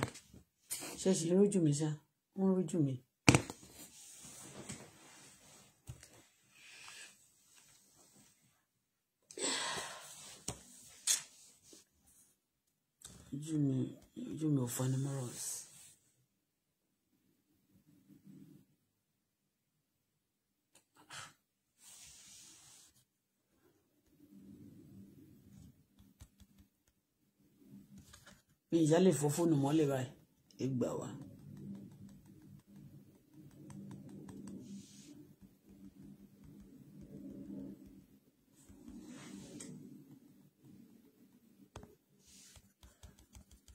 ṣẹ̀ṣẹ̀ rójú mi ṣá wọ́n rójú mi. ojú mi ojú mi ò fanimọ́rọ̀ sí. mi ìyá lè fọ fóònù mọ́lẹ̀ báyìí ẹ gbà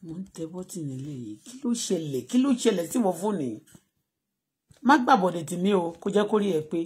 mo ń tẹ bọ́tìnì eléyìí kí ló ṣẹlẹ̀ kí ló ṣẹlẹ̀ sí wọn fóònù yìí má gbàbọ̀dẹ̀ tì mí o kó jẹ́ kó rí ẹ pé